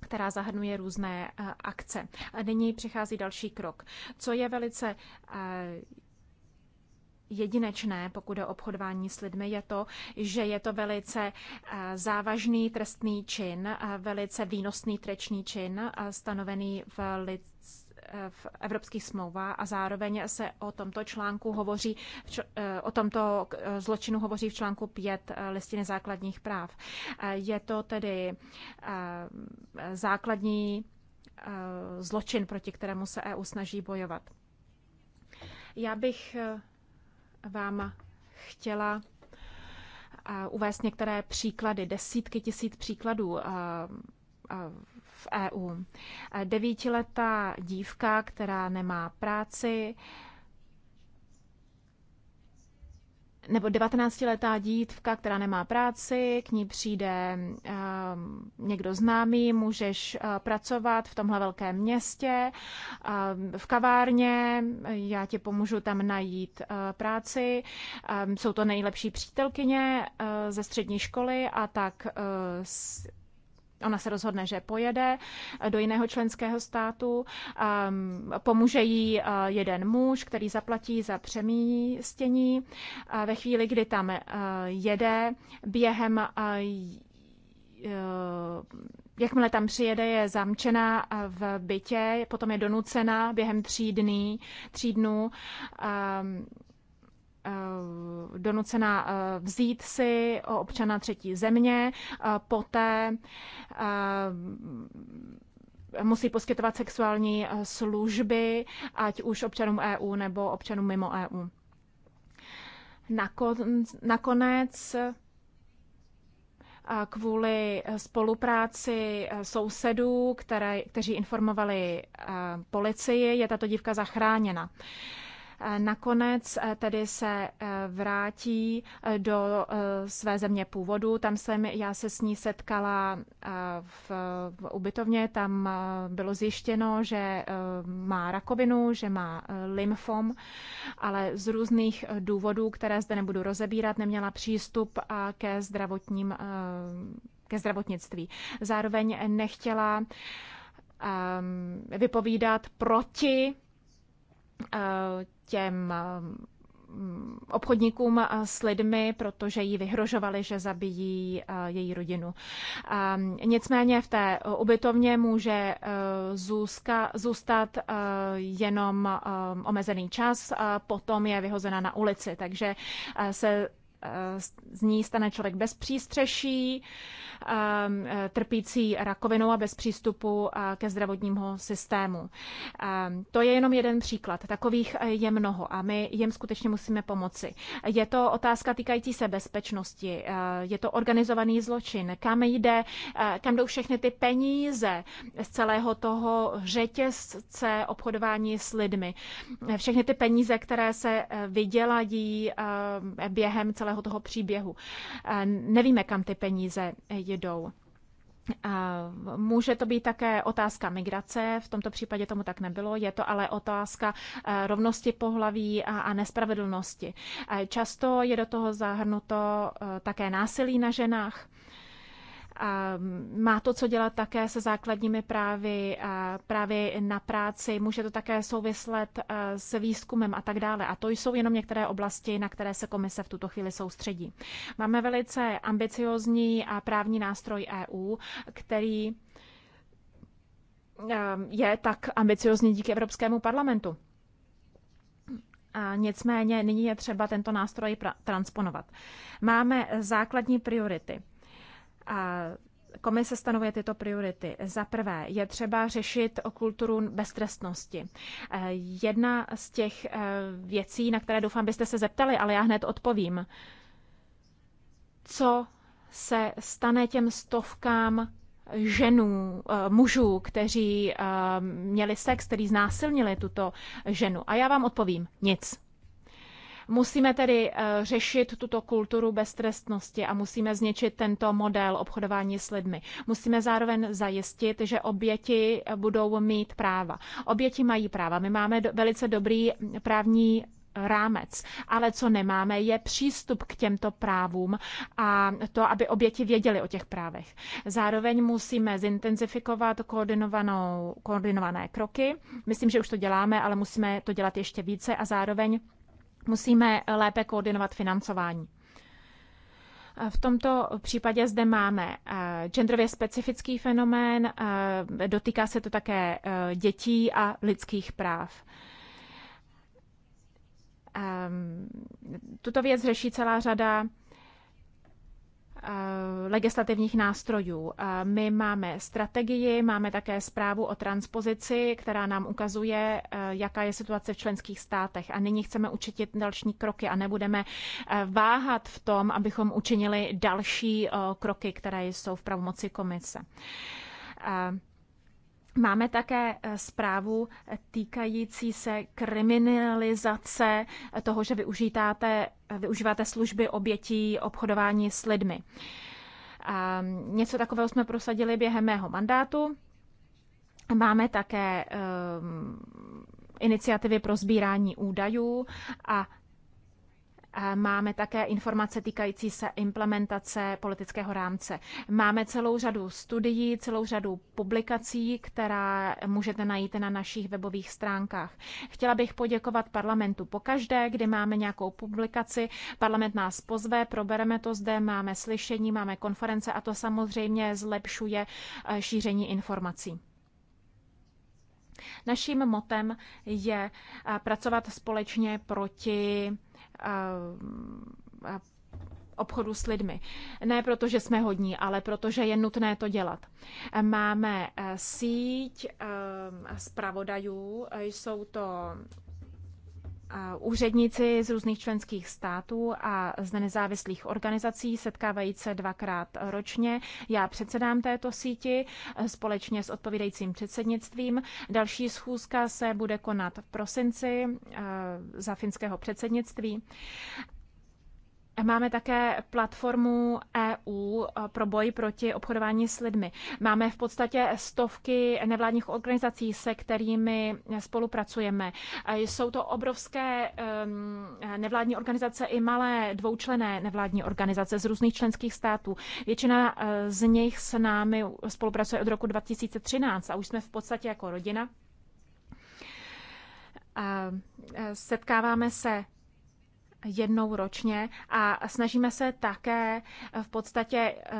která zahrnuje různé eh, akce. nyní přichází další krok. Co je velice eh, jedinečné, pokud je obchodování s lidmi, je to, že je to velice eh, závažný trestný čin, velice výnosný trestný čin, stanovený v lidské v evropských smlouvách a zároveň se o tomto článku hovoří, eh, o tomto eh, zločinu hovoří v článku 5 eh, listiny základních práv. Je to tedy základní zločin, proti kterému se EU snaží bojovat. Já bych vám chtěla uvést některé příklady, desítky tisíc příkladů v EU. Devítiletá dívka, která nemá práci, nebo 19-letá dívka, která nemá práci, k ní přijde ehm, někdo známý, můžeš uh, pracovat v tomhle velkém městě, uh, v kavárně, já ti pomůžu tam najít eh, práci. Ehm, jsou to nejlepší přítelkyně eh, ze střední školy a tak Ona se rozhodne, že pojede eh, do jiného členského státu, ehm, pomůže jí eh, jeden muž, který zaplatí za přemístění. Eh, ve chvíli, kdy tam jede, během jakmile tam přijede, je zamčená v bytě, potom je donucena během tří dní, tří dnů ehm, Eh, donucena eh, vzít si občana třetí země, eh, poté musí poskytovat sexuální služby, ať už občanům EU nebo občanům mimo EU. Nakonec kvůli spolupráci sousedů, které, kteří informovali policii, je tato dívka zachráněna. Eh, nakonec eh, tedy se eh, vrátí do své země původu. Tam jsem já se s ní setkala v, ubytovně. Tam bylo zjištěno, že má rakovinu, že má lymfom, ale z různých důvodů, které zde nebudu rozebírat, neměla přístup ke zdravotním ke zdravotnictví. Zároveň nechtěla vypovídat proti těm eh, obchodníkům eh, s lidmi, protože jí vyhrožovali, že zabijí eh, její rodinu. Nicméně v té ubytovně může zůzka, zůstat jenom omezený čas, potom je vyhozena na ulici, takže se z ní stane člověk bez přístřeší, Um, trpící rakovinou a bez přístupu uh, ke zdravotnímu systému. Um, to je jenom jeden příklad. Takových je mnoho a my jim skutečně musíme pomoci. Je to otázka týkající se bezpečnosti, uh, je to organizovaný zločin, kam jde, uh, kam jdou všechny ty peníze z celého toho řetězce obchodování s lidmi. Všechny ty peníze, které se vydělají během celého toho příběhu. Nevíme, kam ty peníze jdou. Může to být také otázka migrace, v tomto případě tomu tak nebylo, je to ale otázka eh, rovnosti pohlaví a nespravedlnosti. Často je do toho zahrnuto eh, také násilí na ženách má to co dělat také se základními právy, právy na práci, může to také souvislet s výzkumem a tak dále. A to jsou jenom některé oblasti, na které se komise v tuto chvíli soustředí. Máme velice ambiciozní a právní nástroj EU, který je tak ambiciozní díky Evropskému parlamentu. A nicméně nyní je třeba tento nástroj transponovat. Máme základní priority – Komise stanovuje tyto priority. Za prvé je třeba řešit o kulturu beztrestnosti. Eh, jedna z těch eh, věcí, na které doufám byste se zeptali, ale já hned odpovím. Co se stane těm stovkám ženů, eh, mužů, kteří měli sex, kteří znásilnili tuto ženu? A já vám odpovím, nic. Musíme tedy eh, řešit tuto kulturu beztrestnosti a musíme zničit tento model obchodování s lidmi. Musíme zároveň zajistit, že oběti eh, budou mít práva. Oběti mají práva. My máme velice dobrý právní rámec. Ale co nemáme, je přístup k těmto právům a to, aby oběti věděli o těch právech. Zároveň musíme zintenzifikovat koordinovanou, koordinované kroky. Myslím, že už to děláme, ale musíme to dělat ještě více a zároveň Musíme lépe koordinovat financování. V tomto případě zde máme eh, genderově specifický fenomén, eh, dotýká se to také eh, dětí a lidských práv. Ehm, tuto věc řeší celá řada Eh, legislativních nástrojů. Eh, my máme strategii, máme také zprávu o transpozici, která nám ukazuje, eh, jaká je situace v členských státech. A nyní chceme učinit další kroky a nebudeme váhat v tom, abychom učinili další kroky, které jsou v pravomoci komise. Máme také eh, zprávu eh, týkající se kriminalizace eh, toho, že využíváte, využíváte služby obětí obchodování s lidmi. A mm, něco takového jsme prosadili během mého mandátu. Máme také um, iniciativy pro sbírání údajů a Máme také informace týkající se implementace politického rámce. Máme celou řadu studií, celou řadu publikací, která můžete najít na našich webových stránkách. Chtěla bych poděkovat parlamentu pokaždé, kdy máme nějakou publikaci. Parlament nás pozve, probereme to zde, máme slyšení, máme konference a to samozřejmě zlepšuje eh, šíření informací. Naším motem je eh, pracovat společně proti obchodu s lidmi. Ne proto, že jsme hodní, ale protože je nutné to dělat. Máme eh, síť eh, zpravodajů, eh, jsou to úředníci z různých členských států a z nezávislých organizací setkávají se dvakrát ročně. Já předsedám této síti společně s odpovídajícím předsednictvím. Další schůzka se bude konat v prosinci eh, za finského předsednictví. Máme také platformu EU eh, pro boj proti obchodování s lidmi. Máme v podstatě stovky nevládních organizací, se kterými spolupracujeme. Eh, jsou to obrovské ehm, nevládní organizace i malé dvoučlené nevládní organizace z různých členských států. Většina eh, z nich s námi spolupracuje od roku 2013 a už jsme v podstatě jako rodina. Setkáváme se jednou ročně a snažíme se také eh, v podstatě eh,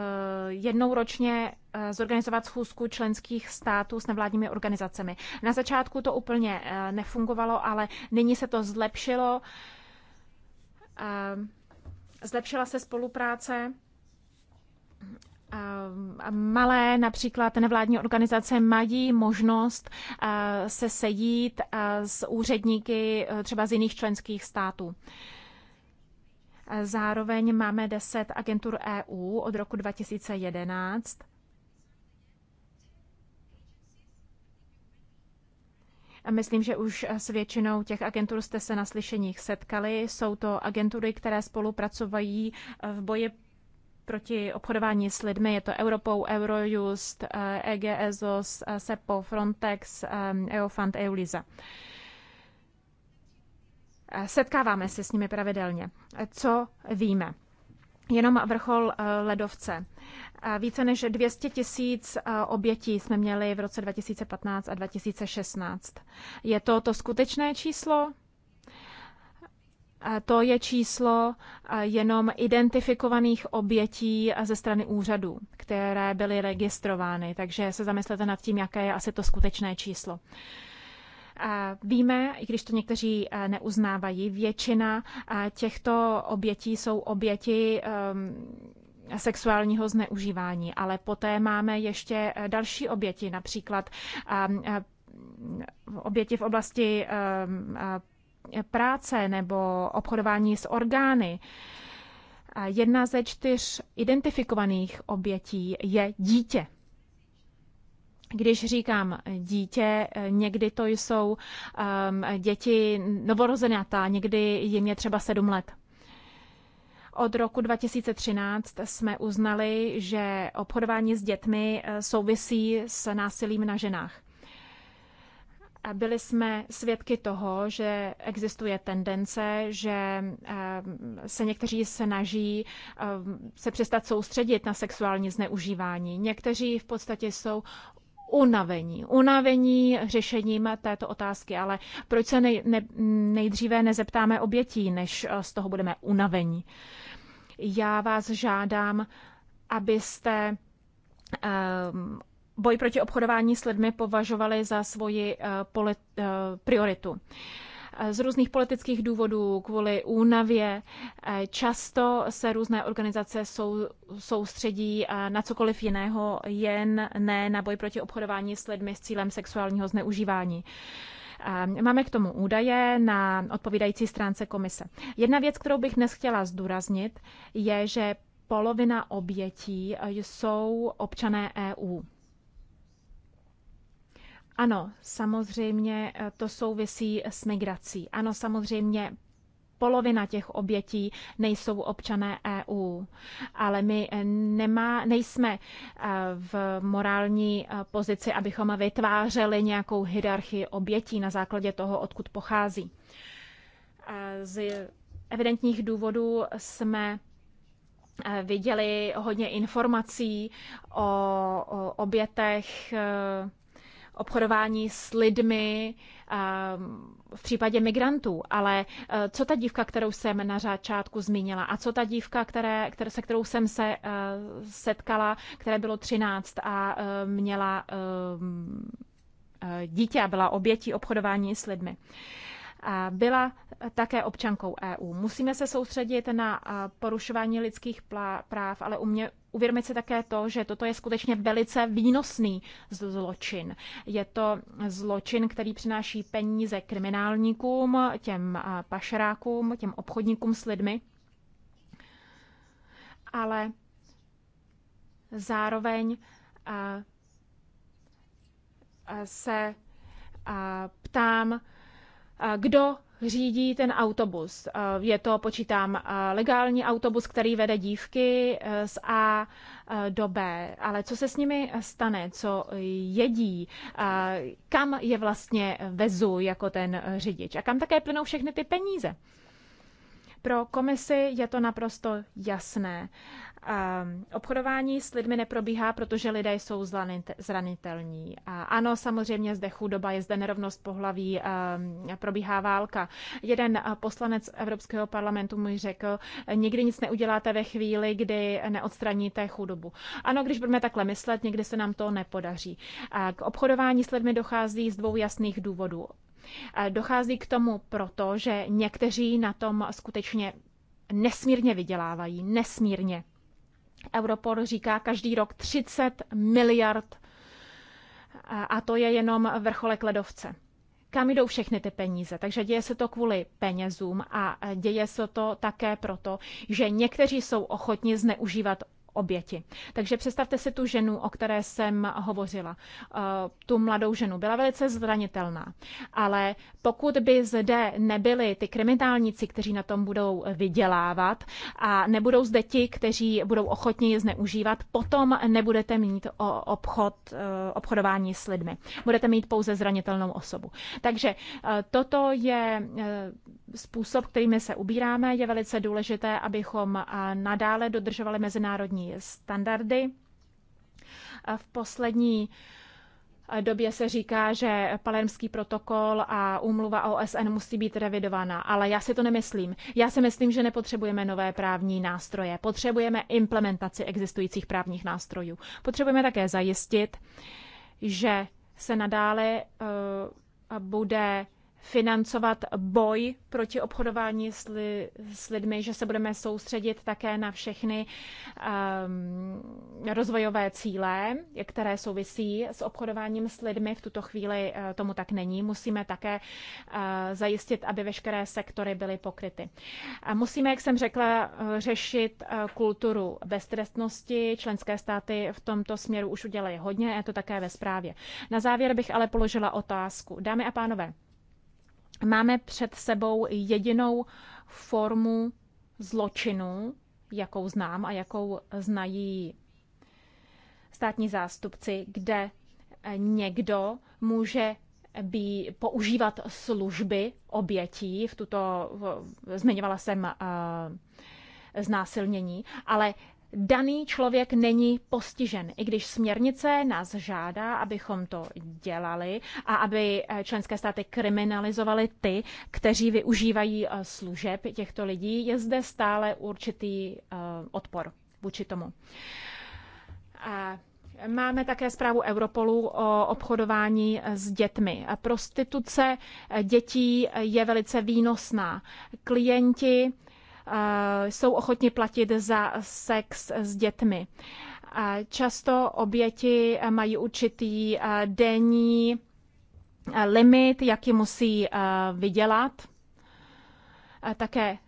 jednou ročně eh, zorganizovat schůzku členských států s nevládními organizacemi. Na začátku to úplně nefungovalo, ale nyní se to zlepšilo. Zlepšila se spolupráce malé například nevládní organizace mají možnost se sejít s úředníky třeba z jiných členských států. Zároveň máme 10 agentur EU od roku 2011. Myslím, že už s většinou těch agentur jste se na slyšeních setkali. Jsou to agentury, které spolupracují eh, v boji proti obchodování s lidmi. Je to Europou, Eurojust, EGESOS, eh, e eh, SEPO, Frontex, EOFAND, EULISA. Eh, setkáváme se s nimi pravidelně. Eh, co víme? Jenom vrchol eh, ledovce. Více než 200 tisíc obětí jsme měli v roce 2015 a 2016. Je to to skutečné číslo? To je číslo jenom identifikovaných obětí ze strany úřadů, které byly registrovány, takže se zamyslete nad tím, jaké je asi to skutečné číslo. Víme, i když to někteří eh, neuznávají, většina eh, těchto obětí jsou oběti ehm, sexuálního zneužívání, ale poté máme ještě eh, další oběti, například ehm, oběti v oblasti ehm, práce nebo obchodování s orgány. Jedna ze čtyř identifikovaných obětí je dítě když říkám eh, dítě, eh, někdy to jsou um, děti novorozenatá, někdy jim je třeba sedm let. Od roku 2013 jsme uznali, že obchodování s dětmi eh, souvisí s násilím na ženách. Byli jsme svědky toho, že existuje tendence, že ehm, se někteří snaží ehm, se přestat soustředit na sexuální zneužívání. Někteří v podstatě jsou unavení. Unavení řešením této otázky, ale proč se nej, ne, nejdříve nezeptáme obětí, než eh, z toho budeme unavení? Já vás žádám, abyste um, boj proti obchodování s lidmi považovali za svoji uh, polit, uh, prioritu. Uh, z různých politických důvodů, kvůli únavě, eh, často se různé organizace sou, soustředí eh, na cokoliv jiného, jen ne na boj proti obchodování s lidmi s cílem sexuálního zneužívání. Ehm, máme k tomu údaje na odpovídající stránce komise. Jedna věc, kterou bych dnes chtěla zdůraznit, je, že polovina obětí eh, jsou občané EU. Ano, samozřejmě eh, to souvisí s migrací. Ano, samozřejmě polovina těch obětí nejsou občané EU. Ale my eh, nemá, nejsme eh, v morální pozici, abychom vytvářeli nějakou hierarchii obětí na základě toho, odkud pochází. Z evidentních důvodů jsme viděli hodně informací o, o obětech obchodování s lidmi ehm, v případě migrantů. Ale eh, co ta dívka, kterou jsem na začátku zmínila a co ta dívka, které, které, se kterou jsem se eh, setkala, které bylo 13 a eh, měla ehm, dítě a byla obětí obchodování s lidmi byla také občankou EU. Musíme se soustředit na porušování lidských práv, ale uvědomit si také to, že toto je skutečně velice výnosný zločin. Je to zločin, který přináší peníze kriminálníkům, těm pašerákům, těm obchodníkům s lidmi. Ale zároveň se ptám, kdo řídí ten autobus. Eh, je to, počítám, eh, legální autobus, který vede dívky eh, z A do B. Ale co se s nimi stane, co jedí, kam je vlastně vezu jako ten řidič a kam také plynou všechny ty peníze. Pro komisi je to naprosto jasné. Obchodování s lidmi neprobíhá, protože lidé jsou zranitelní. Ano, samozřejmě zde chudoba, je zde nerovnost pohlaví, probíhá válka. Jeden poslanec Evropského parlamentu mi řekl, nikdy nic neuděláte ve chvíli, kdy neodstraníte chudobu. Ano, když budeme takhle myslet, někdy se nám to nepodaří. K obchodování s lidmi dochází z dvou jasných důvodů. Dochází k tomu proto, že někteří na tom skutečně nesmírně vydělávají, nesmírně. Europol říká každý rok 30 miliard a to je jenom vrcholek ledovce. Kam jdou všechny ty peníze? Takže děje se to kvůli penězům a děje se to také proto, že někteří jsou ochotni zneužívat oběti. Takže představte si tu ženu, o které jsem hovořila. Eh, tu mladou ženu. Byla velice zranitelná. Ale pokud by zde nebyli ty kriminálníci, kteří na tom budou vydělávat a nebudou zde ti, kteří budou ochotně je zneužívat, potom nebudete mít obchod, eh, obchodování s lidmi. Budete mít pouze zranitelnou osobu. Takže eh, toto je způsob, kterými se ubíráme. Je velice důležité, abychom nadále dodržovali mezinárodní minimální standardy. V poslední době se říká, že palermský protokol a úmluva OSN musí být revidována, ale já si to nemyslím. Já si myslím, že nepotřebujeme nové právní nástroje. Potřebujeme implementaci existujících právních nástrojů. Potřebujeme také zajistit, že se nadále uh, bude financovat boj proti obchodování s, li, s lidmi, že se budeme soustředit také na všechny um, rozvojové cíle, které souvisí s obchodováním s lidmi. V tuto chvíli uh, tomu tak není. Musíme také uh, zajistit, aby veškeré sektory byly pokryty. A musíme, jak jsem řekla, uh, řešit uh, kulturu beztrestnosti. Členské státy v tomto směru už udělají hodně, je to také ve zprávě. Na závěr bych ale položila otázku. Dámy a pánové, máme před sebou jedinou formu zločinu, jakou znám a jakou znají státní zástupci, kde někdo může by používat služby obětí, v tuto, zmiňovala jsem eh, znásilnění, ale daný člověk není postižen, i když směrnice nás žádá, abychom to dělali a aby eh, členské státy kriminalizovaly ty, kteří využívají eh, služeb těchto lidí, je zde stále určitý eh, odpor vůči tomu. A Máme také zprávu Europolu o obchodování s dětmi. Prostituce dětí je velice výnosná. Klienti jsou ochotni platit za sex s dětmi. Často oběti mají určitý denní limit, jaký musí vydělat. Také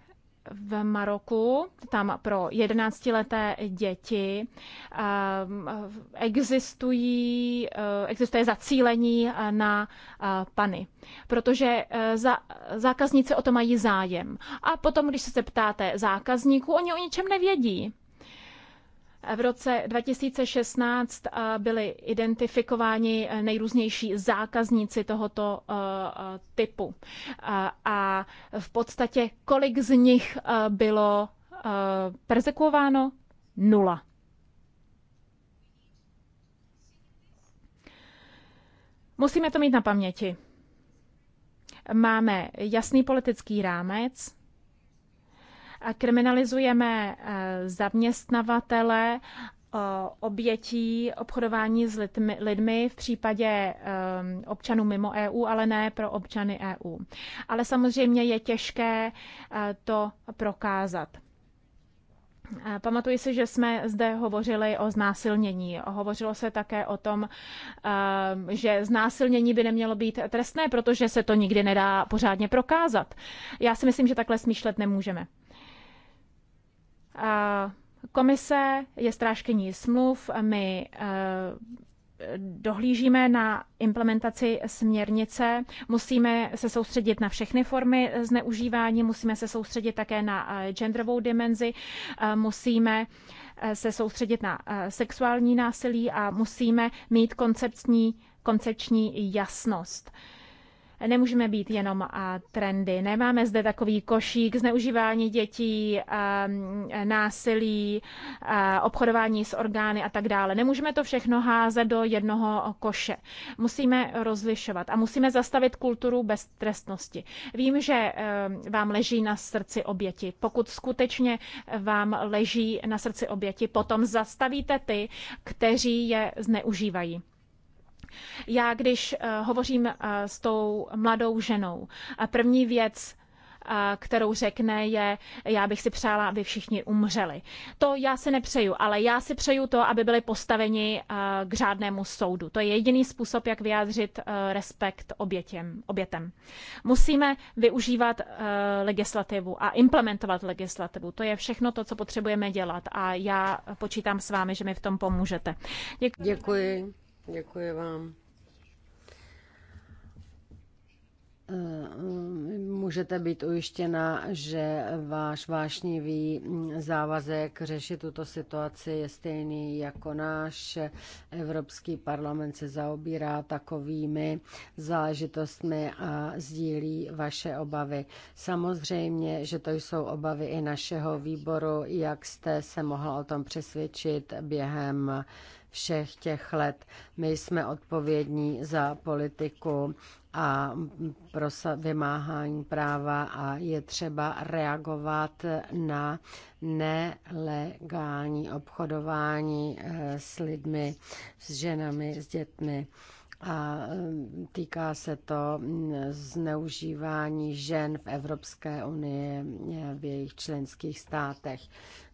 v Maroku, tam pro jedenáctileté děti um, existují, uh, existuje zacílení uh, na uh, pany, protože za, zákazníci o to mají zájem. A potom, když se zeptáte zákazníků, oni o ničem nevědí. V roce 2016 eh, byly identifikováni eh, nejrůznější zákazníci tohoto eh, typu. A v podstatě kolik z nich bylo persekuováno? Nula. Musíme to mít na paměti. Máme jasný politický rámec, Kriminalizujeme eh, zaměstnavatele eh, obětí obchodování s lidmi v případě eh, občanů mimo EU, ale ne pro občany EU. Ale samozřejmě je těžké to prokázat. Pamatuji si, že jsme zde hovořili o znásilnění. Hovořilo se také o tom, že znásilnění by nemělo být trestné, protože se to nikdy nedá pořádně prokázat. Já si myslím, že takhle smýšlet nemůžeme. Komise je strážkyní smluv, my eh, dohlížíme na implementaci směrnice, musíme se soustředit na všechny formy zneužívání, musíme se soustředit také na eh, genderovou dimenzi, eh, musíme se soustředit na sexuální násilí a musíme mít koncepční, koncepční jasnost nemůžeme být jenom a trendy. Nemáme zde takový košík zneužívání dětí, násilí, obchodování s orgány a tak dále. Nemůžeme to všechno házet do jednoho koše. Musíme rozlišovat a musíme zastavit kulturu beztrestnosti. Vím, že e, vám leží na srdci oběti. Pokud skutečně vám leží na srdci oběti, potom zastavíte ty, kteří je zneužívají. Já, když eh, hovořím eh, s tou mladou ženou, eh, první věc, kterou řekne, je, já bych si přála, aby všichni umřeli. To já si nepřeju, ale já si přeju to, aby byli postaveni k řádnému soudu. To je jediný způsob, jak vyjádřit respekt obětěm, obětem. Musíme využívat legislativu a implementovat legislativu. To je všechno to, co potřebujeme dělat a já počítám s vámi, že mi v tom pomůžete. Děkuji. Děkuji. Děkuji vám. Eh, můžete být ujištěna, že váš vášnivý závazek řešit tuto situaci je stejný jako náš. Evropský parlament se zaobírá takovými záležitostmi a sdílí vaše obavy. Samozřejmě, že to jsou obavy i našeho výboru, jak jste se mohl o tom přesvědčit během všech těch let. My jsme odpovědní za politiku a pro vymáhání práva a je třeba reagovat na nelegální obchodování eh, s lidmi, s ženami, s dětmi a mm, týká se to mm, zneužívání žen v Evropské unii mm, v jejich členských státech.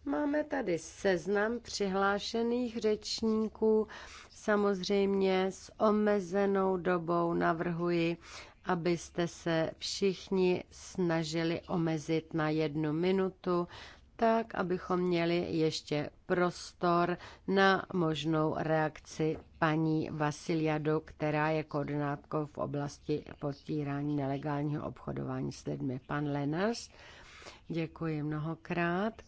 Máme tady seznam přihlášených řečníků. Samozřejmě s omezenou dobou navrhuji, abyste se všichni snažili omezit na jednu minutu, tak abychom měli ještě prostor na možnou reakci paní Vasiliadu, která je koordinátkou v oblasti potírání nelegálního obchodování s lidmi. Pan Lenars, děkuji mnohokrát.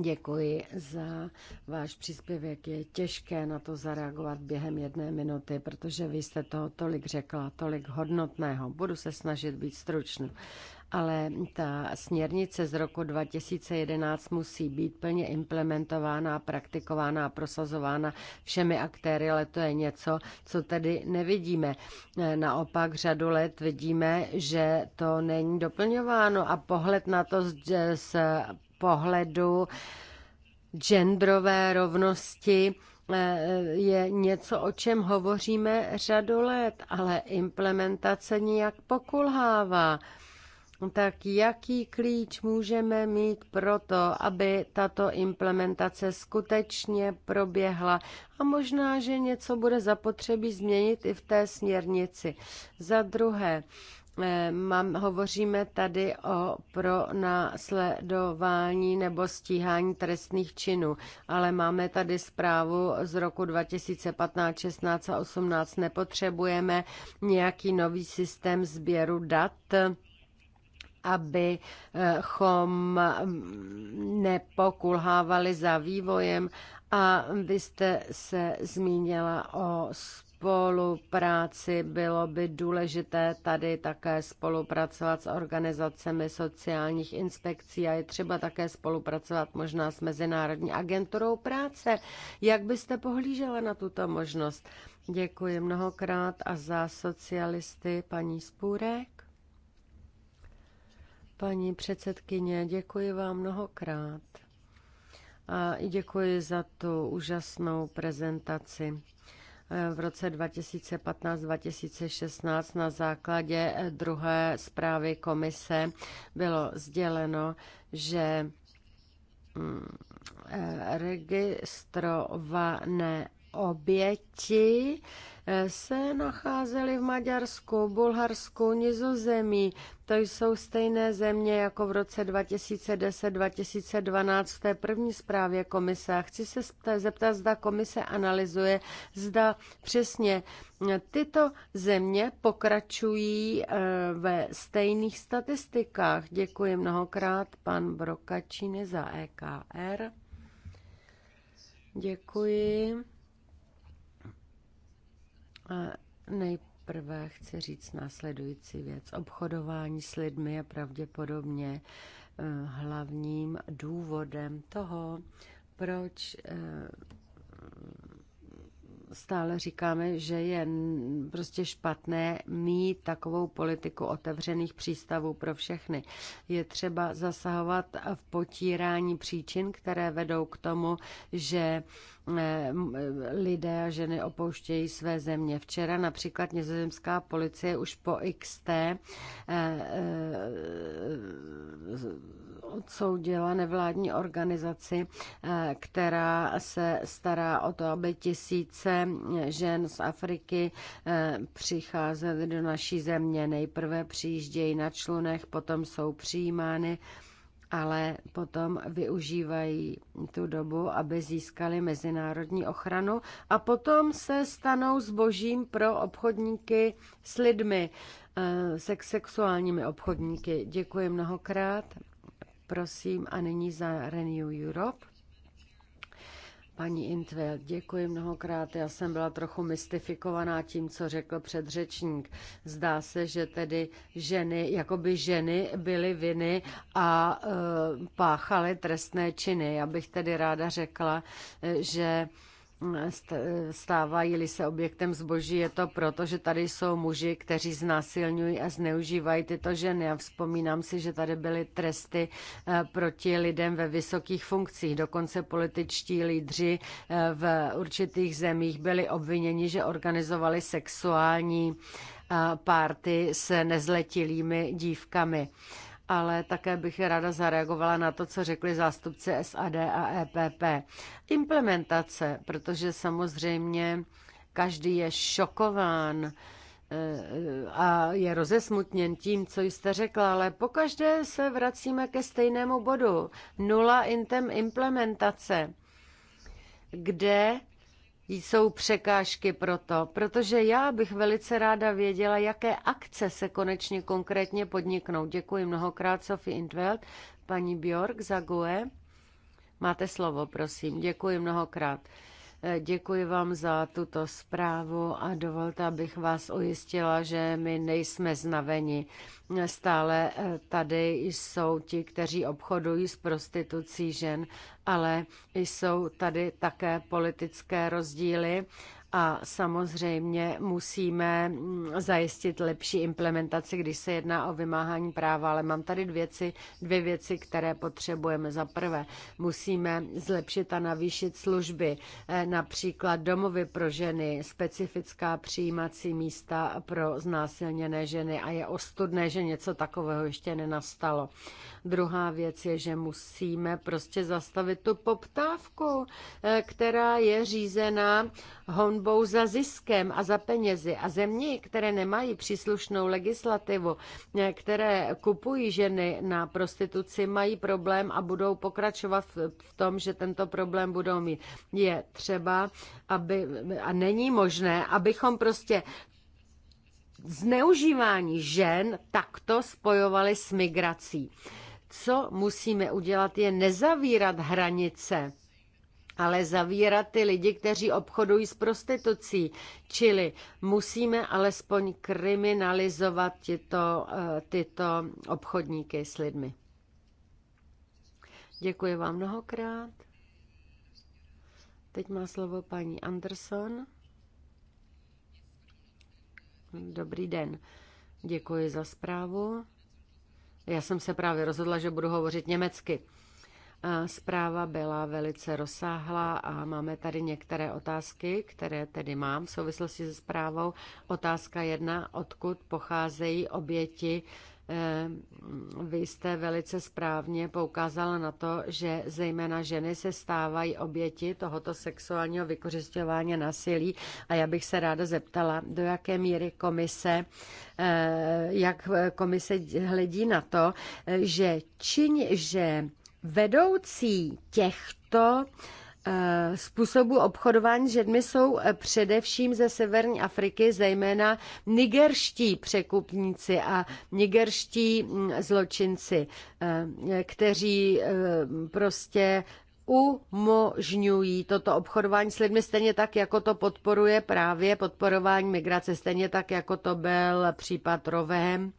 Děkuji za váš příspěvek. Je těžké na to zareagovat během jedné minuty, protože vy jste toho tolik řekla, tolik hodnotného. Budu se snažit být stručný ale ta směrnice z roku 2011 musí být plně implementována, praktikována a prosazována všemi aktéry, ale to je něco, co tedy nevidíme. Naopak řadu let vidíme, že to není doplňováno a pohled na to z, z pohledu genderové rovnosti eh, je něco, o čem hovoříme řadu let, ale implementace nijak pokulhává. No tak jaký klíč můžeme mít pro to, aby tato implementace skutečně proběhla a možná, že něco bude zapotřebí změnit i v té směrnici. Za druhé, eh, Mám, hovoříme tady o pronásledování nebo stíhání trestných činů, ale máme tady zprávu z roku 2015, 16 a 18. Nepotřebujeme nějaký nový systém sběru dat abychom nepokulhávali za vývojem a vy jste se zmínila o spolupráci. Bylo by důležité tady také spolupracovat s organizacemi sociálních inspekcí a je třeba také spolupracovat možná s Mezinárodní agenturou práce. Jak byste pohlížela na tuto možnost? Děkuji mnohokrát a za socialisty paní Spůrek. Paní předsedkyně, děkuji vám mnohokrát a děkuji za tu úžasnou prezentaci v roce 2015-2016 na základě druhé zprávy komise bylo sděleno, že mm, eh, registrované oběti eh, se nacházely v Maďarsku, Bulharsku, Nizozemí. To jsou stejné země jako v roce 2010-2012 v té první zprávě komise. A chci se zeptat, zda komise analyzuje, zda přesně eh, tyto země pokračují eh, ve stejných statistikách. Děkuji mnohokrát pan Brokačíny za EKR. Děkuji. Nejprve chci říct následující věc. Obchodování s lidmi je pravděpodobně eh, hlavním důvodem toho, proč eh, stále říkáme, že je prostě špatné mít takovou politiku otevřených přístavů pro všechny. Je třeba zasahovat v potírání příčin, které vedou k tomu, že eh, eh, lidé a ženy opouštějí své země. Včera například nizozemská policie už po XT eh, odsoudila nevládní organizaci, eh, která se stará o to, aby tisíce žen z Afriky eh, přicházely do naší země. Nejprve přijíždějí na člunech, potom jsou přijímány ale potom využívají tu dobu, aby získali mezinárodní ochranu a potom se stanou zbožím pro obchodníky s lidmi, eh, se sexuálními obchodníky. Děkuji mnohokrát prosím, a nyní za Renew Europe. Paní Intvel, děkuji mnohokrát. Já jsem byla trochu mystifikovaná tím, co řekl předřečník. Zdá se, že tedy ženy, jako by ženy byly viny a e, páchaly trestné činy. Já bych tedy ráda řekla, e, že stávají-li se objektem zboží, je to proto, že tady jsou muži, kteří znásilňují a zneužívají tyto ženy. A vzpomínám si, že tady byly tresty eh, proti lidem ve vysokých funkcích. Dokonce političtí lídři eh, v určitých zemích byli obviněni, že organizovali sexuální eh, párty s nezletilými dívkami ale také bych ráda zareagovala na to, co řekli zástupci SAD a EPP. Implementace, protože samozřejmě každý je šokován eh, a je rozesmutněn tím, co jste řekla, ale pokaždé se vracíme ke stejnému bodu. Nula intem implementace, kde jsou překážky pro to? Protože já bych velice ráda věděla, jaké akce se konečně konkrétně podniknou. Děkuji mnohokrát Sophie Intveld, paní Björk za GUE. Máte slovo, prosím. Děkuji mnohokrát. Děkuji vám za tuto zprávu a dovolte, abych vás ujistila, že my nejsme znaveni. Stále eh, tady jsou ti, kteří obchodují s prostitucí žen, ale jsou tady také politické rozdíly a samozřejmě musíme mm, zajistit lepší implementaci, když se jedná o vymáhání práva, ale mám tady dvě věci, dvě věci, které potřebujeme. Za prvé, musíme zlepšit a navýšit služby, eh, například domovy pro ženy, specifická přijímací místa pro znásilněné ženy a je ostudné, že něco takového ještě nenastalo. Druhá věc je, že musíme prostě zastavit tu poptávku, eh, která je řízená honbou honbou za ziskem a za penězi. A země, které nemají příslušnou legislativu, eh, které kupují ženy na prostituci, mají problém a budou pokračovat v tom, že tento problém budou mít. Je třeba, aby, a není možné, abychom prostě zneužívání žen takto spojovali s migrací. Co musíme udělat, je nezavírat hranice ale zavírat ty lidi, kteří obchodují s prostitucí. Čili musíme alespoň kriminalizovat tyto, eh, tyto obchodníky s lidmi. Děkuji vám mnohokrát. Teď má slovo paní Anderson. Dobrý den. Děkuji za zprávu. Já jsem se právě rozhodla, že budu hovořit německy. Zpráva byla velice rozsáhlá a máme tady některé otázky, které tedy mám v souvislosti se zprávou. Otázka jedna, odkud pocházejí oběti eh, vy jste velice správně poukázala na to, že zejména ženy se stávají oběti tohoto sexuálního vykořišťování násilí a já bych se ráda zeptala, do jaké míry komise, eh, jak komise hledí na to, eh, že čiň, že Vedoucí těchto eh, způsobů obchodování s jsou eh, především ze severní Afriky, zejména nigerští překupníci a nigerští hm, zločinci, eh, kteří prostě umožňují toto obchodování s lidmi, stejně tak, jako to podporuje právě podporování migrace, stejně tak, jako to byl případ Rovem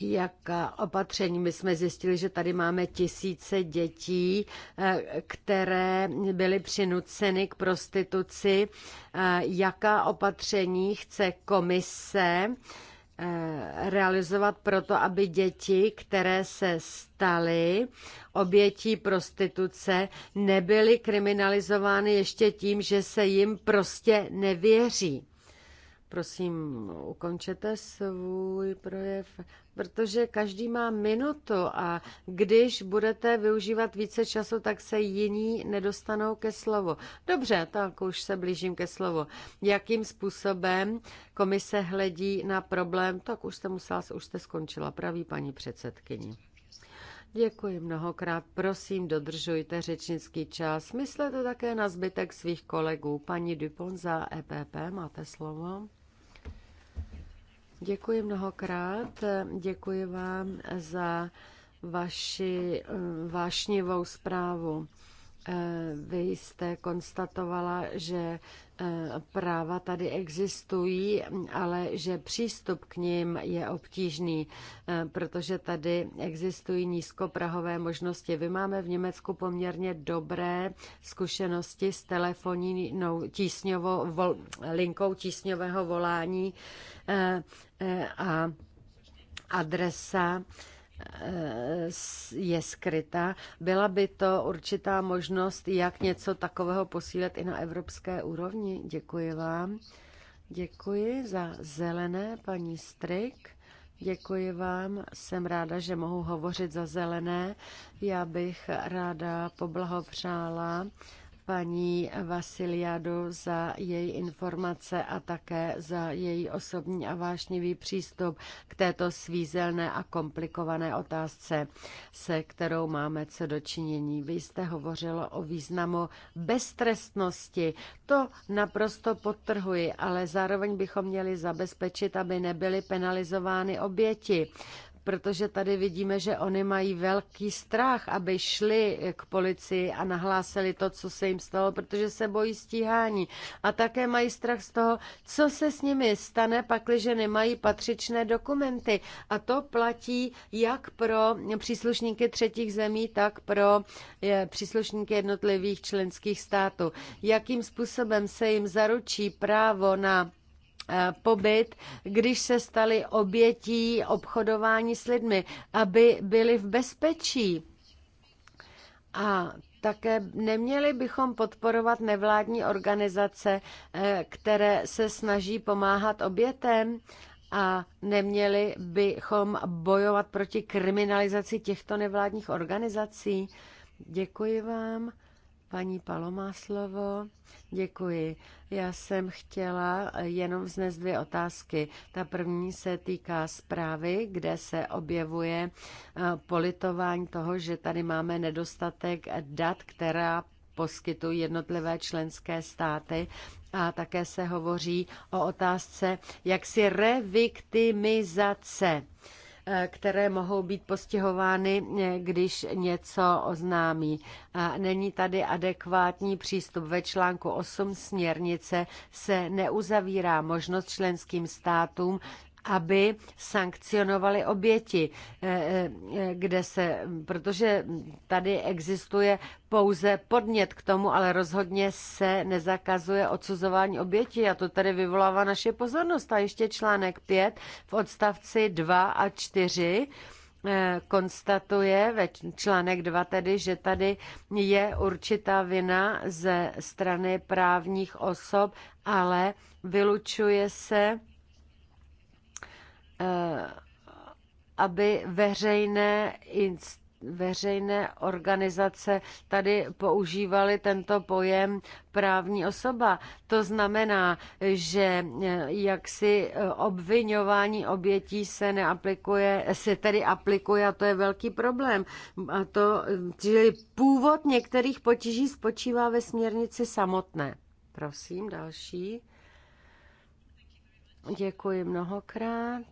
jaká opatření. My jsme zjistili, že tady máme tisíce dětí, eh, které byly přinuceny k prostituci. Eh, jaká opatření chce komise eh, realizovat proto, aby děti, které se staly obětí prostituce, nebyly kriminalizovány ještě tím, že se jim prostě nevěří. Prosím, ukončete svůj projev, protože každý má minutu a když budete využívat více času, tak se jiní nedostanou ke slovu. Dobře, tak už se blížím ke slovu. Jakým způsobem komise hledí na problém, tak už jste musela, už jste skončila, praví paní předsedkyni. Děkuji mnohokrát. Prosím, dodržujte řečnický čas. Myslete také na zbytek svých kolegů. Paní Dupont za EPP, máte slovo. Děkuji mnohokrát, děkuji vám za vaši eh, vášnivou zprávu. Eh, vy jste konstatovala, že práva tady existují, ale že přístup k ním je obtížný, eh, protože tady existují nízkoprahové možnosti. Vy máme v Německu poměrně dobré zkušenosti s telefonní no, tísňovou, vol, linkou tísňového volání eh, eh, a adresa je skryta. Byla by to určitá možnost, jak něco takového posílat i na evropské úrovni. Děkuji vám. Děkuji za zelené, paní Strik. Děkuji vám, jsem ráda, že mohu hovořit za zelené. Já bych ráda poblahopřála paní Vasiliadu za její informace a také za její osobní a vášnivý přístup k této svízelné a komplikované otázce, se kterou máme co dočinění. Vy jste hovořilo o významu beztrestnosti. To naprosto potrhuji, ale zároveň bychom měli zabezpečit, aby nebyly penalizovány oběti protože tady vidíme, že oni mají velký strach, aby šli k policii a nahlásili to, co se jim stalo, protože se bojí stíhání. A také mají strach z toho, co se s nimi stane, pakliže nemají patřičné dokumenty. A to platí jak pro příslušníky třetích zemí, tak pro eh, příslušníky jednotlivých členských států. Jakým způsobem se jim zaručí právo na Eh, pobyt, když se stali obětí obchodování s lidmi, aby byli v bezpečí. A také neměli bychom podporovat nevládní organizace, eh, které se snaží pomáhat obětem a neměli bychom bojovat proti kriminalizaci těchto nevládních organizací. Děkuji vám. Paní Palo slovo. Děkuji. Já jsem chtěla jenom vznést dvě otázky. Ta první se týká zprávy, kde se objevuje eh, politování toho, že tady máme nedostatek dat, která poskytují jednotlivé členské státy a také se hovoří o otázce jaksi reviktimizace které mohou být postihovány, eh, když něco oznámí. A není tady adekvátní přístup. Ve článku 8 směrnice se neuzavírá možnost členským státům aby sankcionovali oběti, eh, eh, kde se, protože tady existuje pouze podnět k tomu, ale rozhodně se nezakazuje odsuzování oběti a to tady vyvolává naše pozornost. A ještě článek 5 v odstavci 2 a 4 eh, konstatuje ve článek 2 tedy, že tady je určitá vina ze strany právních osob, ale vylučuje se Eh, aby veřejné veřejné organizace tady používali tento pojem právní osoba. To znamená, že eh, jaksi eh, obvinování obětí se neaplikuje, se tedy aplikuje a to je velký problém. A to, čili původ některých potíží spočívá ve směrnici samotné. Prosím, další. Děkuji mnohokrát.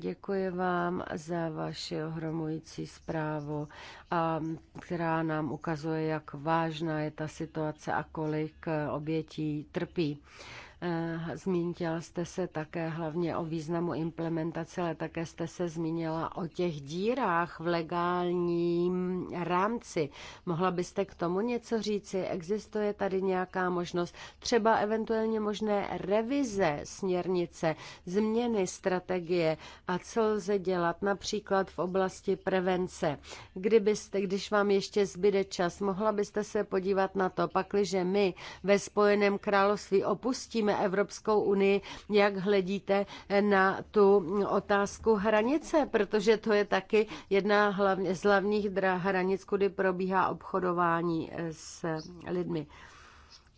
Děkuji vám za vaši ohromující zprávu, a, která nám ukazuje, jak vážná je ta situace a kolik eh, obětí trpí. Eh, Zmínil jste se také hlavně o významu implementace, ale také jste se zmínila o těch dírách v legálním rámci. Mohla byste k tomu něco říci? Existuje tady nějaká možnost, třeba eventuálně možné revize směrnice, změny strategie a co lze dělat například v oblasti prevence? Kdybyste, když vám ještě zbyde čas, mohla byste se podívat na to, pakliže my ve Spojeném království opustíme Evropskou unii, jak hledíte na tu otázku hranice, protože to je taky jedna hlavně, z hlavních hranic, kudy probíhá obchodování s lidmi.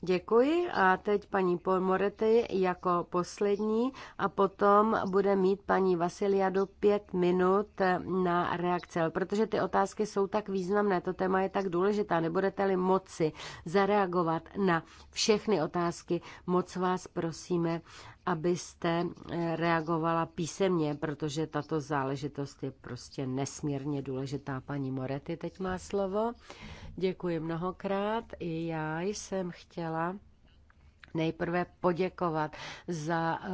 Děkuji a teď paní Polmorety jako poslední a potom bude mít paní Vasiliadu pět minut na reakce, protože ty otázky jsou tak významné, to téma je tak důležitá, nebudete-li moci zareagovat na všechny otázky, moc vás prosíme, abyste eh, reagovala písemně, protože tato záležitost je prostě nesmírně důležitá. Paní Morety teď má slovo. Děkuji mnohokrát. I já jsem chtěla nejprve poděkovat za eh,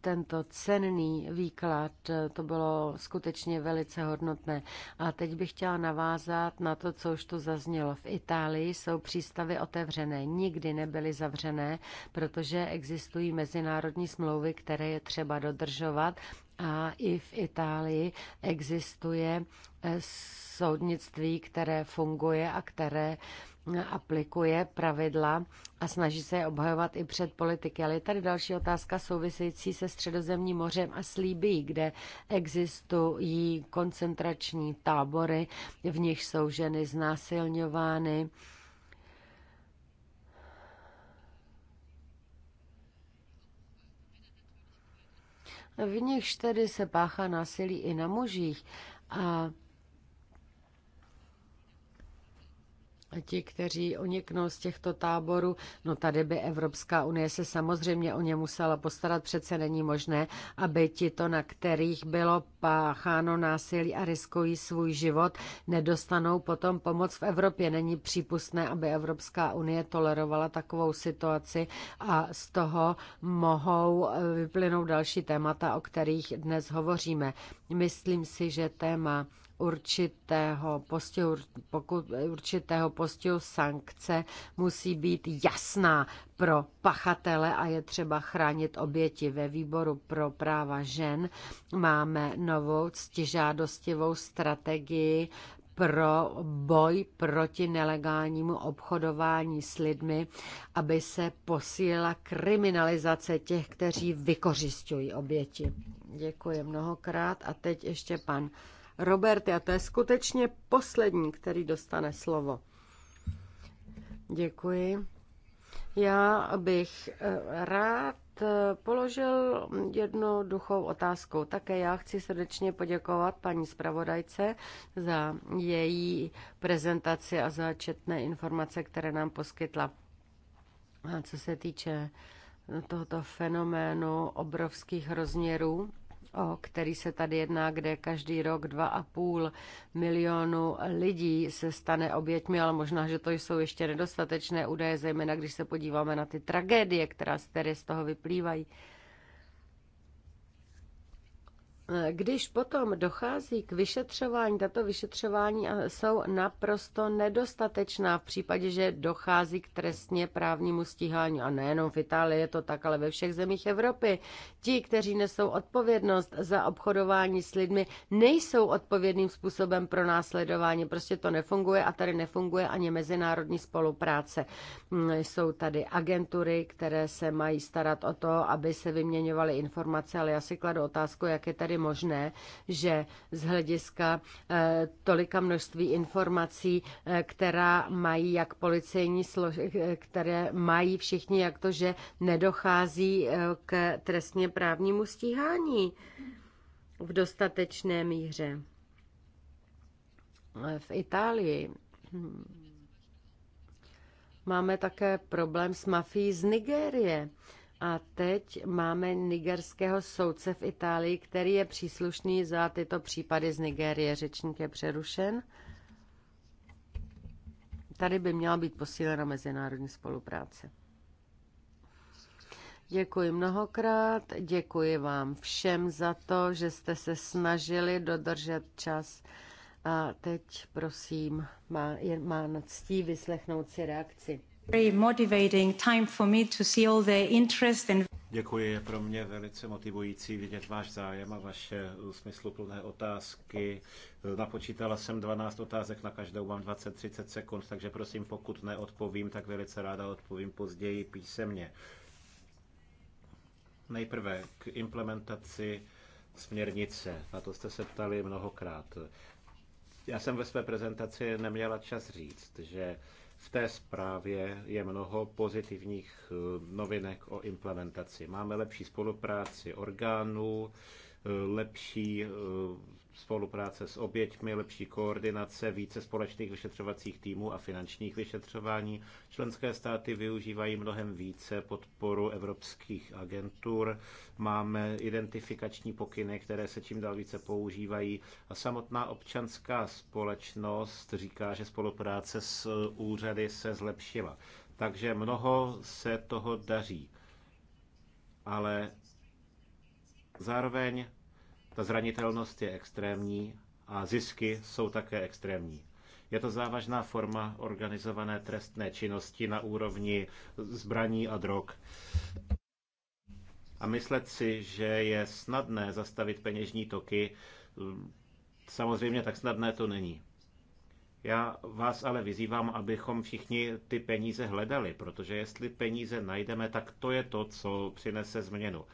tento cenný výklad. To bylo skutečně velice hodnotné. A teď bych chtěla navázat na to, co už tu zaznělo. V Itálii jsou přístavy otevřené, nikdy nebyly zavřené, protože existují mezinárodní smlouvy, které je třeba dodržovat. A i v Itálii existuje eh, soudnictví, které funguje a které uh, aplikuje pravidla a snaží se je obhajovat i před politiky. Ale je tady další otázka související se středozemním mořem a slíbí, kde existují koncentrační tábory, v nich jsou ženy znásilňovány. V nichž tedy se páchá násilí i na mužích. A A ti, kteří uniknou z těchto táborů, no tady by Evropská unie se samozřejmě o ně musela postarat, přece není možné, aby ti to, na kterých bylo pácháno násilí a riskují svůj život, nedostanou potom pomoc v Evropě. Není přípustné, aby Evropská unie tolerovala takovou situaci a z toho mohou vyplynout další témata, o kterých dnes hovoříme. Myslím si, že téma určitého postihu, pokud, určitého postihu sankce musí být jasná pro pachatele a je třeba chránit oběti. Ve výboru pro práva žen máme novou ctižádostivou strategii pro boj proti nelegálnímu obchodování s lidmi, aby se posílila kriminalizace těch, kteří vykořišťují oběti. Děkuji mnohokrát a teď ještě pan Robert, a to je skutečně poslední, který dostane slovo. Děkuji. Já bych eh, rád eh, položil jednu duchovou otázku. Také já chci srdečně poděkovat paní zpravodajce za její prezentaci a za četné informace, které nám poskytla. A co se týče tohoto fenoménu obrovských rozměrů, o který se tady jedná, kde každý rok 2,5 milionu lidí se stane oběťmi, ale možná, že to jsou ještě nedostatečné údaje, zejména když se podíváme na ty tragédie, která, které z toho vyplývají. Když potom dochází k vyšetřování, tato vyšetřování jsou naprosto nedostatečná v případě, že dochází k trestně právnímu stíhání. A nejenom v Itálii je to tak, ale ve všech zemích Evropy. Ti, kteří nesou odpovědnost za obchodování s lidmi, nejsou odpovědným způsobem pro následování. Prostě to nefunguje a tady nefunguje ani mezinárodní spolupráce. Mm, jsou tady agentury, které se mají starat o to, aby se vyměňovaly informace, ale já si kladu otázku, jak je tady možné, že z hlediska eh, tolika množství informací, eh, která mají jak policejní složky, eh, které mají všichni, jak to, že nedochází k trestně právnímu stíhání v dostatečné míře. V Itálii hm, máme také problém s mafií z Nigérie a teď máme nigerského soudce v Itálii, který je příslušný za tyto případy z Nigérie. Řečník je přerušen. Tady by měla být posílena mezinárodní spolupráce. Děkuji mnohokrát, děkuji vám všem za to, že jste se snažili dodržet čas. A teď prosím, má, má na ctí vyslechnout si reakci. Děkuji, je pro mě velice motivující vidět váš zájem a vaše eh, smysluplné otázky. Eh, napočítala jsem 12 otázek, na každou mám 20-30 sekund, takže prosím, pokud neodpovím, tak velice ráda odpovím později písemně. Nejprve k implementaci směrnice. Na to jste se ptali mnohokrát. Já jsem ve své prezentaci neměla čas říct, že v té zprávě je mnoho pozitivních eh, novinek o implementaci. Máme lepší spolupráci orgánů, eh, lepší eh, spolupráce s oběťmi, lepší koordinace, více společných vyšetřovacích týmů a finančních vyšetřování. Členské státy využívají mnohem více podporu evropských agentur. Máme identifikační pokyny, které se čím dál více používají. A samotná občanská společnost říká, že spolupráce s úřady se zlepšila. Takže mnoho se toho daří. Ale zároveň ta zranitelnost je extrémní a zisky jsou také extrémní. Je to závažná forma organizované trestné činnosti na úrovni zbraní a drog. A myslet si, že je snadné zastavit peněžní toky, samozřejmě tak snadné to není. Já vás ale vyzývám, abychom všichni ty peníze hledali, protože jestli peníze najdeme, tak to je to, co přinese změnu.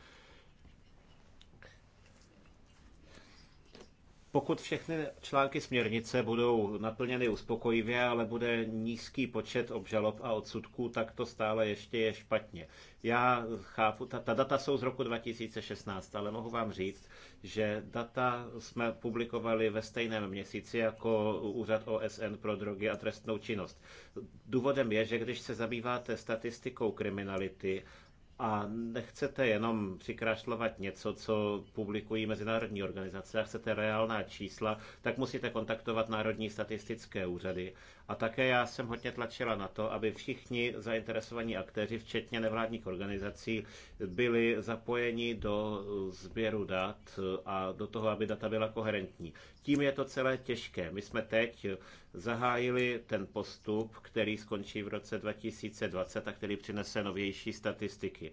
Pokud všechny články směrnice budou naplněny uspokojivě, ale bude nízký počet obžalob a odsudků, tak to stále ještě je špatně. Já chápu, ta, ta data jsou z roku 2016, ale mohu vám říct, že data jsme publikovali ve stejném měsíci jako Úřad OSN pro drogy a trestnou činnost. Důvodem je, že když se zabýváte statistikou kriminality a nechcete jenom přikrašlovat něco, co publikují mezinárodní organizace a chcete reálná čísla, tak musíte kontaktovat národní statistické úřady. A také já jsem hodně tlačila na to, aby všichni zainteresovaní aktéři, včetně nevládních organizací, byli zapojeni do sběru dat a do toho, aby data byla koherentní. Tím je to celé těžké. My jsme teď zahájili ten postup, který skončí v roce 2020 a který přinese novější statistiky.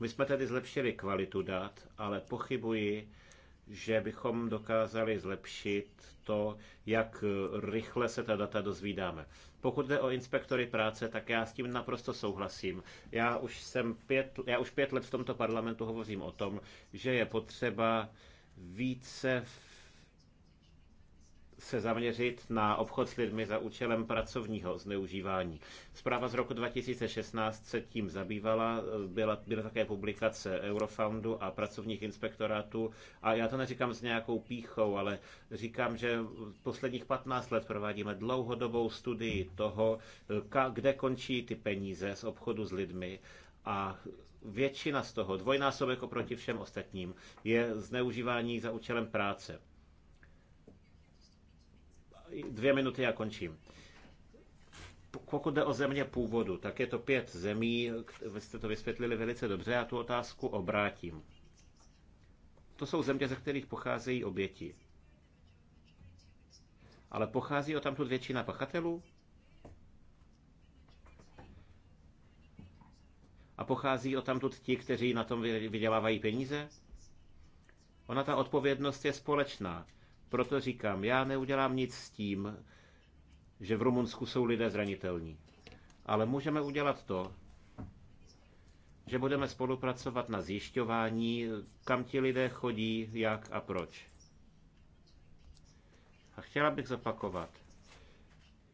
My jsme tedy zlepšili kvalitu dat, ale pochybuji, že bychom dokázali zlepšit to, jak rychle se ta data dozvídáme. Pokud jde o inspektory práce, tak já s tím naprosto souhlasím. Já už, jsem pět, já už pět let v tomto parlamentu hovořím o tom, že je potřeba více se zaměřit na obchod s lidmi za účelem pracovního zneužívání. Zpráva z roku 2016 se tím zabývala, byla, byla také publikace Eurofoundu a pracovních inspektorátů a já to neříkám s nějakou píchou, ale říkám, že posledních 15 let provádíme dlouhodobou studii toho, kde končí ty peníze z obchodu s lidmi a většina z toho, dvojnásobek oproti všem ostatním, je zneužívání za účelem práce dvě minuty a končím. Pokud jde o země původu, tak je to pět zemí, vy jste to vysvětlili velice dobře, já tu otázku obrátím. To jsou země, ze kterých pocházejí oběti. Ale pochází o tamtud většina pachatelů? A pochází o tamtud ti, kteří na tom vydělávají peníze? Ona ta odpovědnost je společná. Proto říkám, já neudělám nic s tím, že v Rumunsku jsou lidé zranitelní. Ale můžeme udělat to, že budeme spolupracovat na zjišťování, kam ti lidé chodí, jak a proč. A chtěla bych zopakovat,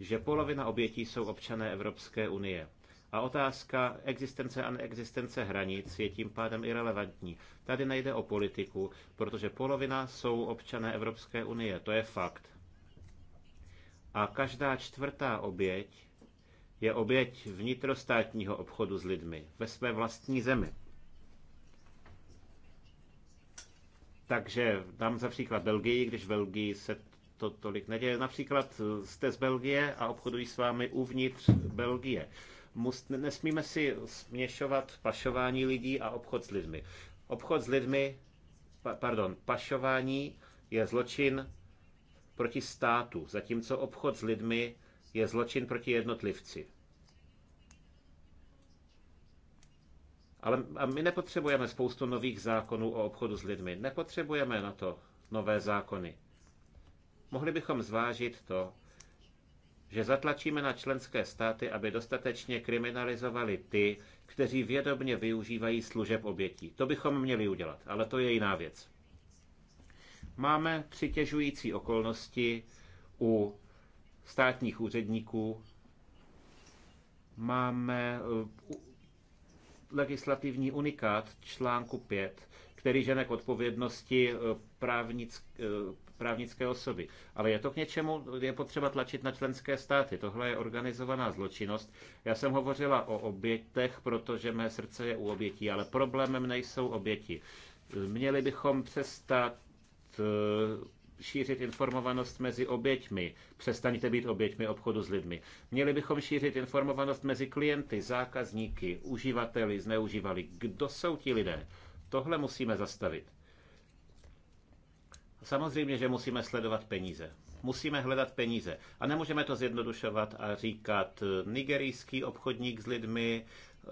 že polovina obětí jsou občané Evropské unie. A otázka existence a neexistence hranic je tím pádem irrelevantní. Tady nejde o politiku, protože polovina jsou občané Evropské unie, to je fakt. A každá čtvrtá oběť je oběť vnitrostátního obchodu s lidmi ve své vlastní zemi. Takže dám za příklad Belgii, když v Belgii se to tolik neděje. Například jste z Belgie a obchodují s vámi uvnitř Belgie. Mus, nesmíme si směšovat pašování lidí a obchod s lidmi. Obchod s lidmi, pa, pardon, pašování je zločin proti státu, zatímco obchod s lidmi je zločin proti jednotlivci. Ale a my nepotřebujeme spoustu nových zákonů o obchodu s lidmi. Nepotřebujeme na to nové zákony. Mohli bychom zvážit to, že zatlačíme na členské státy, aby dostatečně kriminalizovali ty, kteří vědomně využívají služeb obětí. To bychom měli udělat, ale to je jiná věc. Máme přitěžující okolnosti u státních úředníků, máme eh, legislativní unikát článku 5, který žene k odpovědnosti eh, právnick, eh, právnické osoby. Ale je to k něčemu, je potřeba tlačit na členské státy. Tohle je organizovaná zločinnost. Já jsem hovořila o obětech, protože mé srdce je u obětí, ale problémem nejsou oběti. Měli bychom přestat eh, šířit informovanost mezi oběťmi. Přestaňte být oběťmi obchodu s lidmi. Měli bychom šířit informovanost mezi klienty, zákazníky, uživateli, zneužívali. Kdo jsou ti lidé? Tohle musíme zastavit. Samozřejmě, že musíme sledovat peníze. Musíme hledat peníze. A nemůžeme to zjednodušovat a říkat eh, nigerijský obchodník s lidmi eh,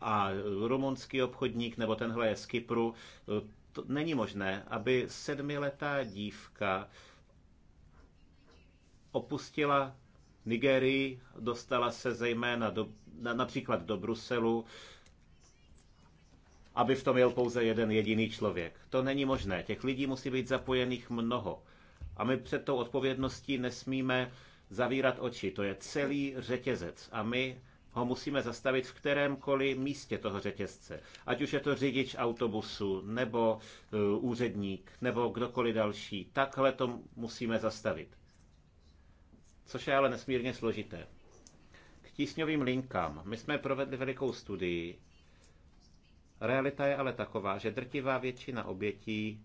a rumunský obchodník, nebo tenhle je z Kypru. Eh, to není možné, aby sedmiletá dívka opustila Nigerii, dostala se zejména do, například do Bruselu, aby v tom jel pouze jeden jediný člověk. To není možné. Těch lidí musí být zapojených mnoho. A my před tou odpovědností nesmíme zavírat oči. To je celý řetězec. A my ho musíme zastavit v kterémkoliv místě toho řetězce. Ať už je to řidič autobusu, nebo uh, úředník, nebo kdokoliv další. Takhle to musíme zastavit. Což je ale nesmírně složité. K tísňovým linkám. My jsme provedli velikou studii Realita je ale taková, že drtivá většina obětí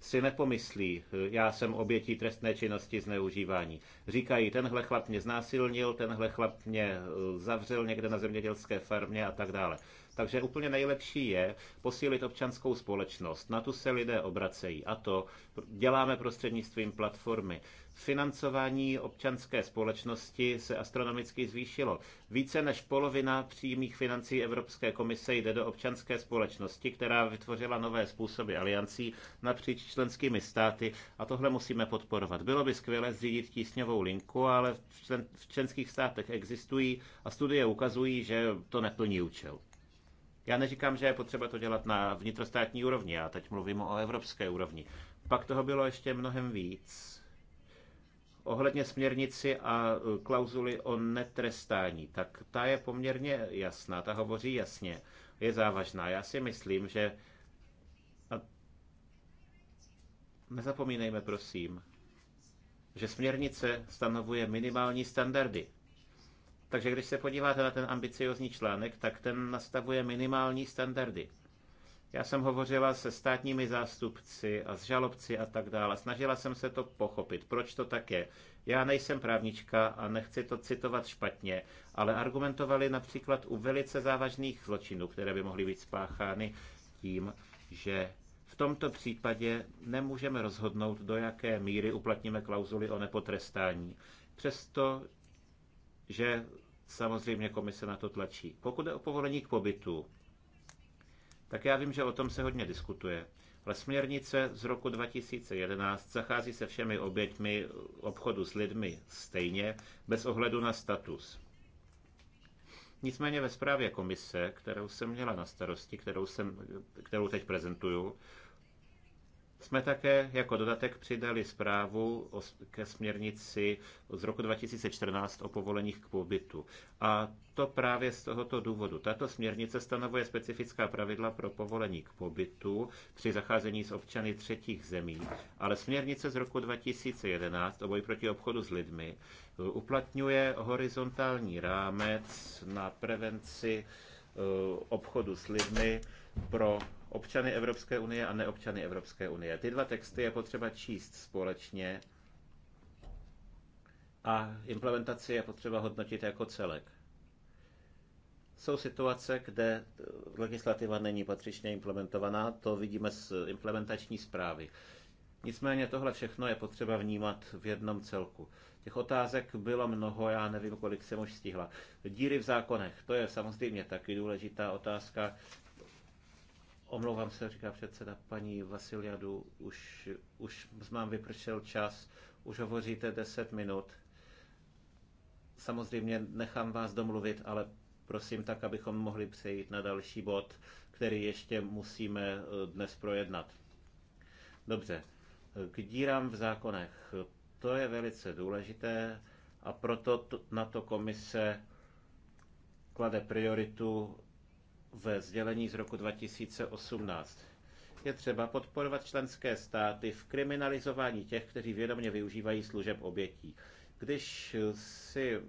si nepomyslí, já jsem obětí trestné činnosti zneužívání. Říkají, tenhle chlap mě znásilnil, tenhle chlap mě e, zavřel někde na zemědělské farmě a tak dále. Takže úplně nejlepší je posílit občanskou společnost. Na tu se lidé obracejí a to děláme prostřednictvím platformy. Financování občanské společnosti se astronomicky zvýšilo. Více než polovina přímých financí Evropské komise jde do občanské společnosti, která vytvořila nové způsoby aliancí napříč členskými státy a tohle musíme podporovat. Bylo by skvělé zřídit tísňovou linku, ale v, člen, v členských státech existují a studie ukazují, že to neplní účel. Já neříkám, že je potřeba to dělat na vnitrostátní úrovni, já teď mluvím o evropské úrovni. Pak toho bylo ještě mnohem víc. Ohledně směrnici a e, klauzuly o netrestání, tak ta je poměrně jasná, ta hovoří jasně, je závažná. Já si myslím, že nezapomínejme, prosím, že směrnice stanovuje minimální standardy takže když se podíváte na ten ambiciozní článek, tak ten nastavuje minimální standardy. Já jsem hovořila se státními zástupci a s žalobci a tak dále. Snažila jsem se to pochopit, proč to tak je. Já nejsem právnička a nechci to citovat špatně, ale argumentovali například u velice závažných zločinů, které by mohly být spáchány tím, že v tomto případě nemůžeme rozhodnout, do jaké míry uplatníme klauzuly o nepotrestání. Přesto že samozřejmě komise na to tlačí. Pokud je o povolení k pobytu, tak já vím, že o tom se hodně diskutuje. Ale směrnice z roku 2011 zachází se všemi oběťmi obchodu s lidmi stejně, bez ohledu na status. Nicméně ve zprávě komise, kterou jsem měla na starosti, kterou, jsem, kterou teď prezentuju, jsme také jako dodatek přidali zprávu ke směrnici z roku 2014 o povoleních k pobytu. A to právě z tohoto důvodu. Tato směrnice stanovuje specifická pravidla pro povolení k pobytu při zacházení s občany třetích zemí, ale směrnice z roku 2011 o boji proti obchodu s lidmi e, uplatňuje horizontální rámec na prevenci e, obchodu s lidmi pro občany Evropské unie a neobčany Evropské unie. Ty dva texty je potřeba číst společně a implementaci je potřeba hodnotit jako celek. Jsou situace, kde legislativa není patřičně implementovaná, to vidíme z implementační zprávy. Nicméně tohle všechno je potřeba vnímat v jednom celku. Těch otázek bylo mnoho, já nevím, kolik jsem už stihla. Díry v zákonech, to je samozřejmě taky důležitá otázka. Omlouvám se, říká předseda paní Vasiliadu, už, už mám vypršel čas, už hovoříte 10 minut. Samozřejmě nechám vás domluvit, ale prosím tak, abychom mohli přejít na další bod, který ještě musíme eh, dnes projednat. Dobře, k dírám v zákonech. To je velice důležité a proto na to komise klade prioritu ve sdělení z roku 2018. Je třeba podporovat členské státy v kriminalizování těch, kteří vědomě využívají služeb obětí. Když si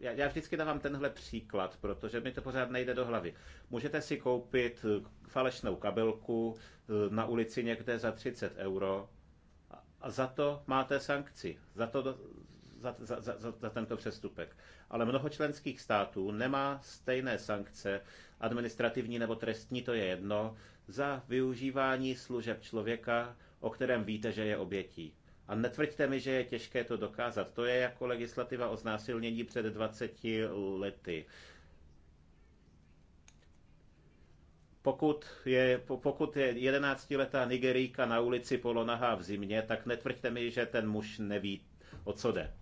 já, já vždycky dávám tenhle příklad, protože mi to pořád nejde do hlavy. Můžete si koupit falešnou kabelku eh, na ulici někde za 30 euro a za to máte sankci, za, to, za, za, za, za tento přestupek. Ale mnoho členských států nemá stejné sankce administrativní nebo trestní, to je jedno, za využívání služeb člověka, o kterém víte, že je obětí. A netvrďte mi, že je těžké to dokázat. To je jako legislativa o znásilnění před 20 lety. pokud je, pokud je 11-letá Nigerijka na ulici polonahá v zimě, tak netvrďte mi, že ten muž neví, o co jde.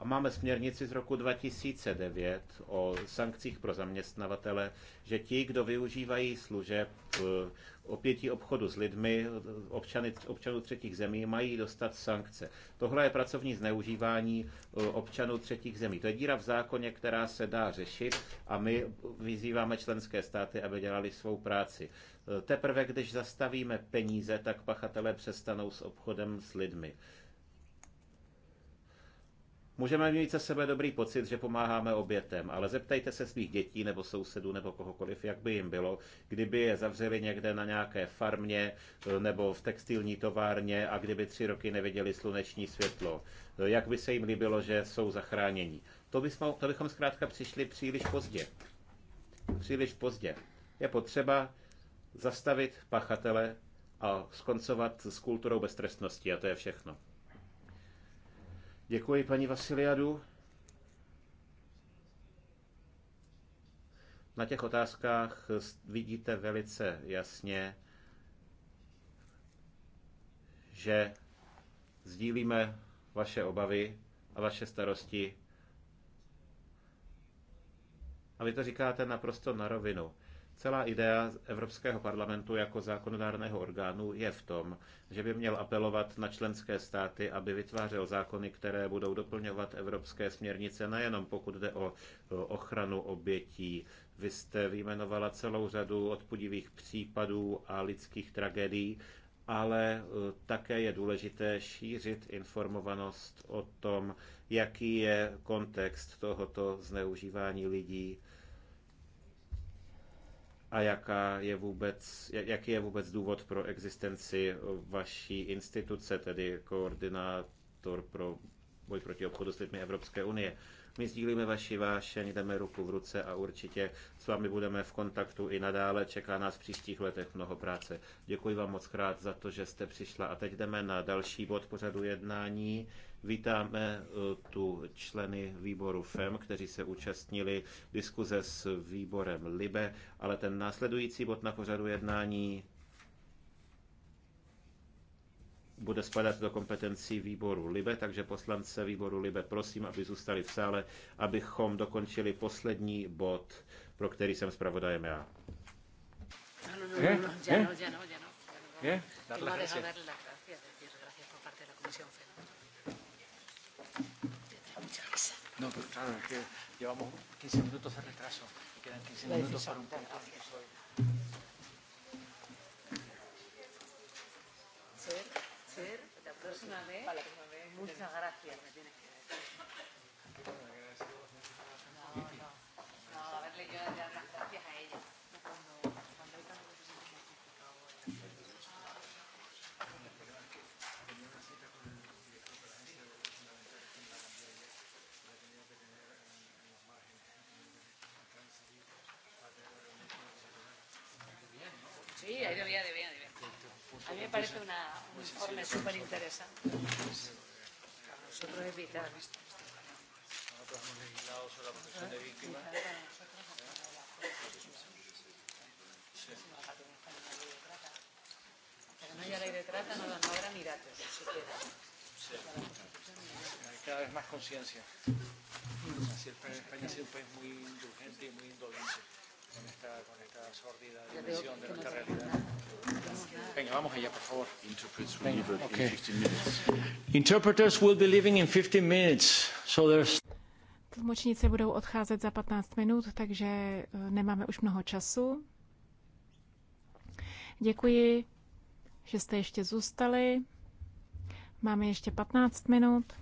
A máme směrnici z roku 2009 o sankcích pro zaměstnavatele, že ti, kdo využívají služeb eh, opětí obchodu s lidmi, občany, občanů třetích zemí, mají dostat sankce. Tohle je pracovní zneužívání eh, občanů třetích zemí. To je díra v zákoně, která se dá řešit a my vyzýváme členské státy, aby dělali svou práci. Eh, teprve, když zastavíme peníze, tak pachatelé přestanou s obchodem s lidmi. Můžeme mít ze sebe dobrý pocit, že pomáháme obětem, ale zeptejte se svých dětí nebo sousedů nebo kohokoliv, jak by jim bylo, kdyby je zavřeli někde na nějaké farmě eh, nebo v textilní továrně a kdyby tři roky neviděli sluneční světlo. Eh, jak by se jim líbilo, že jsou zachráněni. To, bychom, to bychom zkrátka přišli příliš pozdě. Příliš pozdě. Je potřeba zastavit pachatele a skoncovat s kulturou beztrestnosti a to je všechno. Děkuji paní Vasiliadu. Na těch otázkách vidíte velice jasně, že sdílíme vaše obavy a vaše starosti. A vy to říkáte naprosto na rovinu. Celá idea Evropského parlamentu jako zákonodárného orgánu je v tom, že by měl apelovat na členské státy, aby vytvářel zákony, které budou doplňovat evropské směrnice, nejenom pokud jde o ochranu obětí. Vy jste vyjmenovala celou řadu odpudivých případů a lidských tragédií, ale e, také je důležité šířit informovanost o tom, jaký je kontext tohoto zneužívání lidí a jaká je vůbec, jaký je vůbec důvod pro existenci vaší instituce, tedy koordinátor pro boj proti obchodu s lidmi Evropské unie. My sdílíme vaši vášeň, jdeme ruku v ruce a určitě s vámi budeme v kontaktu i nadále. Čeká nás v příštích letech mnoho práce. Děkuji vám moc krát za to, že jste přišla. A teď jdeme na další bod pořadu jednání. Vítáme eh, tu členy výboru FEM, kteří se účastnili diskuze s výborem LIBE, ale ten následující bod na pořadu jednání bude spadat do kompetencí výboru Libe, takže poslance výboru Libe prosím, aby zůstali v sále, abychom dokončili poslední bod, pro který jsem zpravodajem já. No, no, no, no, no, no, no, no, no, no, Muchas gracias. No, pero claro, es que llevamos 15 minutos de retraso y quedan 15 La minutos para un punto. Ser, ser, la próxima vez, Muchas gracias. parece una, un informe súper interesante. Nosotros evitar. Nosotros hemos legislado sobre la protección de víctimas. no haya ley de trata, no, no habrá ni datos, siquiera. Sí. Hay cada vez más conciencia. España ha sido un país muy indulgente y muy indolente con esta, con esta sordida dimensión de nuestra realidad. Venga, vamos allá, por favor. Interpreters will, Venga, okay. in 15 minutes. Interpreters will be leaving in 15 minutes, so there's... Tlumočníci budou odcházet za 15 minut, takže eh, nemáme už mnoho času. Děkuji, že jste ještě zůstali. Máme ještě 15 minut,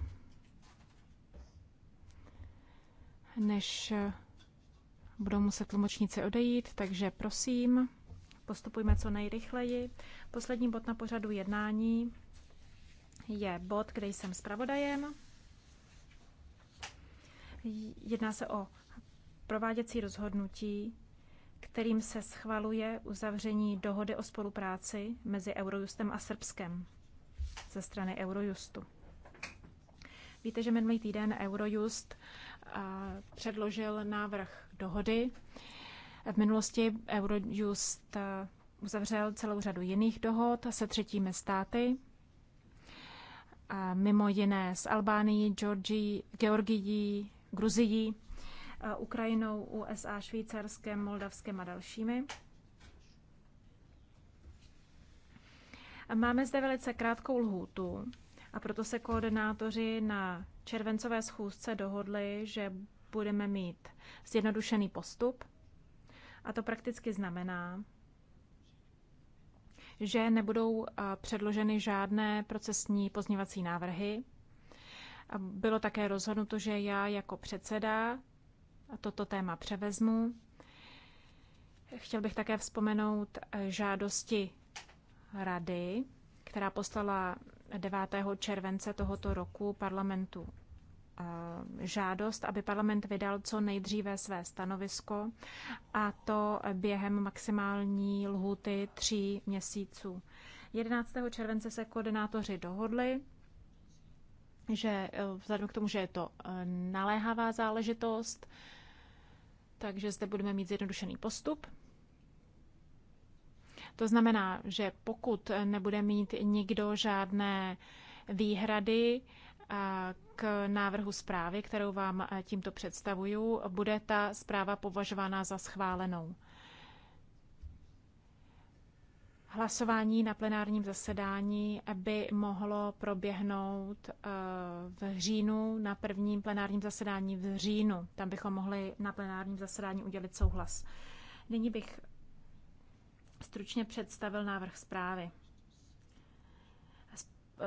než eh, Budou muset tlumočníci odejít, takže prosím, postupujme co nejrychleji. Poslední bod na pořadu jednání je bod, kde jsem zpravodajem. Jedná se o prováděcí rozhodnutí, kterým se schvaluje uzavření dohody o spolupráci mezi Eurojustem a Srbskem ze strany Eurojustu. Víte, že minulý týden Eurojust eh, předložil návrh dohody. V minulosti Eurojust eh, uzavřel celou řadu jiných dohod se třetími státy, a mimo jiné s Albánií, Georgií, Gruzií, eh, Ukrajinou, USA, Švýcarskem, Moldavskem a dalšími. Máme zde velice krátkou lhůtu a proto se koordinátoři na červencové schůzce dohodli, že budeme mít zjednodušený postup. A to prakticky znamená, že nebudou eh, předloženy žádné procesní pozněvací návrhy. Bylo také rozhodnuto, že já jako předseda toto téma převezmu. Chtěl bych také vzpomenout eh, žádosti rady, která poslala 9. července tohoto roku parlamentu eh, žádost, aby parlament vydal co nejdříve své stanovisko a to během maximální lhuty tří měsíců. 11. července se koordinátoři dohodli, že eh, vzhledem k tomu, že je to eh, naléhavá záležitost, takže zde budeme mít zjednodušený postup. To znamená, že pokud nebude mít nikdo žádné výhrady k návrhu zprávy, kterou vám tímto představuju, bude ta zpráva považována za schválenou. Hlasování na plenárním zasedání by mohlo proběhnout v říjnu, na prvním plenárním zasedání v říjnu. Tam bychom mohli na plenárním zasedání udělit souhlas. Nyní bych stručně představil návrh zprávy.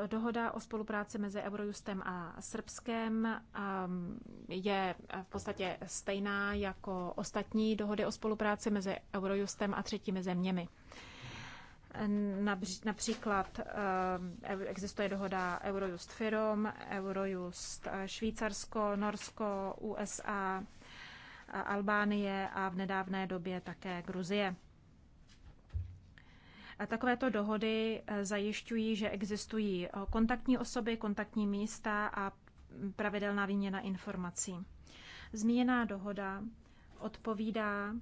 Dohoda o spolupráci mezi Eurojustem a Srbskem um, je v podstatě stejná jako ostatní dohody o spolupráci mezi Eurojustem a třetími zeměmi. Například um, existuje dohoda Eurojust Firom, Eurojust eh, Švýcarsko, Norsko, USA, Albánie a v nedávné době také Gruzie. Takovéto dohody eh, zajišťují, že existují eh, kontaktní osoby, kontaktní místa a pravidelná výměna informací. Zmíněná dohoda odpovídá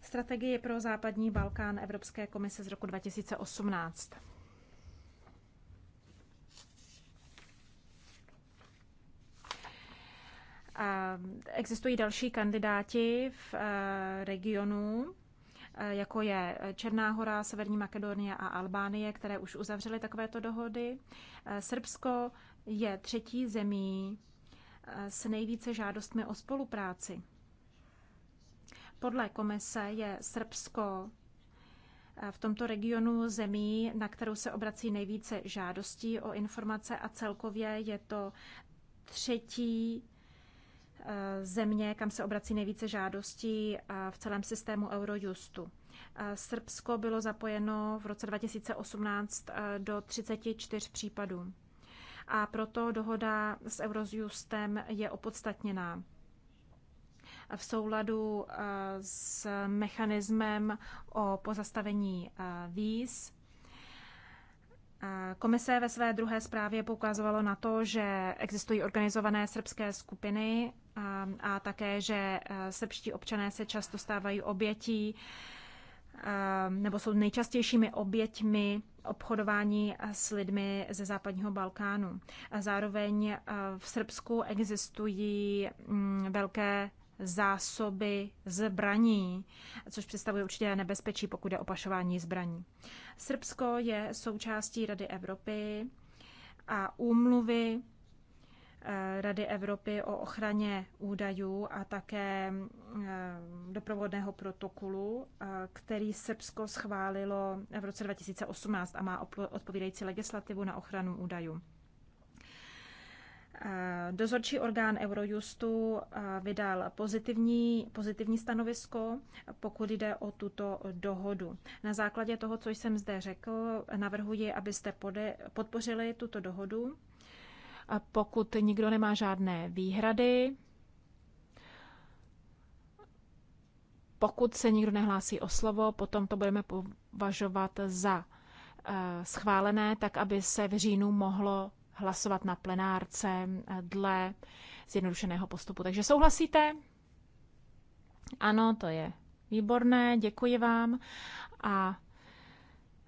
strategie pro západní Balkán Evropské komise z roku 2018. Existují další kandidáti v eh, regionu, eh, jako je Černá hora, Severní Makedonie a Albánie, které už uzavřely takovéto dohody. Eh, Srbsko je třetí zemí s nejvíce žádostmi o spolupráci. Podle komise je Srbsko v tomto regionu zemí, na kterou se obrací nejvíce žádostí o informace a celkově je to třetí Eh, země, kam se obrací nejvíce žádostí eh, v celém systému Eurojustu. Eh, Srbsko bylo zapojeno v roce 2018 do 34 případů. A proto dohoda s Eurojustem je opodstatněná v souladu s mechanismem o pozastavení víz Komise ve své druhé zprávě poukazovalo na to, že existují organizované srbské skupiny a, a také, že e, srbští občané se často stávají obětí e, nebo jsou nejčastějšími oběťmi obchodování s lidmi ze západního Balkánu. Zároveň e, v Srbsku existují mm, velké zásoby zbraní, což představuje určitě nebezpečí, pokud je opašování zbraní. Srbsko je součástí Rady Evropy a úmluvy eh, Rady Evropy o ochraně údajů a také eh, doprovodného protokolu, eh, který Srbsko schválilo v roce 2018 a má odpovídající legislativu na ochranu údajů. Eh, dozorčí orgán Eurojustu eh, vydal pozitivní, pozitivní stanovisko, pokud jde o tuto dohodu. Na základě toho, co jsem zde řekl, navrhuji, abyste podpořili tuto dohodu. Pokud nikdo nemá žádné výhrady, pokud se nikdo nehlásí o slovo, potom to budeme považovat za eh, schválené, tak aby se v říjnu mohlo hlasovat na plenárce eh, dle zjednodušeného postupu. Takže souhlasíte? Ano, to je výborné, děkuji vám. A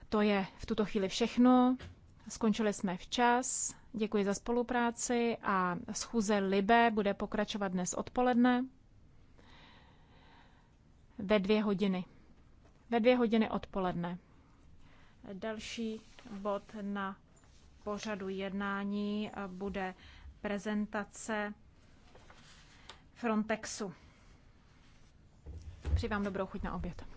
to je v tuto chvíli všechno. Skončili jsme včas. Děkuji za spolupráci a schůze Libe bude pokračovat dnes odpoledne ve dvě hodiny. Ve dvě hodiny odpoledne. Další bod na pořadu jednání eh, bude prezentace Frontexu. Přeji vám dobrou chuť na oběd.